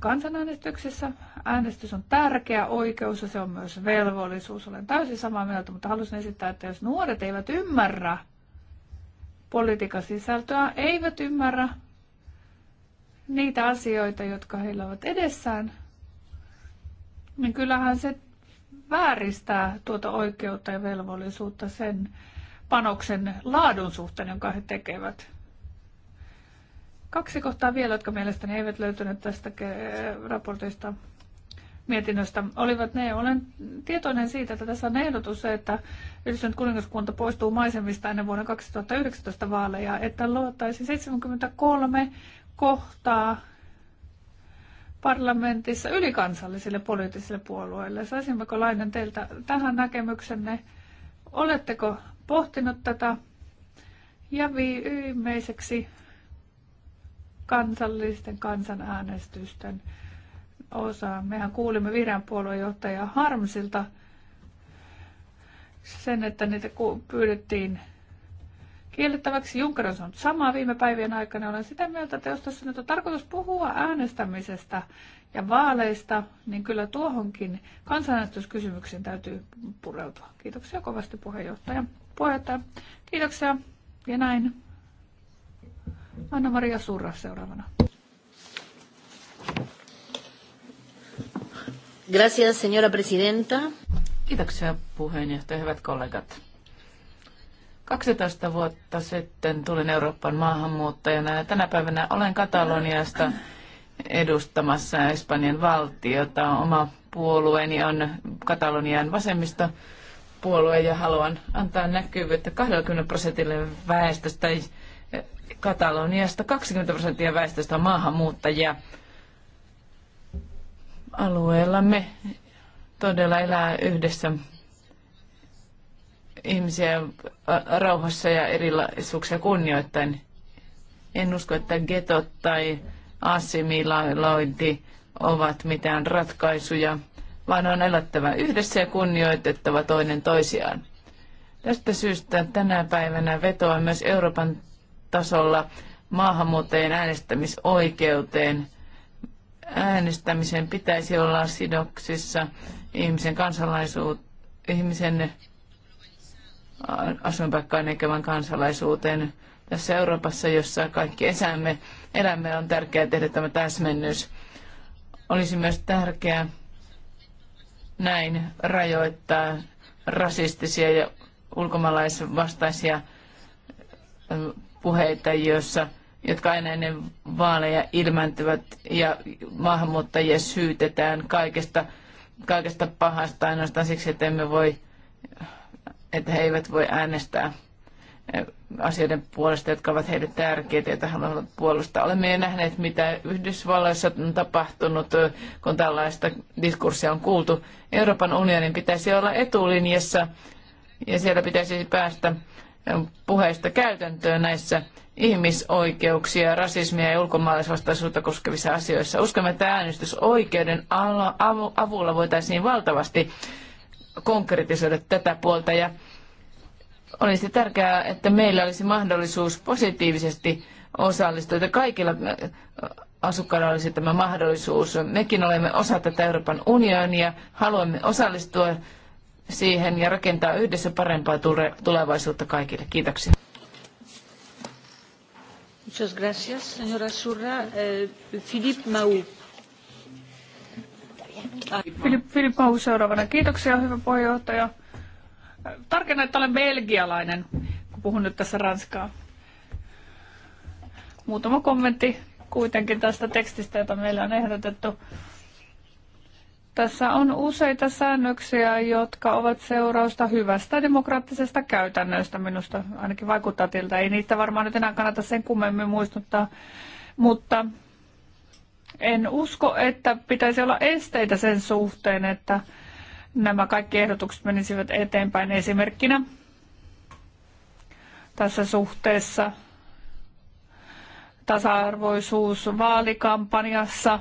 kansanäänestyksessä. Äänestys on tärkeä oikeus ja se on myös velvollisuus. Olen täysin samaa mieltä, mutta halusin esittää, että jos nuoret eivät ymmärrä politiikan sisältöä, eivät ymmärrä niitä asioita, jotka heillä ovat edessään, niin kyllähän se vääristää tuota oikeutta ja velvollisuutta sen panoksen laadun suhteen, jonka he tekevät. Kaksi kohtaa vielä, jotka mielestäni eivät löytyneet tästä raportista mietinnöstä, olivat ne. Olen tietoinen siitä, että tässä on ehdotus se, että yhdistynyt kuningaskunta poistuu maisemista ennen vuonna 2019 vaaleja, että luottaisi 73 kohtaa parlamentissa ylikansallisille poliittisille puolueille. Saisinko lainan teiltä tähän näkemyksenne? Oletteko pohtinut tätä? Ja viimeiseksi kansallisten kansanäänestysten osaa. Mehän kuulimme vihreän puoluejohtaja Harmsilta sen, että niitä pyydettiin kiellettäväksi. Juncker on sanonut samaa viime päivien aikana. Olen sitä mieltä, että jos tässä nyt on tarkoitus puhua äänestämisestä ja vaaleista, niin kyllä tuohonkin kansanäänestyskysymykseen täytyy pureutua. Kiitoksia kovasti puheenjohtaja. Puheenjohtaja, kiitoksia. Ja näin. Anna-Maria Surra seuraavana. Gracias, señora presidenta. Kiitoksia puheenjohtaja, hyvät kollegat. 12 vuotta sitten tulin Euroopan maahanmuuttajana ja tänä päivänä olen Kataloniasta edustamassa Espanjan valtiota. Oma puolueeni on Katalonian vasemmista puolue ja haluan antaa näkyvyyttä 20 prosentille väestöstä. Kataloniasta 20 prosenttia väestöstä on maahanmuuttajia. Alueellamme todella elää yhdessä ihmisiä rauhassa ja erilaisuuksia kunnioittain. En usko, että getot tai assimilointi ovat mitään ratkaisuja, vaan on elättävä yhdessä ja kunnioitettava toinen toisiaan. Tästä syystä tänä päivänä vetoa myös Euroopan tasolla maahanmuuttajien äänestämisoikeuteen. Äänestämisen pitäisi olla sidoksissa ihmisen kansalaisuuteen ihmisen asuinpaikkaan eikä vain kansalaisuuteen. Tässä Euroopassa, jossa kaikki esämme, elämme, on tärkeää tehdä tämä täsmennys. Olisi myös tärkeää näin rajoittaa rasistisia ja ulkomaalaisvastaisia puheita, joissa, jotka aina ennen vaaleja ilmääntyvät ja maahanmuuttajia syytetään kaikesta, kaikesta pahasta ainoastaan siksi, että emme voi että he eivät voi äänestää eh, asioiden puolesta, jotka ovat heille tärkeitä, joita haluavat puolustaa. Olemme jo nähneet, mitä Yhdysvalloissa on tapahtunut, eh, kun tällaista diskurssia on kuultu. Euroopan unionin pitäisi olla etulinjassa ja siellä pitäisi päästä eh, puheista käytäntöön näissä ihmisoikeuksia, rasismia ja ulkomaalaisvastaisuutta koskevissa asioissa. Uskomme, että äänestysoikeuden avulla voitaisiin valtavasti konkretisoida tätä puolta ja olisi tärkeää, että meillä olisi mahdollisuus positiivisesti osallistua, että kaikilla äh, asukkailla olisi tämä mahdollisuus. Mekin olemme osa tätä Euroopan unionia, haluamme osallistua siihen ja rakentaa yhdessä parempaa tulevaisuutta kaikille. Kiitoksia. Muchas gracias, señora Surra. Eh, Philippe Filip, Filip Hau seuraavana. Kiitoksia, hyvä puheenjohtaja. Tarkennan, että olen belgialainen, kun puhun nyt tässä ranskaa. Muutama kommentti kuitenkin tästä tekstistä, jota meillä on ehdotettu. Tässä on useita säännöksiä, jotka ovat seurausta hyvästä demokraattisesta käytännöstä. Minusta ainakin vaikuttaa tiltä. Ei niitä varmaan nyt enää kannata sen kummemmin muistuttaa. Mutta en usko, että pitäisi olla esteitä sen suhteen, että nämä kaikki ehdotukset menisivät eteenpäin esimerkkinä tässä suhteessa. Tasa-arvoisuus vaalikampanjassa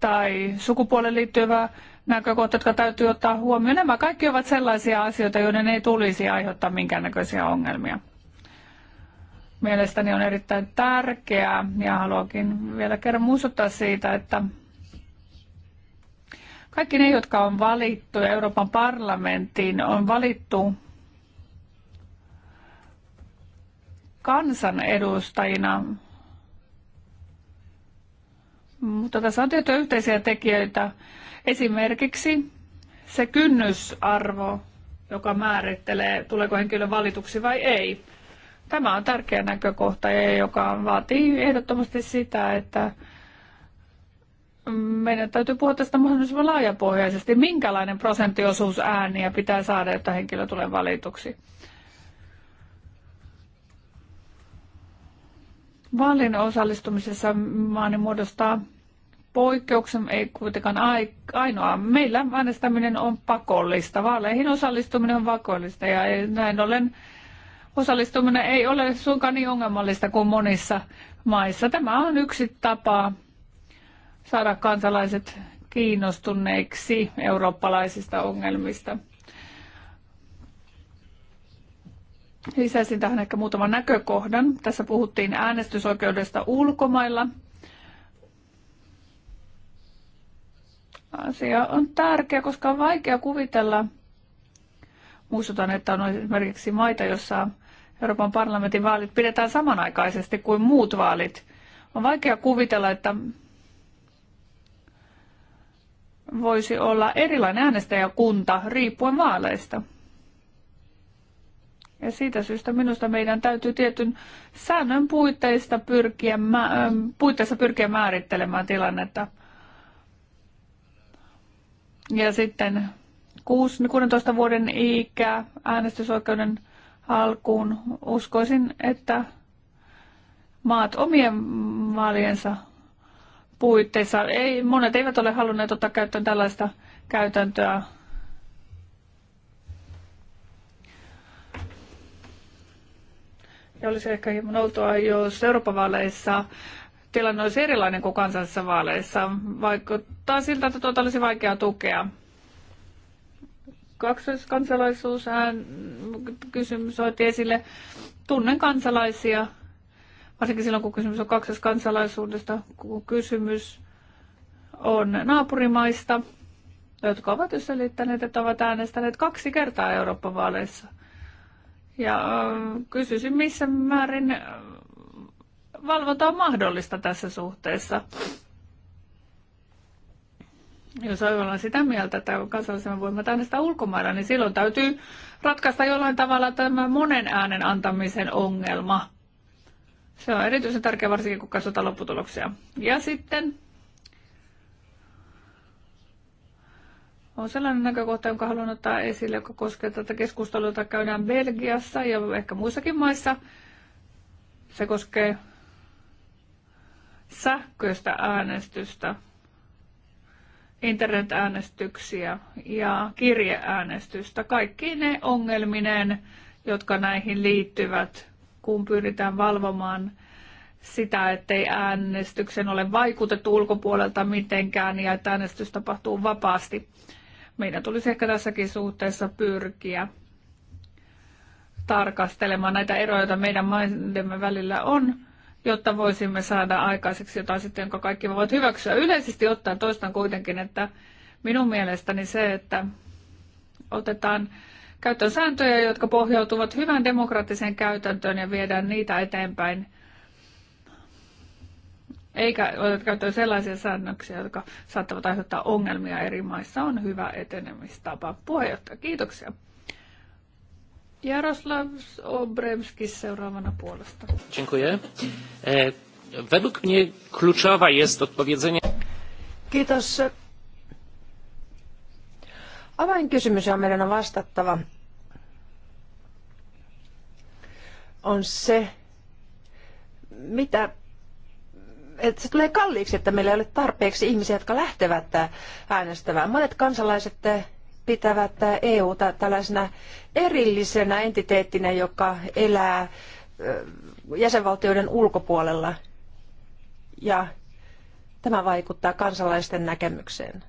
tai sukupuoleen liittyvä näkökohta, jotka täytyy ottaa huomioon. Nämä kaikki ovat sellaisia asioita, joiden ei tulisi aiheuttaa minkäännäköisiä ongelmia mielestäni on erittäin tärkeää ja haluankin vielä kerran muistuttaa siitä, että kaikki ne, jotka on valittu ja Euroopan parlamenttiin on valittu kansanedustajina, mutta tässä on tiettyjä yhteisiä tekijöitä. Esimerkiksi se kynnysarvo, joka määrittelee, tuleeko henkilö valituksi vai ei. Tämä on tärkeä näkökohta, joka vaatii ehdottomasti sitä, että meidän täytyy puhua tästä mahdollisimman laajapohjaisesti. Minkälainen prosenttiosuus ääniä pitää saada, että henkilö tulee valituksi? Vaalin osallistumisessa maani muodostaa poikkeuksen, ei kuitenkaan ainoa. Meillä äänestäminen on pakollista. Vaaleihin osallistuminen on pakollista ja näin ollen osallistuminen ei ole suinkaan niin ongelmallista kuin monissa maissa. Tämä on yksi tapa saada kansalaiset kiinnostuneiksi eurooppalaisista ongelmista. Lisäisin tähän ehkä muutaman näkökohdan. Tässä puhuttiin äänestysoikeudesta ulkomailla. Asia on tärkeä, koska on vaikea kuvitella. Muistutan, että on esimerkiksi maita, joissa Euroopan parlamentin vaalit pidetään samanaikaisesti kuin muut vaalit. On vaikea kuvitella, että voisi olla erilainen äänestäjäkunta riippuen vaaleista. Ja siitä syystä minusta meidän täytyy tietyn säännön puitteista pyrkiä, ähm, puitteissa pyrkiä määrittelemään tilannetta. Ja sitten 16 vuoden ikä, äänestysoikeuden alkuun. Uskoisin, että maat omien vaaliensa puitteissa, ei, monet eivät ole halunneet ottaa käyttöön tällaista käytäntöä. Ja olisi ehkä hieman outoa, jos Euroopan vaaleissa tilanne olisi erilainen kuin kansallisissa vaaleissa. Vaikuttaa siltä, että tuota olisi vaikea tukea kaksoiskansalaisuus, hän kysymys otti esille. Tunnen kansalaisia, varsinkin silloin kun kysymys on kaksoiskansalaisuudesta, kun kysymys on naapurimaista, jotka ovat selittäneet, että ovat äänestäneet kaksi kertaa Euroopan vaaleissa. Ja äh, kysyisin, missä määrin äh, valvonta on mahdollista tässä suhteessa. Jos ollaan sitä mieltä, että kansallisemman voimat äänestää ulkomailla, niin silloin täytyy ratkaista jollain tavalla tämä monen äänen antamisen ongelma. Se on erityisen tärkeä varsinkin, kun katsotaan lopputuloksia. Ja sitten on sellainen näkökohta, jonka haluan ottaa esille, joka koskee tätä keskustelua, jota käydään Belgiassa ja ehkä muissakin maissa. Se koskee sähköistä äänestystä internetäänestyksiä ja kirjeäänestystä, kaikki ne ongelmineen, jotka näihin liittyvät, kun pyritään valvomaan sitä, ettei äänestyksen ole vaikutettu ulkopuolelta mitenkään ja että äänestys tapahtuu vapaasti. Meidän tulisi ehkä tässäkin suhteessa pyrkiä tarkastelemaan näitä eroja, joita meidän maidemme välillä on jotta voisimme saada aikaiseksi jotain sitten, jonka kaikki voivat hyväksyä. Yleisesti ottaen toistan kuitenkin, että minun mielestäni se, että otetaan käyttöön sääntöjä, jotka pohjautuvat hyvään demokraattiseen käytäntöön ja viedään niitä eteenpäin, eikä oteta käyttöön sellaisia säännöksiä, jotka saattavat aiheuttaa ongelmia eri maissa, on hyvä etenemistapa. Puheenjohtaja, kiitoksia seuraavana puolesta. Dziękuję. E, według mnie kluczowa jest odpowiedzenie... Kiitos. Avainkysymys, on meidän on vastattava, on se, mitä että se tulee kalliiksi, että meillä ei ole tarpeeksi ihmisiä, jotka lähtevät äänestämään. Monet kansalaiset pitävät EUta tällaisena erillisenä entiteettinä, joka elää jäsenvaltioiden ulkopuolella. Ja tämä vaikuttaa kansalaisten näkemykseen.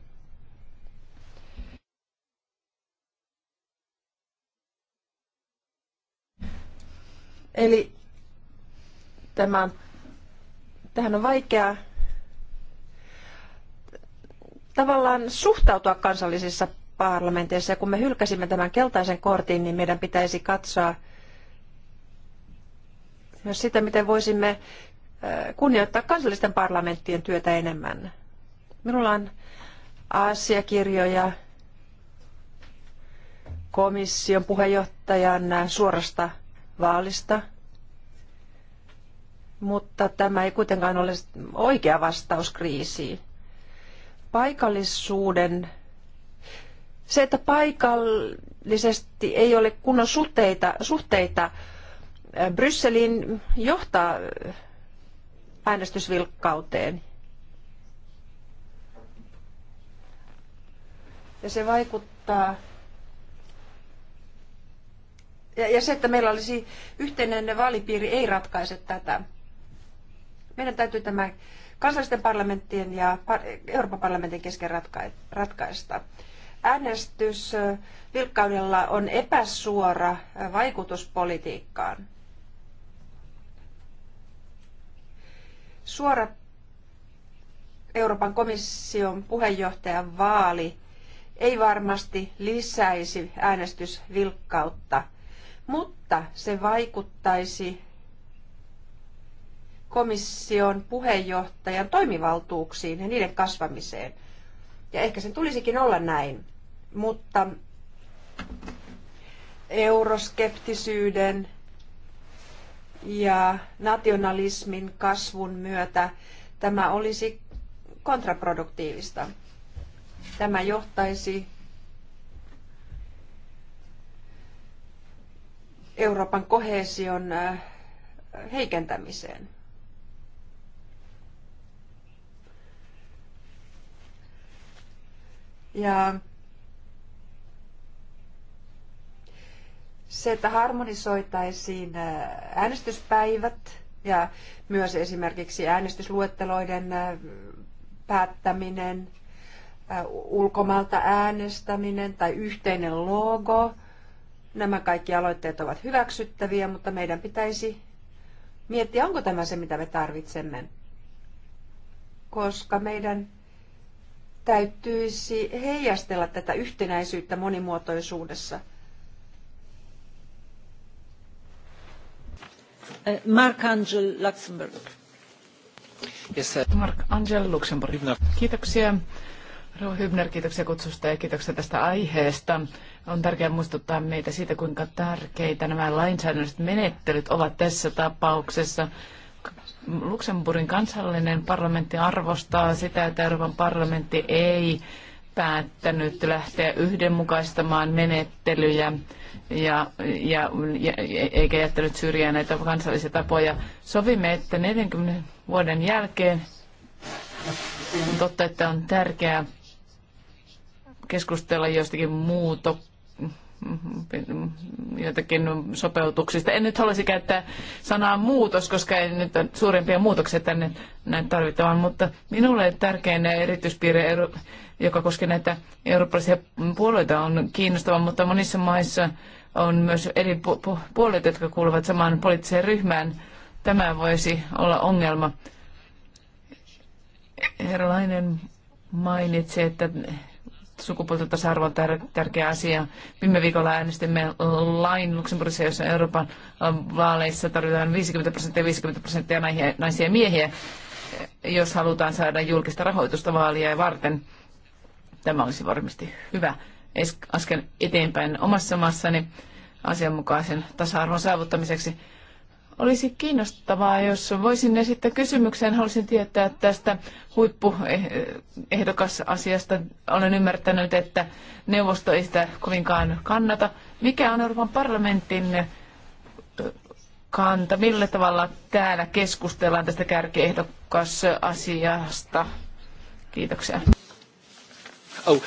Eli tämä, tähän on vaikea tavallaan suhtautua kansallisissa parlamentissa. Ja kun me hylkäsimme tämän keltaisen kortin, niin meidän pitäisi katsoa myös sitä, miten voisimme kunnioittaa kansallisten parlamenttien työtä enemmän. Minulla on asiakirjoja komission puheenjohtajan suorasta vaalista, mutta tämä ei kuitenkaan ole oikea vastaus kriisiin. Paikallisuuden se, että paikallisesti ei ole kunnon suhteita, suhteita Brysselin johtaa äänestysvilkkauteen. Ja se vaikuttaa ja, se, että meillä olisi yhteinen vaalipiiri, ei ratkaise tätä. Meidän täytyy tämä kansallisten parlamenttien ja Euroopan parlamentin kesken ratkaista äänestys vilkkaudella on epäsuora vaikutus politiikkaan. Suora Euroopan komission puheenjohtajan vaali ei varmasti lisäisi äänestysvilkkautta, mutta se vaikuttaisi komission puheenjohtajan toimivaltuuksiin ja niiden kasvamiseen. Ja ehkä sen tulisikin olla näin. Mutta euroskeptisyyden ja nationalismin kasvun myötä tämä olisi kontraproduktiivista. Tämä johtaisi Euroopan kohesion heikentämiseen. Ja Se, että harmonisoitaisiin äh, äänestyspäivät ja myös esimerkiksi äänestysluetteloiden äh, päättäminen, äh, ulkomailta äänestäminen tai yhteinen logo. Nämä kaikki aloitteet ovat hyväksyttäviä, mutta meidän pitäisi miettiä, onko tämä se, mitä me tarvitsemme. Koska meidän täytyisi heijastella tätä yhtenäisyyttä monimuotoisuudessa – Uh, Mark-Angel Luxemburg. kiitoksia kutsusta ja kiitoksia tästä aiheesta. On tärkeää muistuttaa meitä siitä, kuinka tärkeitä nämä lainsäädännölliset menettelyt ovat tässä tapauksessa. Luxemburgin kansallinen parlamentti arvostaa sitä, että Euroopan parlamentti ei päättänyt lähteä yhdenmukaistamaan menettelyjä ja, ja, ja eikä jättänyt syrjään näitä kansallisia tapoja. Sovimme, että 40 vuoden jälkeen on totta, että on tärkeää keskustella jostakin muutoksesta joitakin sopeutuksista. En nyt haluaisi käyttää sanaa muutos, koska ei nyt suurempia muutoksia tänne näin tarvitaan, mutta minulle tärkein erityispiirre, joka koskee näitä eurooppalaisia puolueita, on kiinnostava, mutta monissa maissa on myös eri puolueet, jotka kuuluvat samaan poliittiseen ryhmään. Tämä voisi olla ongelma. Herra Lainen mainitsi, että sukupuolten tasa-arvo on tärkeä asia. Viime viikolla äänestimme lain Luxemburgissa, jossa Euroopan vaaleissa tarvitaan 50 prosenttia 50 prosenttia naisia ja miehiä, jos halutaan saada julkista rahoitusta vaalia varten. Tämä olisi varmasti hyvä askel eteenpäin omassa maassani asianmukaisen tasa-arvon saavuttamiseksi. Olisi kiinnostavaa, jos voisin esittää kysymyksen. Haluaisin tietää tästä huippuehdokasasiasta. Olen ymmärtänyt, että neuvosto ei sitä kovinkaan kannata. Mikä on Euroopan parlamentin kanta? Millä tavalla täällä keskustellaan tästä kärkiehdokasasiasta? Kiitoksia. Oh.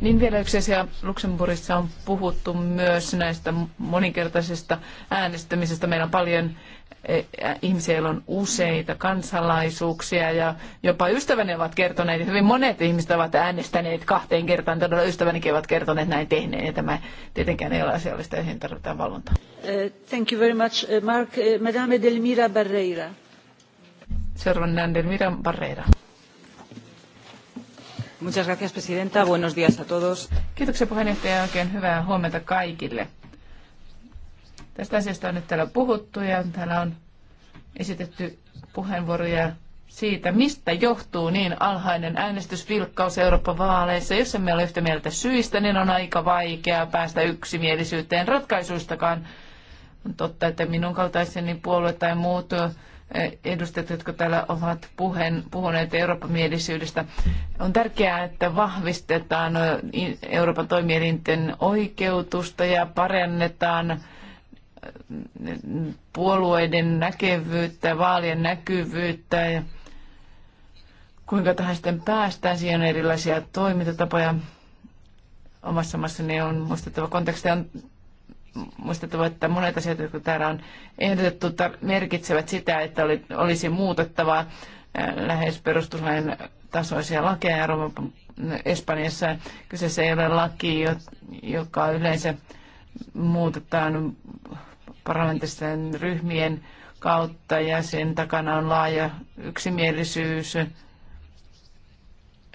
Niin vielä yksi asia. Luxemburgissa on puhuttu myös näistä moninkertaisista äänestämisestä. Meillä on paljon eh, eh, ihmisiä, joilla on useita kansalaisuuksia ja jopa ystäväni ovat kertoneet, hyvin monet ihmiset ovat äänestäneet kahteen kertaan, todella ystävänikin ovat kertoneet näin tehneen, ja tämä tietenkään ei ole asiallista, joihin tarvitaan valvontaa. Eh, thank you very much, Mark. Madame Delmira Barreira. Seuraavan Delmira Barreira. Muchas gracias, presidenta. Buenos días a todos. Kiitoksia puheenjohtaja oikein hyvää huomenta kaikille. Tästä asiasta on nyt täällä puhuttu ja täällä on esitetty puheenvuoroja siitä, mistä johtuu niin alhainen äänestysvilkkaus Euroopan vaaleissa. Jos emme ole yhtä mieltä syistä, niin on aika vaikea päästä yksimielisyyteen ratkaisuistakaan. On totta, että minun kaltaiseni puolue tai muut edustajat, jotka täällä ovat puheen, puhuneet mielisyydestä. On tärkeää, että vahvistetaan Euroopan toimielinten oikeutusta ja parannetaan puolueiden näkevyyttä, vaalien näkyvyyttä ja kuinka tähän sitten päästään. Siihen on erilaisia toimintatapoja. Omassa maassani on muistettava konteksti on muistettava, että monet asiat, jotka täällä on ehdotettu, merkitsevät sitä, että oli, olisi muutettava äh, lähes perustuslain tasoisia lakeja Euroopan Espanjassa. Kyseessä ei ole laki, joka yleensä muutetaan parlamentisten ryhmien kautta ja sen takana on laaja yksimielisyys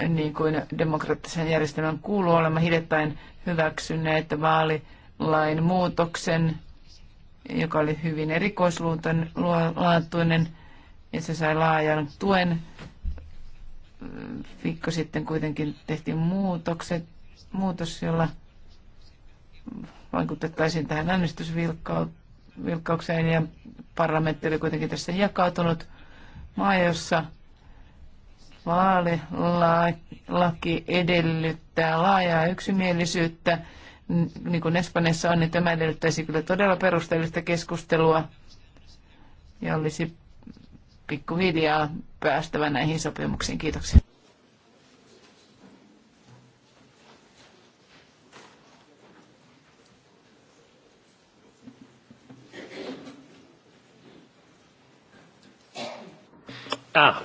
niin kuin demokraattisen järjestelmän kuuluu olemme hiljattain hyväksyneet vaali lain muutoksen, joka oli hyvin erikoislaatuinen ja se sai laajan tuen. Viikko sitten kuitenkin tehtiin muutokset, muutos, jolla vaikutettaisiin tähän äänestysvilkkaukseen ja parlamentti oli kuitenkin tässä jakautunut maa, jossa vaalilaki edellyttää laajaa yksimielisyyttä niin kuin Espanjassa on, niin tämä edellyttäisi kyllä todella perusteellista keskustelua ja olisi pikkuhiljaa päästävä näihin sopimuksiin. Kiitoksia. Ah,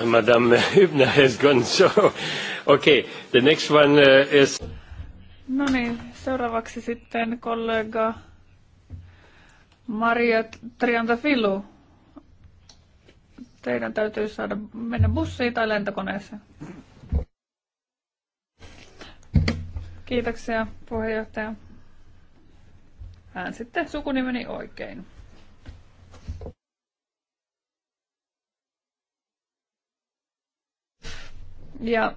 uh, Madame Hübner has gone, so okay, the next one uh, is... No niin, seuraavaksi sitten kollega Maria Triantafilu. Teidän täytyy saada mennä bussiin tai lentokoneeseen. Kiitoksia puheenjohtaja. Hän sitten sukunimeni oikein. Ja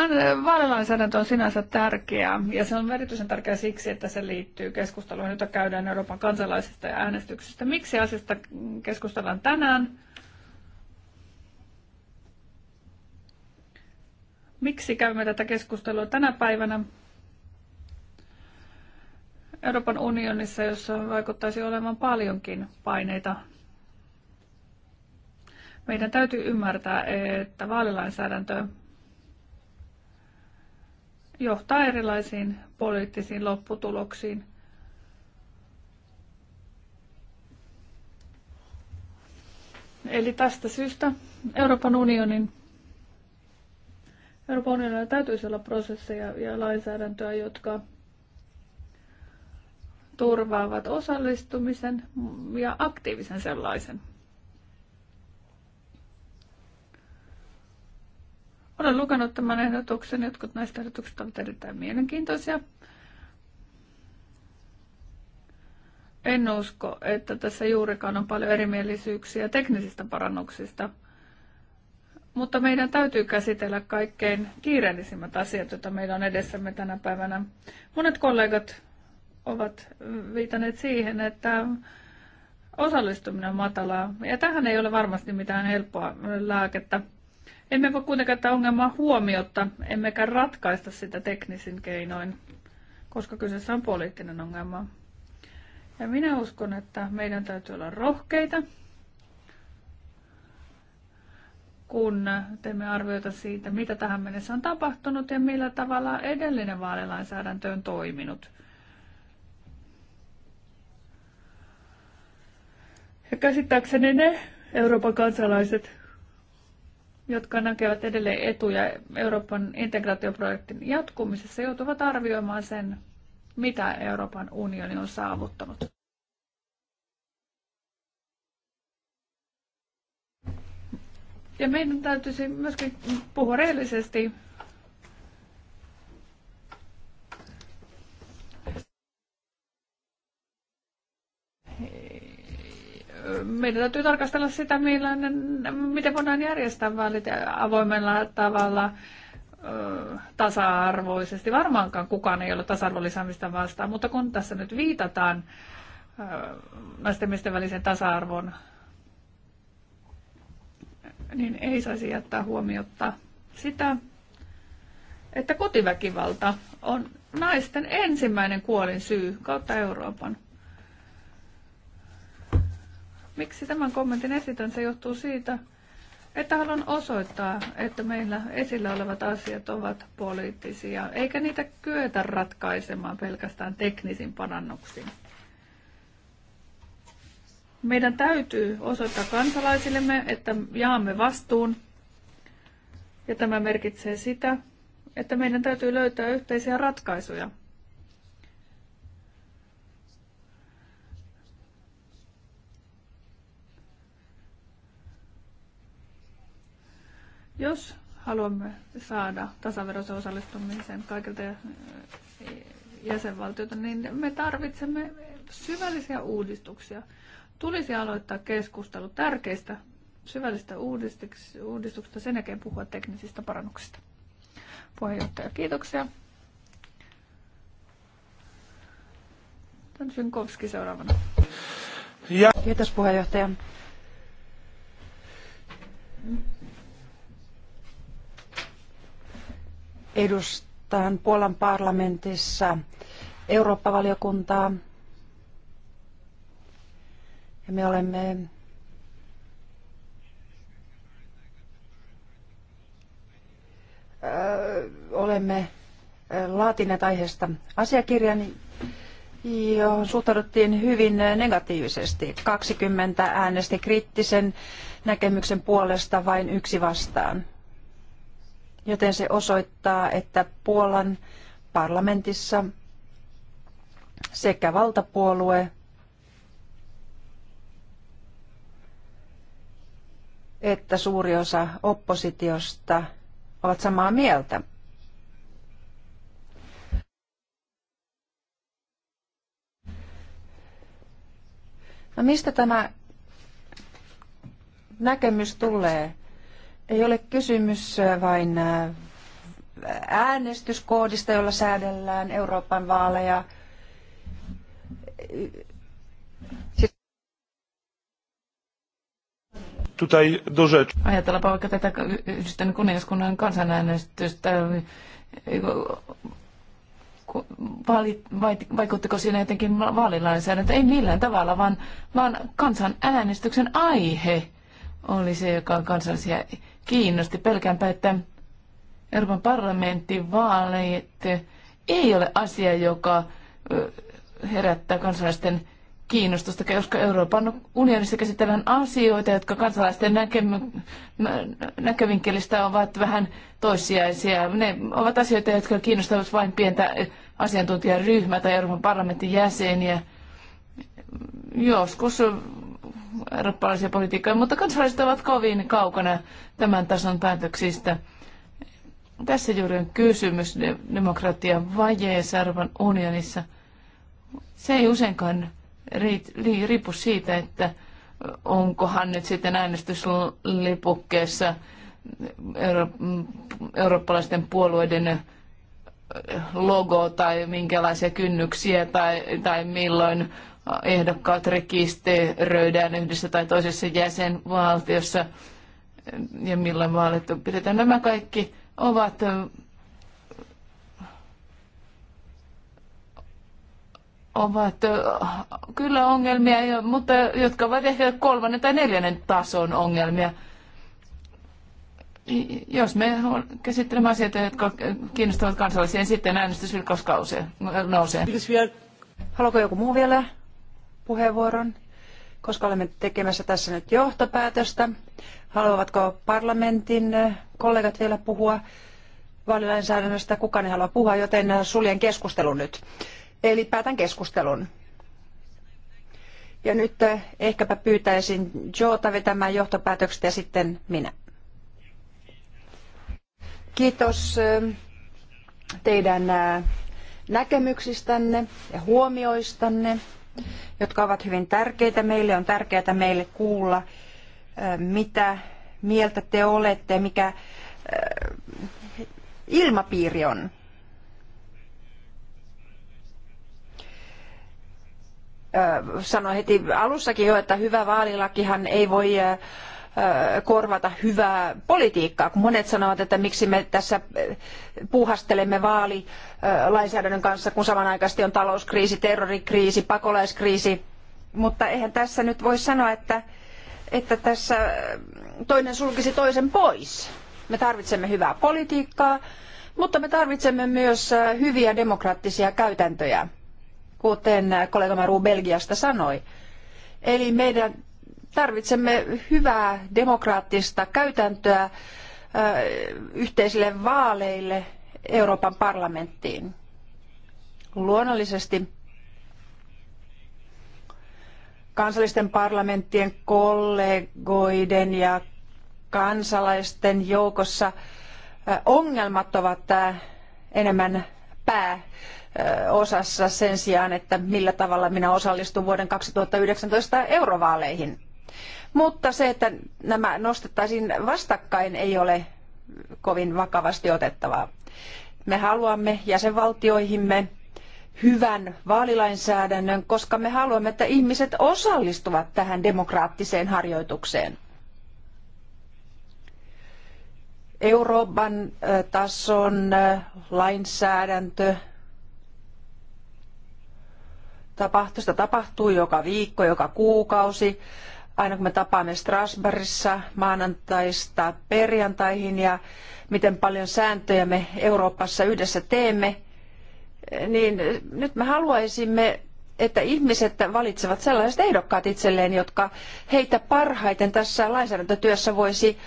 Äh, vaalilainsäädäntö on sinänsä tärkeää ja se on erityisen tärkeää siksi, että se liittyy keskusteluun, jota käydään Euroopan kansalaisista ja äänestyksistä. Miksi asiasta keskustellaan tänään? Miksi käymme tätä keskustelua tänä päivänä Euroopan unionissa, jossa vaikuttaisi olevan paljonkin paineita meidän täytyy ymmärtää, että vaalilainsäädäntö johtaa erilaisiin poliittisiin lopputuloksiin. Eli tästä syystä Euroopan unionin Euroopan unionilla täytyisi olla prosesseja ja lainsäädäntöä, jotka turvaavat osallistumisen ja aktiivisen sellaisen. Olen lukenut tämän ehdotuksen. Jotkut näistä ehdotuksista ovat erittäin mielenkiintoisia. En usko, että tässä juurikaan on paljon erimielisyyksiä teknisistä parannuksista, mutta meidän täytyy käsitellä kaikkein kiireellisimmät asiat, joita meillä on edessämme tänä päivänä. Monet kollegat ovat viitaneet siihen, että osallistuminen on matalaa, ja tähän ei ole varmasti mitään helppoa lääkettä. Emme voi kuitenkaan tätä ongelmaa huomiota, emmekä ratkaista sitä teknisin keinoin, koska kyseessä on poliittinen ongelma. Ja minä uskon, että meidän täytyy olla rohkeita, kun teemme arvioita siitä, mitä tähän mennessä on tapahtunut ja millä tavalla edellinen vaalilainsäädäntö on toiminut. Ja käsittääkseni ne Euroopan kansalaiset, jotka näkevät edelleen etuja Euroopan integraatioprojektin jatkumisessa, joutuvat arvioimaan sen, mitä Euroopan unioni on saavuttanut. Ja meidän täytyisi myöskin puhua reellisesti meidän täytyy tarkastella sitä, millainen, miten voidaan järjestää vaalit avoimella tavalla tasa-arvoisesti. Varmaankaan kukaan ei ole tasa-arvon lisäämistä vastaan, mutta kun tässä nyt viitataan naisten miesten välisen tasa-arvon, niin ei saisi jättää huomiota sitä, että kotiväkivalta on naisten ensimmäinen kuolin syy kautta Euroopan. Miksi tämän kommentin esitän? Se johtuu siitä, että haluan osoittaa, että meillä esillä olevat asiat ovat poliittisia, eikä niitä kyetä ratkaisemaan pelkästään teknisin parannuksiin. Meidän täytyy osoittaa kansalaisillemme, että jaamme vastuun, ja tämä merkitsee sitä, että meidän täytyy löytää yhteisiä ratkaisuja Jos haluamme saada tasaveroisen osallistumisen kaikilta eh, jäsenvaltioilta, niin me tarvitsemme syvällisiä uudistuksia. Tulisi aloittaa keskustelu tärkeistä syvällistä uudistuksista, sen jälkeen puhua teknisistä parannuksista. Puheenjohtaja, kiitoksia. Synkowski seuraavana. Ja. Kiitos puheenjohtaja. Edustan Puolan parlamentissa Eurooppa-valiokuntaa. Ja me olemme ö, olemme laatineet aiheesta asiakirjan, johon suhtauduttiin hyvin negatiivisesti. 20 äänesti kriittisen näkemyksen puolesta, vain yksi vastaan joten se osoittaa, että Puolan parlamentissa sekä valtapuolue että suuri osa oppositiosta ovat samaa mieltä. No mistä tämä näkemys tulee? Ei ole kysymys äh, vain äh, äänestyskoodista, jolla säädellään Euroopan vaaleja. Tutaj do Ajatellaanpa vaikka tätä yhdistön kuningaskunnan kansanäänestystä. Vaikuttiko siinä jotenkin vaalilainsäädäntö? Ei millään tavalla, vaan, vaan kansanäänestyksen aihe oli se, joka kansallisia kiinnosti. Pelkäänpä, että Euroopan parlamentin vaaleet ei ole asia, joka herättää kansalaisten kiinnostusta, koska Euroopan unionissa käsitellään asioita, jotka kansalaisten näkemy- näkövinkkelistä ovat vähän toissijaisia. Ne ovat asioita, jotka kiinnostavat vain pientä asiantuntijaryhmää tai Euroopan parlamentin jäseniä. Joskus eurooppalaisia politiikkoja, mutta kansalaiset ovat kovin kaukana tämän tason päätöksistä. Tässä juuri on kysymys demokratian vajeessa Euroopan unionissa. Se ei useinkaan riipu siitä, että onkohan nyt sitten äänestyslipukkeessa euro- eurooppalaisten puolueiden logo tai minkälaisia kynnyksiä tai, tai milloin ehdokkaat rekisteröidään yhdessä tai toisessa jäsenvaltiossa ja milloin vaalit pidetään. Nämä kaikki ovat ovat kyllä ongelmia, mutta jotka ovat ehkä kolmannen tai neljännen tason ongelmia. Jos me käsittelemme asioita, jotka kiinnostavat kansalaisia, niin sitten äänestysvilkaus nousee. Haluaako joku muu vielä puheenvuoron, koska olemme tekemässä tässä nyt johtopäätöstä. Haluavatko parlamentin eh, kollegat vielä puhua vaalilainsäädännöstä? Kukaan ei halua puhua, joten eh, suljen keskustelun nyt. Eli päätän keskustelun. Ja nyt eh, ehkäpä pyytäisin Joota vetämään johtopäätökset ja sitten minä. Kiitos teidän näkemyksistänne ja huomioistanne jotka ovat hyvin tärkeitä meille. On tärkeää meille kuulla, mitä mieltä te olette, mikä ilmapiiri on. Sanoin heti alussakin jo, että hyvä vaalilakihan ei voi korvata hyvää politiikkaa, kun monet sanovat, että miksi me tässä puuhastelemme vaalilainsäädännön kanssa, kun samanaikaisesti on talouskriisi, terrorikriisi, pakolaiskriisi. Mutta eihän tässä nyt voi sanoa, että, että tässä toinen sulkisi toisen pois. Me tarvitsemme hyvää politiikkaa, mutta me tarvitsemme myös hyviä demokraattisia käytäntöjä, kuten kollegamme Ruu Belgiasta sanoi. Eli meidän tarvitsemme hyvää demokraattista käytäntöä yhteisille vaaleille Euroopan parlamenttiin. Luonnollisesti kansallisten parlamenttien kollegoiden ja kansalaisten joukossa ongelmat ovat enemmän pääosassa sen sijaan, että millä tavalla minä osallistun vuoden 2019 eurovaaleihin. Mutta se, että nämä nostettaisiin vastakkain, ei ole kovin vakavasti otettavaa. Me haluamme jäsenvaltioihimme hyvän vaalilainsäädännön, koska me haluamme, että ihmiset osallistuvat tähän demokraattiseen harjoitukseen. Euroopan tason lainsäädäntö tapahtuu, sitä tapahtuu joka viikko, joka kuukausi aina kun me tapaamme Strasbourgissa maanantaista perjantaihin ja miten paljon sääntöjä me Euroopassa yhdessä teemme, niin nyt me haluaisimme, että ihmiset valitsevat sellaiset ehdokkaat itselleen, jotka heitä parhaiten tässä lainsäädäntötyössä voisi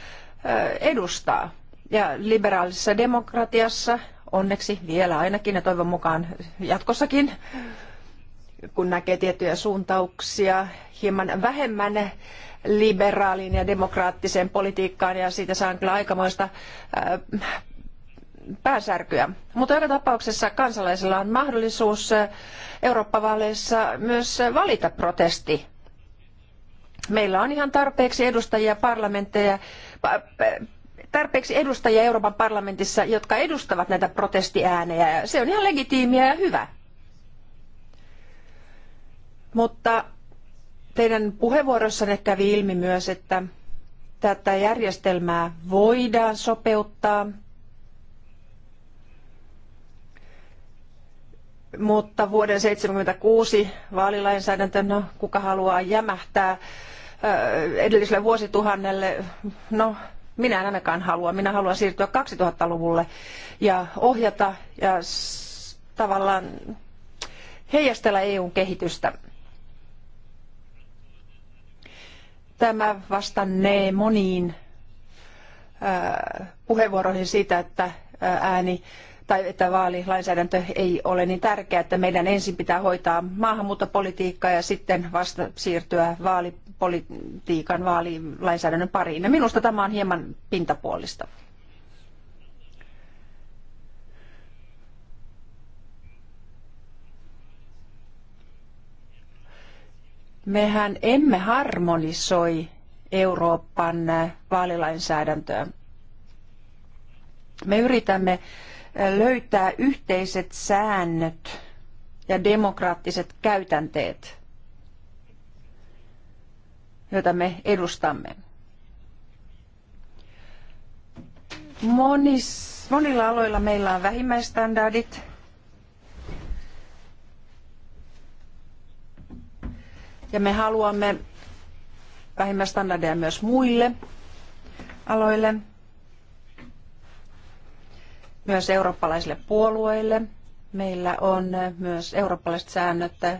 edustaa. Ja liberaalisessa demokratiassa, onneksi vielä ainakin ja toivon mukaan jatkossakin, kun näkee tiettyjä suuntauksia hieman vähemmän liberaaliin ja demokraattiseen politiikkaan ja siitä saan kyllä aikamoista äh, päänsärkyä. Mutta joka tapauksessa kansalaisilla on mahdollisuus äh, Eurooppa-vaaleissa myös valita protesti. Meillä on ihan tarpeeksi edustajia parlamentteja, äh, tarpeeksi edustajia Euroopan parlamentissa, jotka edustavat näitä protestiäänejä. Se on ihan legitiimiä ja hyvä. Mutta teidän puheenvuorossanne kävi ilmi myös, että tätä järjestelmää voidaan sopeuttaa, mutta vuoden 1976 vaalilainsäädäntö, no kuka haluaa jämähtää edelliselle vuosituhannelle, no minä en ainakaan halua. Minä haluan siirtyä 2000-luvulle ja ohjata ja tavallaan heijastella EUn kehitystä. Tämä vastannee moniin äh, puheenvuoroihin siitä, että äh, ääni tai että vaalilainsäädäntö ei ole niin tärkeä, että meidän ensin pitää hoitaa maahanmuuttopolitiikkaa ja sitten vasta siirtyä vaalipolitiikan, vaalilainsäädännön pariin. Ja minusta tämä on hieman pintapuolista. mehän emme harmonisoi Euroopan vaalilainsäädäntöä. Me yritämme löytää yhteiset säännöt ja demokraattiset käytänteet, joita me edustamme. Monis, monilla aloilla meillä on vähimmäistandardit, Ja me haluamme vähimmäistandardeja myös muille aloille, myös eurooppalaisille puolueille. Meillä on myös eurooppalaiset säännöt äh,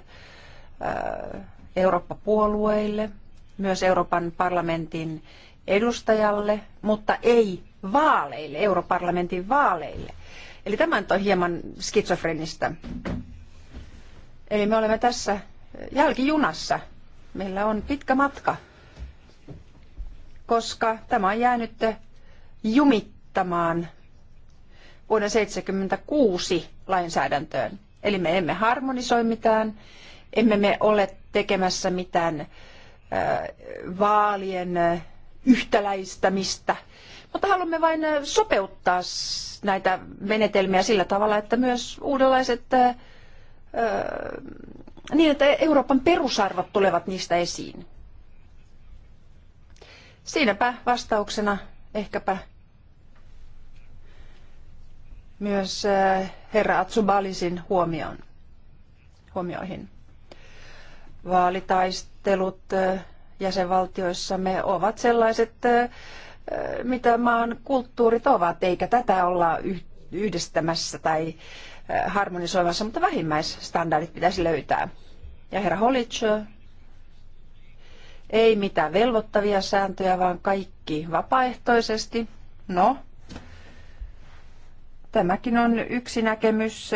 Eurooppa-puolueille, myös Euroopan parlamentin edustajalle, mutta ei vaaleille, europarlamentin vaaleille. Eli tämä on hieman skitsofrenista. Eli me olemme tässä jälkijunassa. Meillä on pitkä matka, koska tämä on jäänyt jumittamaan vuoden 1976 lainsäädäntöön. Eli me emme harmonisoi mitään, emme me ole tekemässä mitään vaalien yhtäläistämistä, mutta haluamme vain sopeuttaa näitä menetelmiä sillä tavalla, että myös uudenlaiset niin, että Euroopan perusarvot tulevat niistä esiin. Siinäpä vastauksena ehkäpä myös äh, herra Atsubalisin huomioon, huomioihin. Vaalitaistelut äh, jäsenvaltioissamme ovat sellaiset, äh, mitä maan kulttuurit ovat, eikä tätä olla yhdistämässä tai harmonisoimassa, mutta vähimmäisstandardit pitäisi löytää. Ja herra Holitscher, ei mitään velvoittavia sääntöjä, vaan kaikki vapaaehtoisesti. No, tämäkin on yksi näkemys.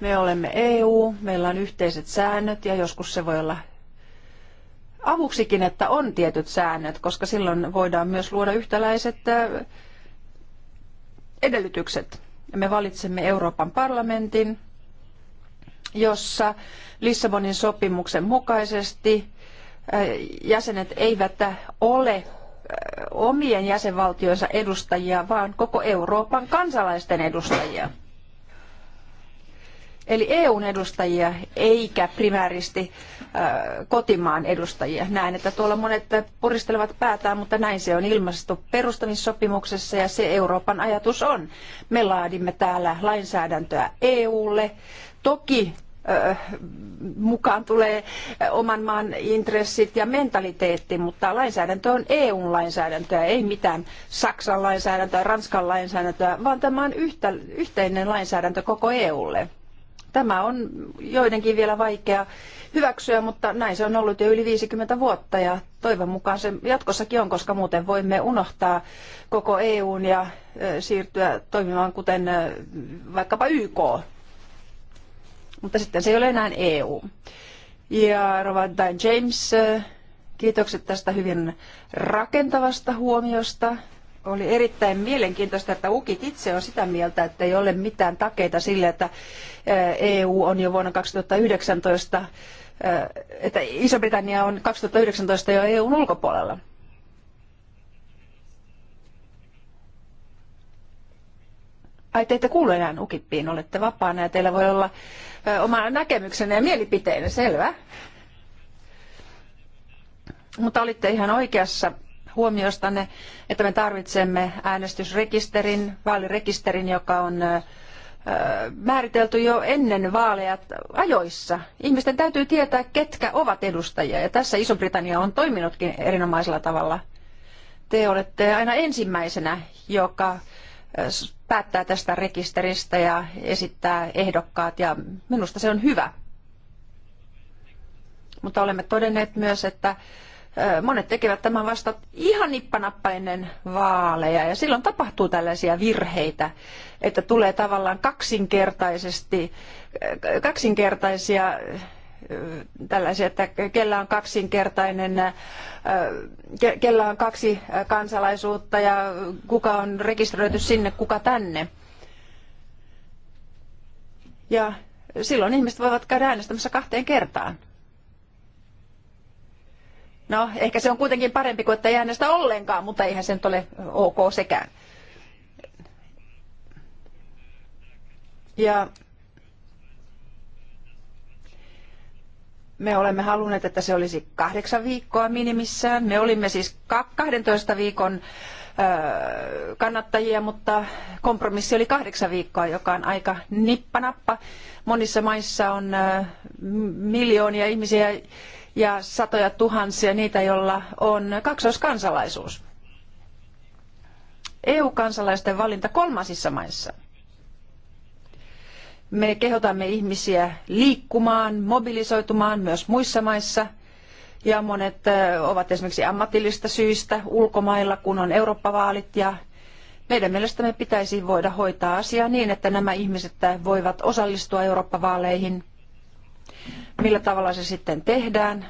Me olemme EU, meillä on yhteiset säännöt ja joskus se voi olla avuksikin, että on tietyt säännöt, koska silloin voidaan myös luoda yhtäläiset edellytykset. Me valitsemme Euroopan parlamentin, jossa Lissabonin sopimuksen mukaisesti jäsenet eivät ole omien jäsenvaltioissa edustajia, vaan koko Euroopan kansalaisten edustajia. Eli EUn edustajia eikä primääristi kotimaan edustajia. Näen, että tuolla monet puristelevat päätään, mutta näin se on ilmaistu perustamissopimuksessa ja se Euroopan ajatus on. Me laadimme täällä lainsäädäntöä EUlle. Toki mukaan tulee oman maan intressit ja mentaliteetti, mutta lainsäädäntö on EUn lainsäädäntöä, ei mitään Saksan lainsäädäntöä, Ranskan lainsäädäntöä, vaan tämä on yhtä, yhteinen lainsäädäntö koko EUlle. Tämä on joidenkin vielä vaikea hyväksyä, mutta näin se on ollut jo yli 50 vuotta ja toivon mukaan se jatkossakin on, koska muuten voimme unohtaa koko EUn ja siirtyä toimimaan kuten vaikkapa YK. Mutta sitten se ei ole enää EU. Ja Rovantain James, kiitokset tästä hyvin rakentavasta huomiosta oli erittäin mielenkiintoista, että UKIT itse on sitä mieltä, että ei ole mitään takeita sille, että EU eh, e on jo vuonna 2019, eh, että Iso-Britannia on 2019 jo EUn ulkopuolella. Ai te ette kuulu enää ukippiin, olette vapaana ja teillä voi olla eh, oma näkemyksenne ja mielipiteenne, selvä. Mutta olitte ihan oikeassa huomiostanne, että me tarvitsemme äänestysrekisterin, vaalirekisterin, joka on määritelty jo ennen vaaleja ajoissa. Ihmisten täytyy tietää, ketkä ovat edustajia, ja tässä Iso-Britannia on toiminutkin erinomaisella tavalla. Te olette aina ensimmäisenä, joka päättää tästä rekisteristä ja esittää ehdokkaat, ja minusta se on hyvä. Mutta olemme todenneet myös, että Monet tekevät tämän vasta ihan nippanappa ennen vaaleja ja silloin tapahtuu tällaisia virheitä, että tulee tavallaan kaksinkertaisesti, kaksinkertaisia tällaisia, että kellä on kaksinkertainen, kellä on kaksi kansalaisuutta ja kuka on rekisteröity sinne, kuka tänne. Ja silloin ihmiset voivat käydä äänestämässä kahteen kertaan. No, ehkä se on kuitenkin parempi kuin että ei äänestä ollenkaan, mutta eihän se nyt ole ok sekään. Ja me olemme halunneet, että se olisi kahdeksan viikkoa minimissään. Me olimme siis 12 viikon kannattajia, mutta kompromissi oli kahdeksan viikkoa, joka on aika nippanappa. Monissa maissa on miljoonia ihmisiä, ja satoja tuhansia niitä, joilla on kaksoiskansalaisuus. EU-kansalaisten valinta kolmansissa maissa. Me kehotamme ihmisiä liikkumaan, mobilisoitumaan myös muissa maissa – ja monet ovat esimerkiksi ammatillista syistä ulkomailla, kun on Eurooppa-vaalit ja meidän mielestämme pitäisi voida hoitaa asiaa niin, että nämä ihmiset voivat osallistua Eurooppa-vaaleihin millä tavalla se sitten tehdään.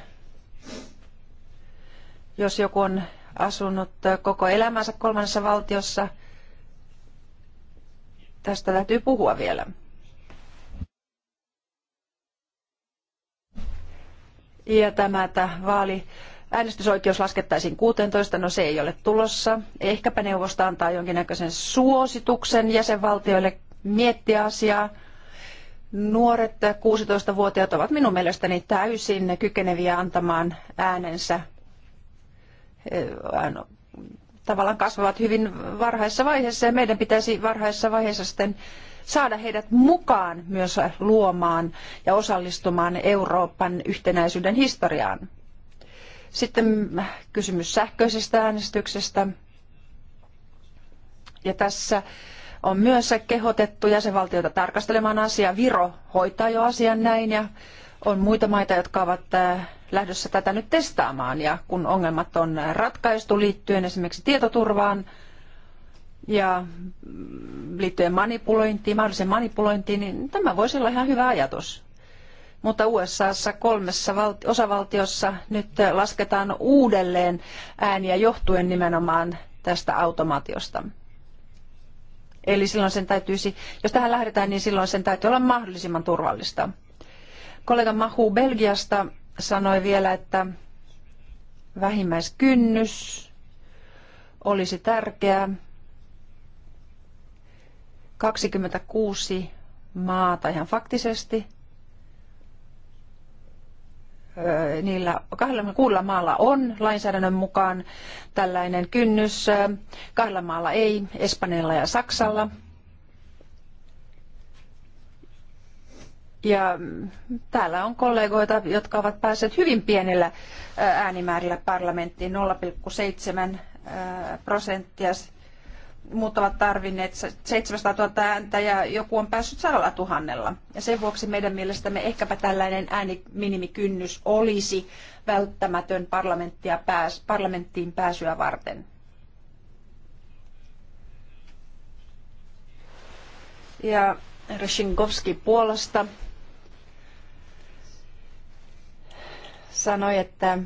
Jos joku on asunut koko elämänsä kolmannessa valtiossa, tästä täytyy puhua vielä. Ja tämä, että vaali, äänestysoikeus laskettaisiin 16, no se ei ole tulossa. Ehkäpä neuvosto antaa jonkinnäköisen suosituksen jäsenvaltioille miettiä asiaa. Nuoret 16-vuotiaat ovat minun mielestäni täysin kykeneviä antamaan äänensä. tavallaan kasvavat hyvin varhaisessa vaiheessa ja meidän pitäisi varhaisessa vaiheessa sitten saada heidät mukaan myös luomaan ja osallistumaan Euroopan yhtenäisyyden historiaan. Sitten kysymys sähköisestä äänestyksestä. Ja tässä on myös kehotettu jäsenvaltioita tarkastelemaan asiaa. Viro hoitaa jo asian näin ja on muita maita, jotka ovat äh, lähdössä tätä nyt testaamaan. Ja kun ongelmat on ratkaistu liittyen esimerkiksi tietoturvaan ja liittyen manipulointiin, mahdolliseen manipulointiin, niin tämä voisi olla ihan hyvä ajatus. Mutta USAssa kolmessa osavaltiossa nyt lasketaan uudelleen ääniä johtuen nimenomaan tästä automaatiosta. Eli silloin sen täytyisi, jos tähän lähdetään, niin silloin sen täytyy olla mahdollisimman turvallista. Kollega Mahu Belgiasta sanoi vielä, että vähimmäiskynnys olisi tärkeä. 26 maata ihan faktisesti niillä kuulla maalla on lainsäädännön mukaan tällainen kynnys, kahdella maalla ei, Espanjalla ja Saksalla. Ja mm, täällä on kollegoita, jotka ovat päässeet hyvin pienellä äänimäärillä parlamenttiin 0,7 prosenttia muut ovat tarvinneet 700 000 ääntä ja joku on päässyt 100 000. Ja sen vuoksi meidän mielestämme ehkäpä tällainen ääniminimikynnys olisi välttämätön parlamenttia pääs, parlamenttiin pääsyä varten. Ja Reshinkovski Puolasta sanoi, että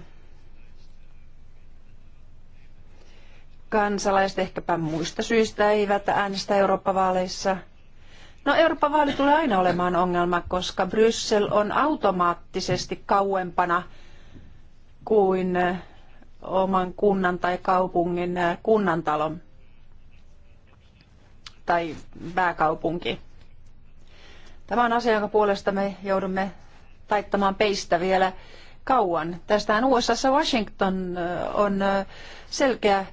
kansalaiset ehkäpä muista syistä eivät äänestä Eurooppa-vaaleissa. No Eurooppa-vaali tulee aina olemaan ongelma, koska Bryssel on automaattisesti kauempana kuin eh, oman kunnan tai kaupungin eh, kunnantalo tai pääkaupunki. Tämä on asia, jonka puolesta me joudumme taittamaan peistä vielä kauan. Tästähän USA Washington eh, on selkeä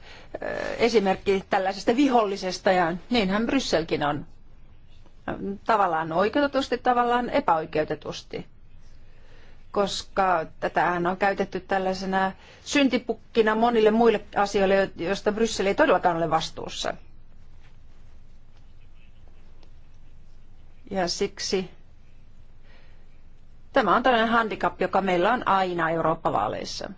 esimerkki tällaisesta vihollisesta ja niinhän Brysselkin on. Tavallaan oikeutetusti, tavallaan epäoikeutetusti koska tätähän on käytetty tällaisena syntipukkina monille muille asioille, joista Bryssel ei todellakaan ole vastuussa. Ja siksi tämä on tällainen handicap, joka meillä on aina Eurooppa-vaaleissa.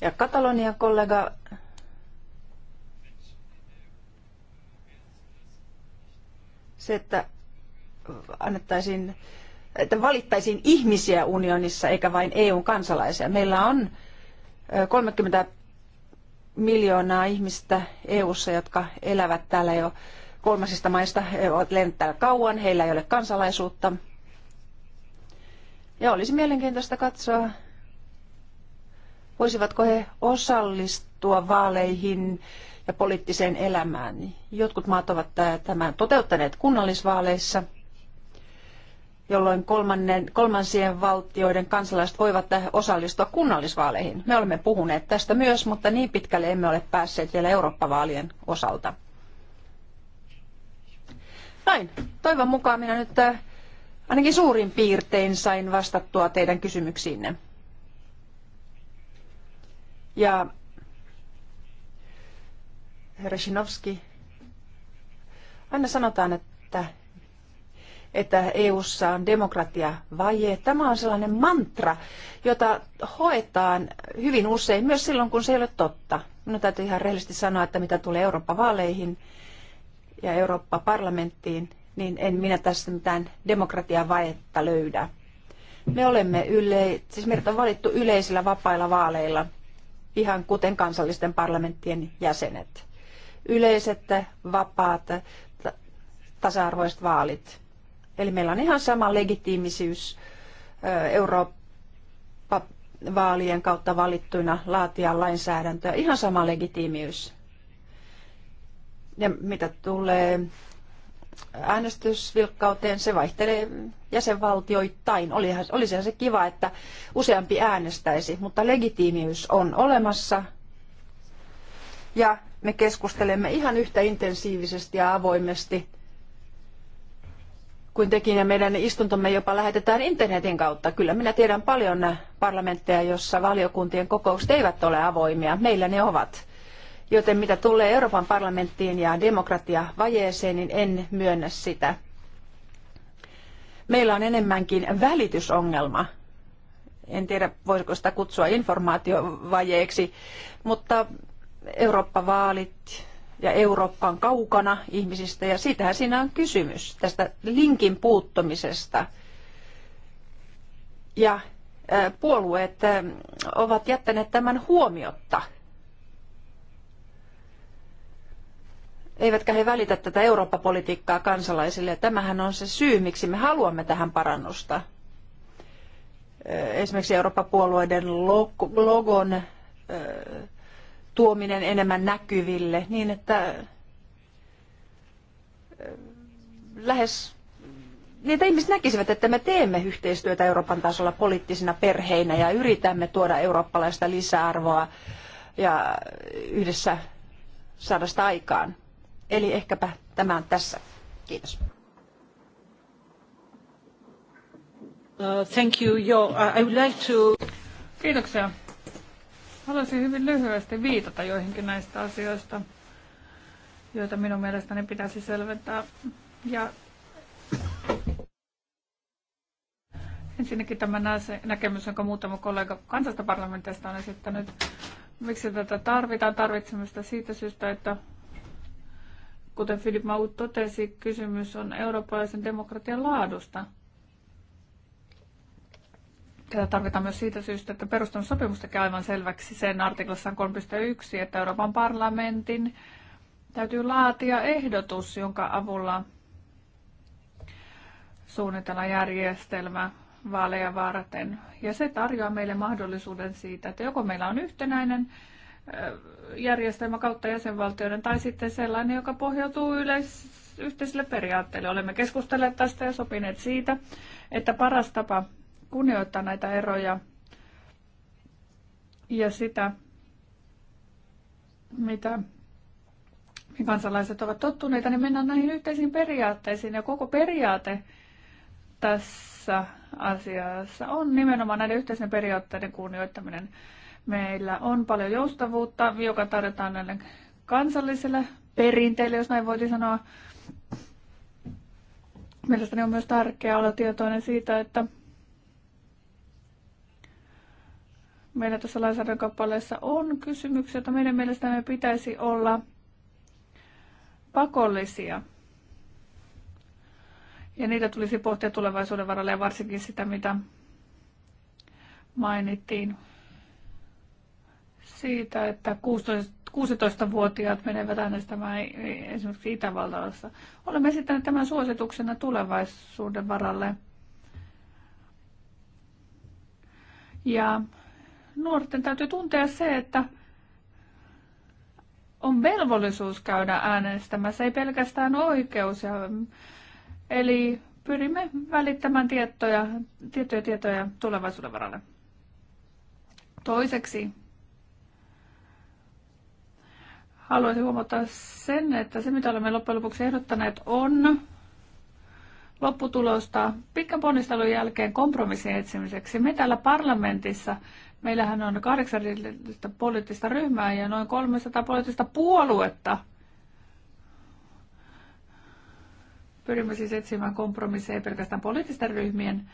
Ja Katalonian kollega se, että annettaisiin, että valittaisiin ihmisiä unionissa eikä vain EUn kansalaisia. Meillä on 30 miljoonaa ihmistä EUssa, jotka elävät täällä jo kolmasista maista, he ovat lentäneet täällä kauan, heillä ei ole kansalaisuutta. Ja olisi mielenkiintoista katsoa, voisivatko he osallistua vaaleihin ja poliittiseen elämään. Jotkut maat ovat tämän toteuttaneet kunnallisvaaleissa, jolloin kolmannen, kolmansien valtioiden kansalaiset voivat osallistua kunnallisvaaleihin. Me olemme puhuneet tästä myös, mutta niin pitkälle emme ole päässeet vielä Eurooppa-vaalien osalta. Näin. Toivon mukaan minä nyt äh, ainakin suurin piirtein sain vastattua teidän kysymyksiinne. Ja herra aina sanotaan, että että EU:ssa on demokratia vaje. Tämä on sellainen mantra, jota hoetaan hyvin usein, myös silloin kun se ei ole totta. Minun täytyy ihan rehellisesti sanoa, että mitä tulee Eurooppa-vaaleihin ja Eurooppa-parlamenttiin, niin en minä tässä mitään demokratiavajetta löydä. Me olemme yle- siis meidät on valittu yleisillä vapailla vaaleilla – ihan kuten kansallisten parlamenttien jäsenet. Yleiset, vapaat, tasa-arvoiset vaalit. Eli meillä on ihan sama legitiimisyys Eurooppa-vaalien kautta valittuina laatia lainsäädäntöä. Ihan sama legitiimiys. Ja mitä tulee äänestysvilkkauteen, se vaihtelee jäsenvaltioittain. Olihan, olisihan se kiva, että useampi äänestäisi, mutta legitiimiys on olemassa. Ja me keskustelemme ihan yhtä intensiivisesti ja avoimesti kuin tekin ja meidän istuntomme jopa lähetetään internetin kautta. Kyllä minä tiedän paljon parlamentteja, jossa valiokuntien kokoukset eivät ole avoimia. Meillä ne ovat. Joten mitä tulee Euroopan parlamenttiin ja demokratiavajeeseen, niin en myönnä sitä. Meillä on enemmänkin välitysongelma. En tiedä, voisiko sitä kutsua informaatiovajeeksi, mutta Eurooppa-vaalit ja Eurooppa on kaukana ihmisistä ja siitähän siinä on kysymys, tästä linkin puuttumisesta. Ja puolueet ovat jättäneet tämän huomiotta – eivätkä he välitä tätä Eurooppa-politiikkaa kansalaisille. Ja tämähän on se syy, miksi me haluamme tähän parannusta. Esimerkiksi Eurooppa-puolueiden logon tuominen enemmän näkyville, niin että lähes niitä ihmiset näkisivät, että me teemme yhteistyötä Euroopan tasolla poliittisina perheinä ja yritämme tuoda eurooppalaista lisäarvoa ja yhdessä saada sitä aikaan. Eli ehkäpä tämä on tässä. Kiitos. Uh, thank you. Jo. I would like to... Kiitoksia. Haluaisin hyvin lyhyesti viitata joihinkin näistä asioista, joita minun mielestäni pitäisi selventää. Ja ensinnäkin tämä näkemys, jonka muutama kollega kansasta parlamentista on esittänyt. Miksi tätä tarvitaan? Tarvitsemme sitä siitä syystä, että Kuten Philip Maut totesi, kysymys on eurooppalaisen demokratian laadusta. Tätä tarvitaan myös siitä syystä, että perustamissopimus tekee aivan selväksi sen artiklassa 3.1, että Euroopan parlamentin täytyy laatia ehdotus, jonka avulla suunnitella järjestelmä vaaleja varten. Ja se tarjoaa meille mahdollisuuden siitä, että joko meillä on yhtenäinen järjestelmä kautta jäsenvaltioiden tai sitten sellainen, joka pohjautuu yleis- yhteisille Olemme keskustelleet tästä ja sopineet siitä, että paras tapa kunnioittaa näitä eroja ja sitä, mitä kansalaiset ovat tottuneita, niin mennään näihin yhteisiin periaatteisiin. Ja koko periaate tässä asiassa on nimenomaan näiden yhteisen periaatteiden kunnioittaminen. Meillä on paljon joustavuutta, joka tarjotaan näille kansallisille perinteille, jos näin voitiin sanoa. Mielestäni on myös tärkeää olla tietoinen siitä, että meillä tässä lainsäädännön kappaleessa on kysymyksiä, joita meidän mielestämme pitäisi olla pakollisia. Ja niitä tulisi pohtia tulevaisuuden varalle ja varsinkin sitä, mitä mainittiin siitä, että 16-vuotiaat menevät äänestämään esimerkiksi Itävaltalassa. Olemme esittäneet tämän suosituksena tulevaisuuden varalle. Ja nuorten täytyy tuntea se, että on velvollisuus käydä äänestämässä, ei pelkästään oikeus. Ja, eli pyrimme välittämään tietoja, tiettyjä tietoja tulevaisuuden varalle. Toiseksi haluaisin huomata sen, että se mitä olemme loppujen lopuksi ehdottaneet on lopputulosta pitkän ponnistelun jälkeen kompromissin etsimiseksi. Me täällä parlamentissa, meillähän on kahdeksan poliittista ryhmää ja noin 300 poliittista puoluetta. Pyrimme siis etsimään kompromisseja pelkästään poliittisten ryhmien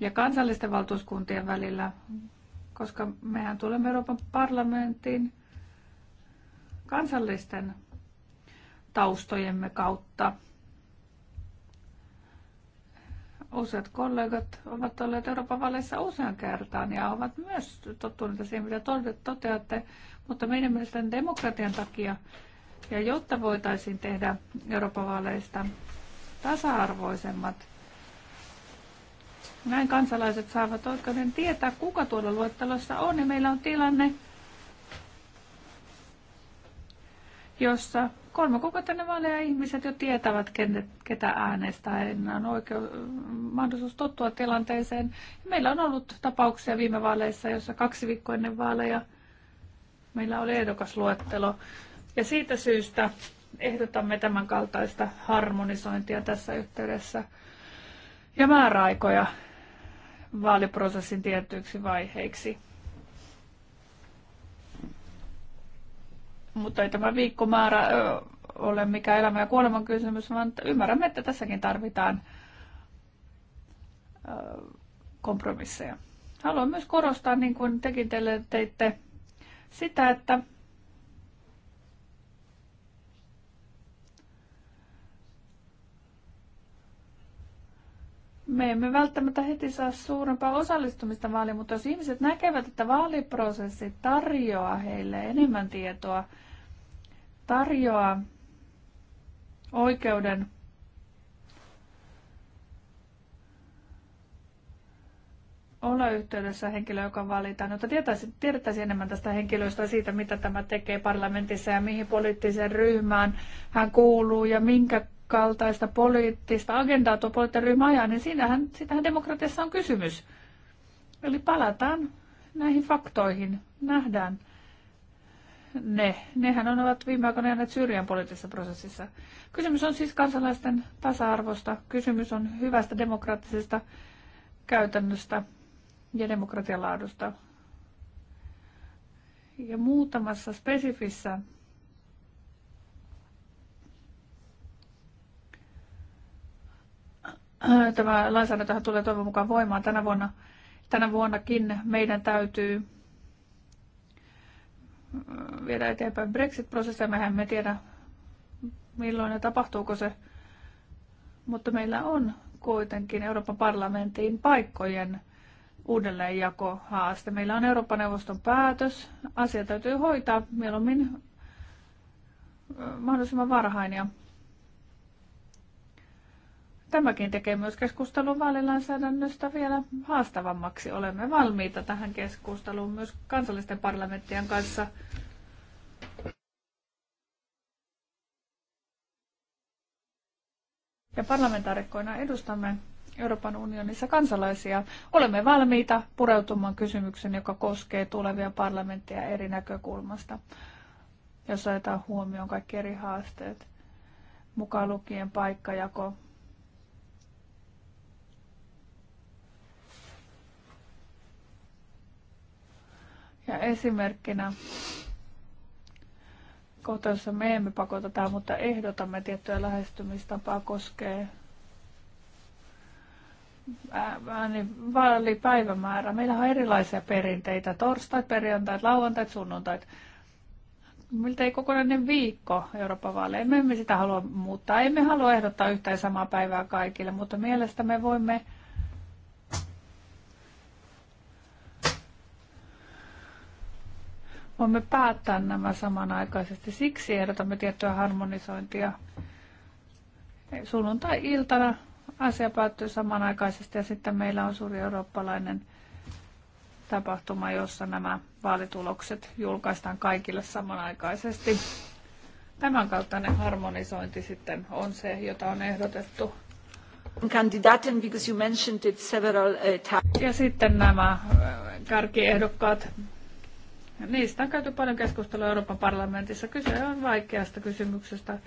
ja kansallisten valtuuskuntien välillä, koska mehän tulemme Euroopan parlamenttiin – kansallisten taustojemme kautta. Useat kollegat ovat olleet Euroopan vaaleissa usean kertaan ja ovat myös tottuneita siihen, mitä toteatte, mutta meidän mielestämme demokratian takia ja jotta voitaisiin tehdä Euroopan vaaleista tasa-arvoisemmat, näin kansalaiset saavat oikeuden tietää, kuka tuolla luettelossa on, ja meillä on tilanne, jossa kolme kokoinen vaaleja ihmiset jo tietävät, ketä äänestää. Heillä on oikeus, mahdollisuus tottua tilanteeseen. Meillä on ollut tapauksia viime vaaleissa, jossa kaksi viikkoa ennen vaaleja meillä oli ehdokasluettelo. Ja siitä syystä ehdotamme tämän kaltaista harmonisointia tässä yhteydessä ja määräaikoja vaaliprosessin tietyiksi vaiheiksi. Mutta ei tämä viikkomäärä ole mikään elämä ja kuoleman kysymys, vaan ymmärrämme, että tässäkin tarvitaan kompromisseja. Haluan myös korostaa, niin kuin tekin teille teitte, sitä, että me emme välttämättä heti saa suurempaa osallistumista vaaliin, mutta jos ihmiset näkevät, että vaaliprosessi tarjoaa heille enemmän tietoa, tarjoaa oikeuden olla yhteydessä henkilö, joka valitaan, jotta tietäisi, tiedettäisiin enemmän tästä henkilöstä siitä, mitä tämä tekee parlamentissa ja mihin poliittiseen ryhmään hän kuuluu ja minkä kaltaista poliittista agendaa tuo poliittinen ryhmä ajaa, niin siinähän, sitähän demokratiassa on kysymys. Eli palataan näihin faktoihin, nähdään ne. Nehän on ovat viime aikoina jääneet syrjään poliittisessa prosessissa. Kysymys on siis kansalaisten tasa-arvosta, kysymys on hyvästä demokraattisesta käytännöstä ja demokratialaadusta. Ja muutamassa spesifissä Äh, tämä lainsäädäntö tulee toivon mukaan voimaan tänä vuonna. Tänä vuonnakin meidän täytyy äh, viedä eteenpäin Brexit-prosessia. Mehän me tiedä, milloin ja tapahtuuko se. Mutta meillä on kuitenkin Euroopan parlamentin paikkojen uudelleenjakohaaste. Meillä on Euroopan neuvoston päätös. Asia täytyy hoitaa mieluummin äh, mahdollisimman varhain ja Tämäkin tekee myös keskustelun vaalilainsäädännöstä vielä haastavammaksi. Olemme valmiita tähän keskusteluun myös kansallisten parlamenttien kanssa. Ja parlamentaarikkoina edustamme Euroopan unionissa kansalaisia. Olemme valmiita pureutumaan kysymyksen, joka koskee tulevia parlamentteja eri näkökulmasta, jos otetaan huomioon kaikki eri haasteet, mukaan lukien paikkajako, Ja esimerkkinä kohta, jossa me emme pakota mutta ehdotamme tiettyä lähestymistapaa koskee niin vaalipäivämäärä. Meillä on erilaisia perinteitä. Torstait, perjantait, lauantait, sunnuntait. ei kokonainen viikko Euroopan vaaleja. Emme me sitä halua muuttaa. Emme halua ehdottaa yhtä ja samaa päivää kaikille, mutta me voimme voimme päättää nämä samanaikaisesti. Siksi ehdotamme tiettyä harmonisointia. Sunnuntai-iltana asia päättyy samanaikaisesti ja sitten meillä on suuri eurooppalainen tapahtuma, jossa nämä vaalitulokset julkaistaan kaikille samanaikaisesti. Tämän kaltainen harmonisointi sitten on se, jota on ehdotettu. because you mentioned it several uh, times. Ja sitten nämä äh, kärkiehdokkaat Niistä on käyty paljon keskustelua Euroopan parlamentissa. Kyse on vaikeasta kysymyksestä,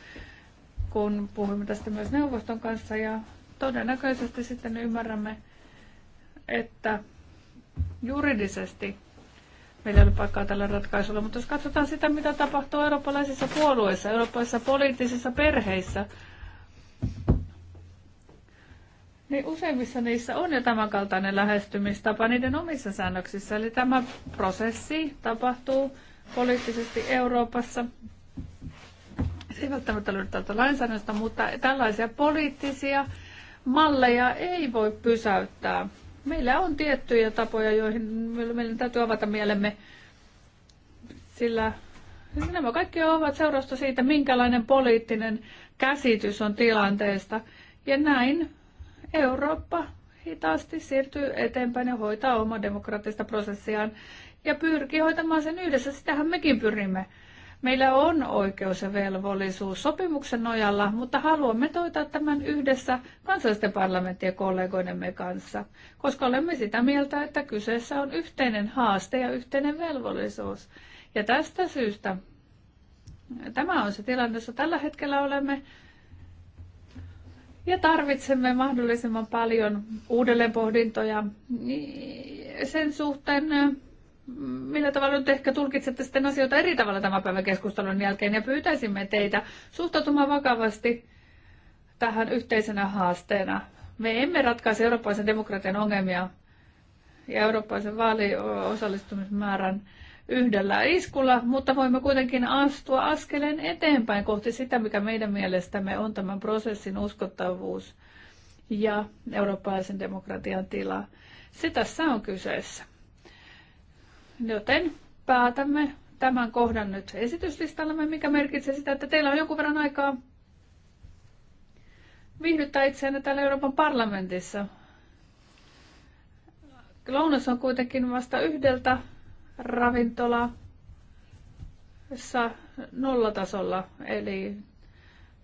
kun puhumme tästä myös neuvoston kanssa ja todennäköisesti sitten ymmärrämme, että juridisesti meillä ei ole paikkaa tällä ratkaisulla, mutta jos katsotaan sitä, mitä tapahtuu eurooppalaisissa puolueissa, eurooppalaisissa poliittisissa perheissä, niin useimmissa niissä on jo tämänkaltainen lähestymistapa niiden omissa säännöksissä. Eli tämä prosessi tapahtuu poliittisesti Euroopassa. Se ei välttämättä löydy tältä lainsäädännöstä, mutta tällaisia poliittisia malleja ei voi pysäyttää. Meillä on tiettyjä tapoja, joihin meidän täytyy avata mielemme, sillä nämä kaikki ovat seurausta siitä, minkälainen poliittinen käsitys on tilanteesta. Ja näin Eurooppa hitaasti siirtyy eteenpäin ja hoitaa omaa demokraattista prosessiaan ja pyrkii hoitamaan sen yhdessä. Sitähän mekin pyrimme. Meillä on oikeus ja velvollisuus sopimuksen nojalla, mutta haluamme toitaa tämän yhdessä kansallisten parlamenttien kollegoidemme kanssa, koska olemme sitä mieltä, että kyseessä on yhteinen haaste ja yhteinen velvollisuus. Ja tästä syystä tämä on se tilanne, jossa tällä hetkellä olemme. Ja tarvitsemme mahdollisimman paljon uudelleenpohdintoja niin sen suhteen, millä tavalla nyt ehkä tulkitsette sitten asioita eri tavalla tämän päivän keskustelun jälkeen ja pyytäisimme teitä suhtautumaan vakavasti tähän yhteisenä haasteena. Me emme ratkaise eurooppalaisen demokratian ongelmia ja eurooppalaisen vaaliosallistumismäärän yhdellä iskulla, mutta voimme kuitenkin astua askeleen eteenpäin kohti sitä, mikä meidän mielestämme on tämän prosessin uskottavuus ja eurooppalaisen demokratian tila. Se tässä on kyseessä. Joten päätämme tämän kohdan nyt esityslistallamme, mikä merkitsee sitä, että teillä on jonkun verran aikaa viihdyttää itseänne täällä Euroopan parlamentissa. Lounas on kuitenkin vasta yhdeltä ravintola nollatasolla, eli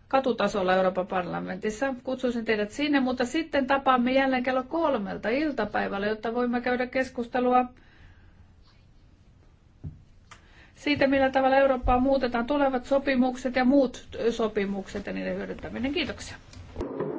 katutasolla Euroopan parlamentissa. Kutsuisin teidät sinne, mutta sitten tapaamme jälleen kello kolmelta iltapäivällä, jotta voimme käydä keskustelua siitä, millä tavalla Eurooppaa muutetaan tulevat sopimukset ja muut sopimukset ja niiden hyödyntäminen. Kiitoksia.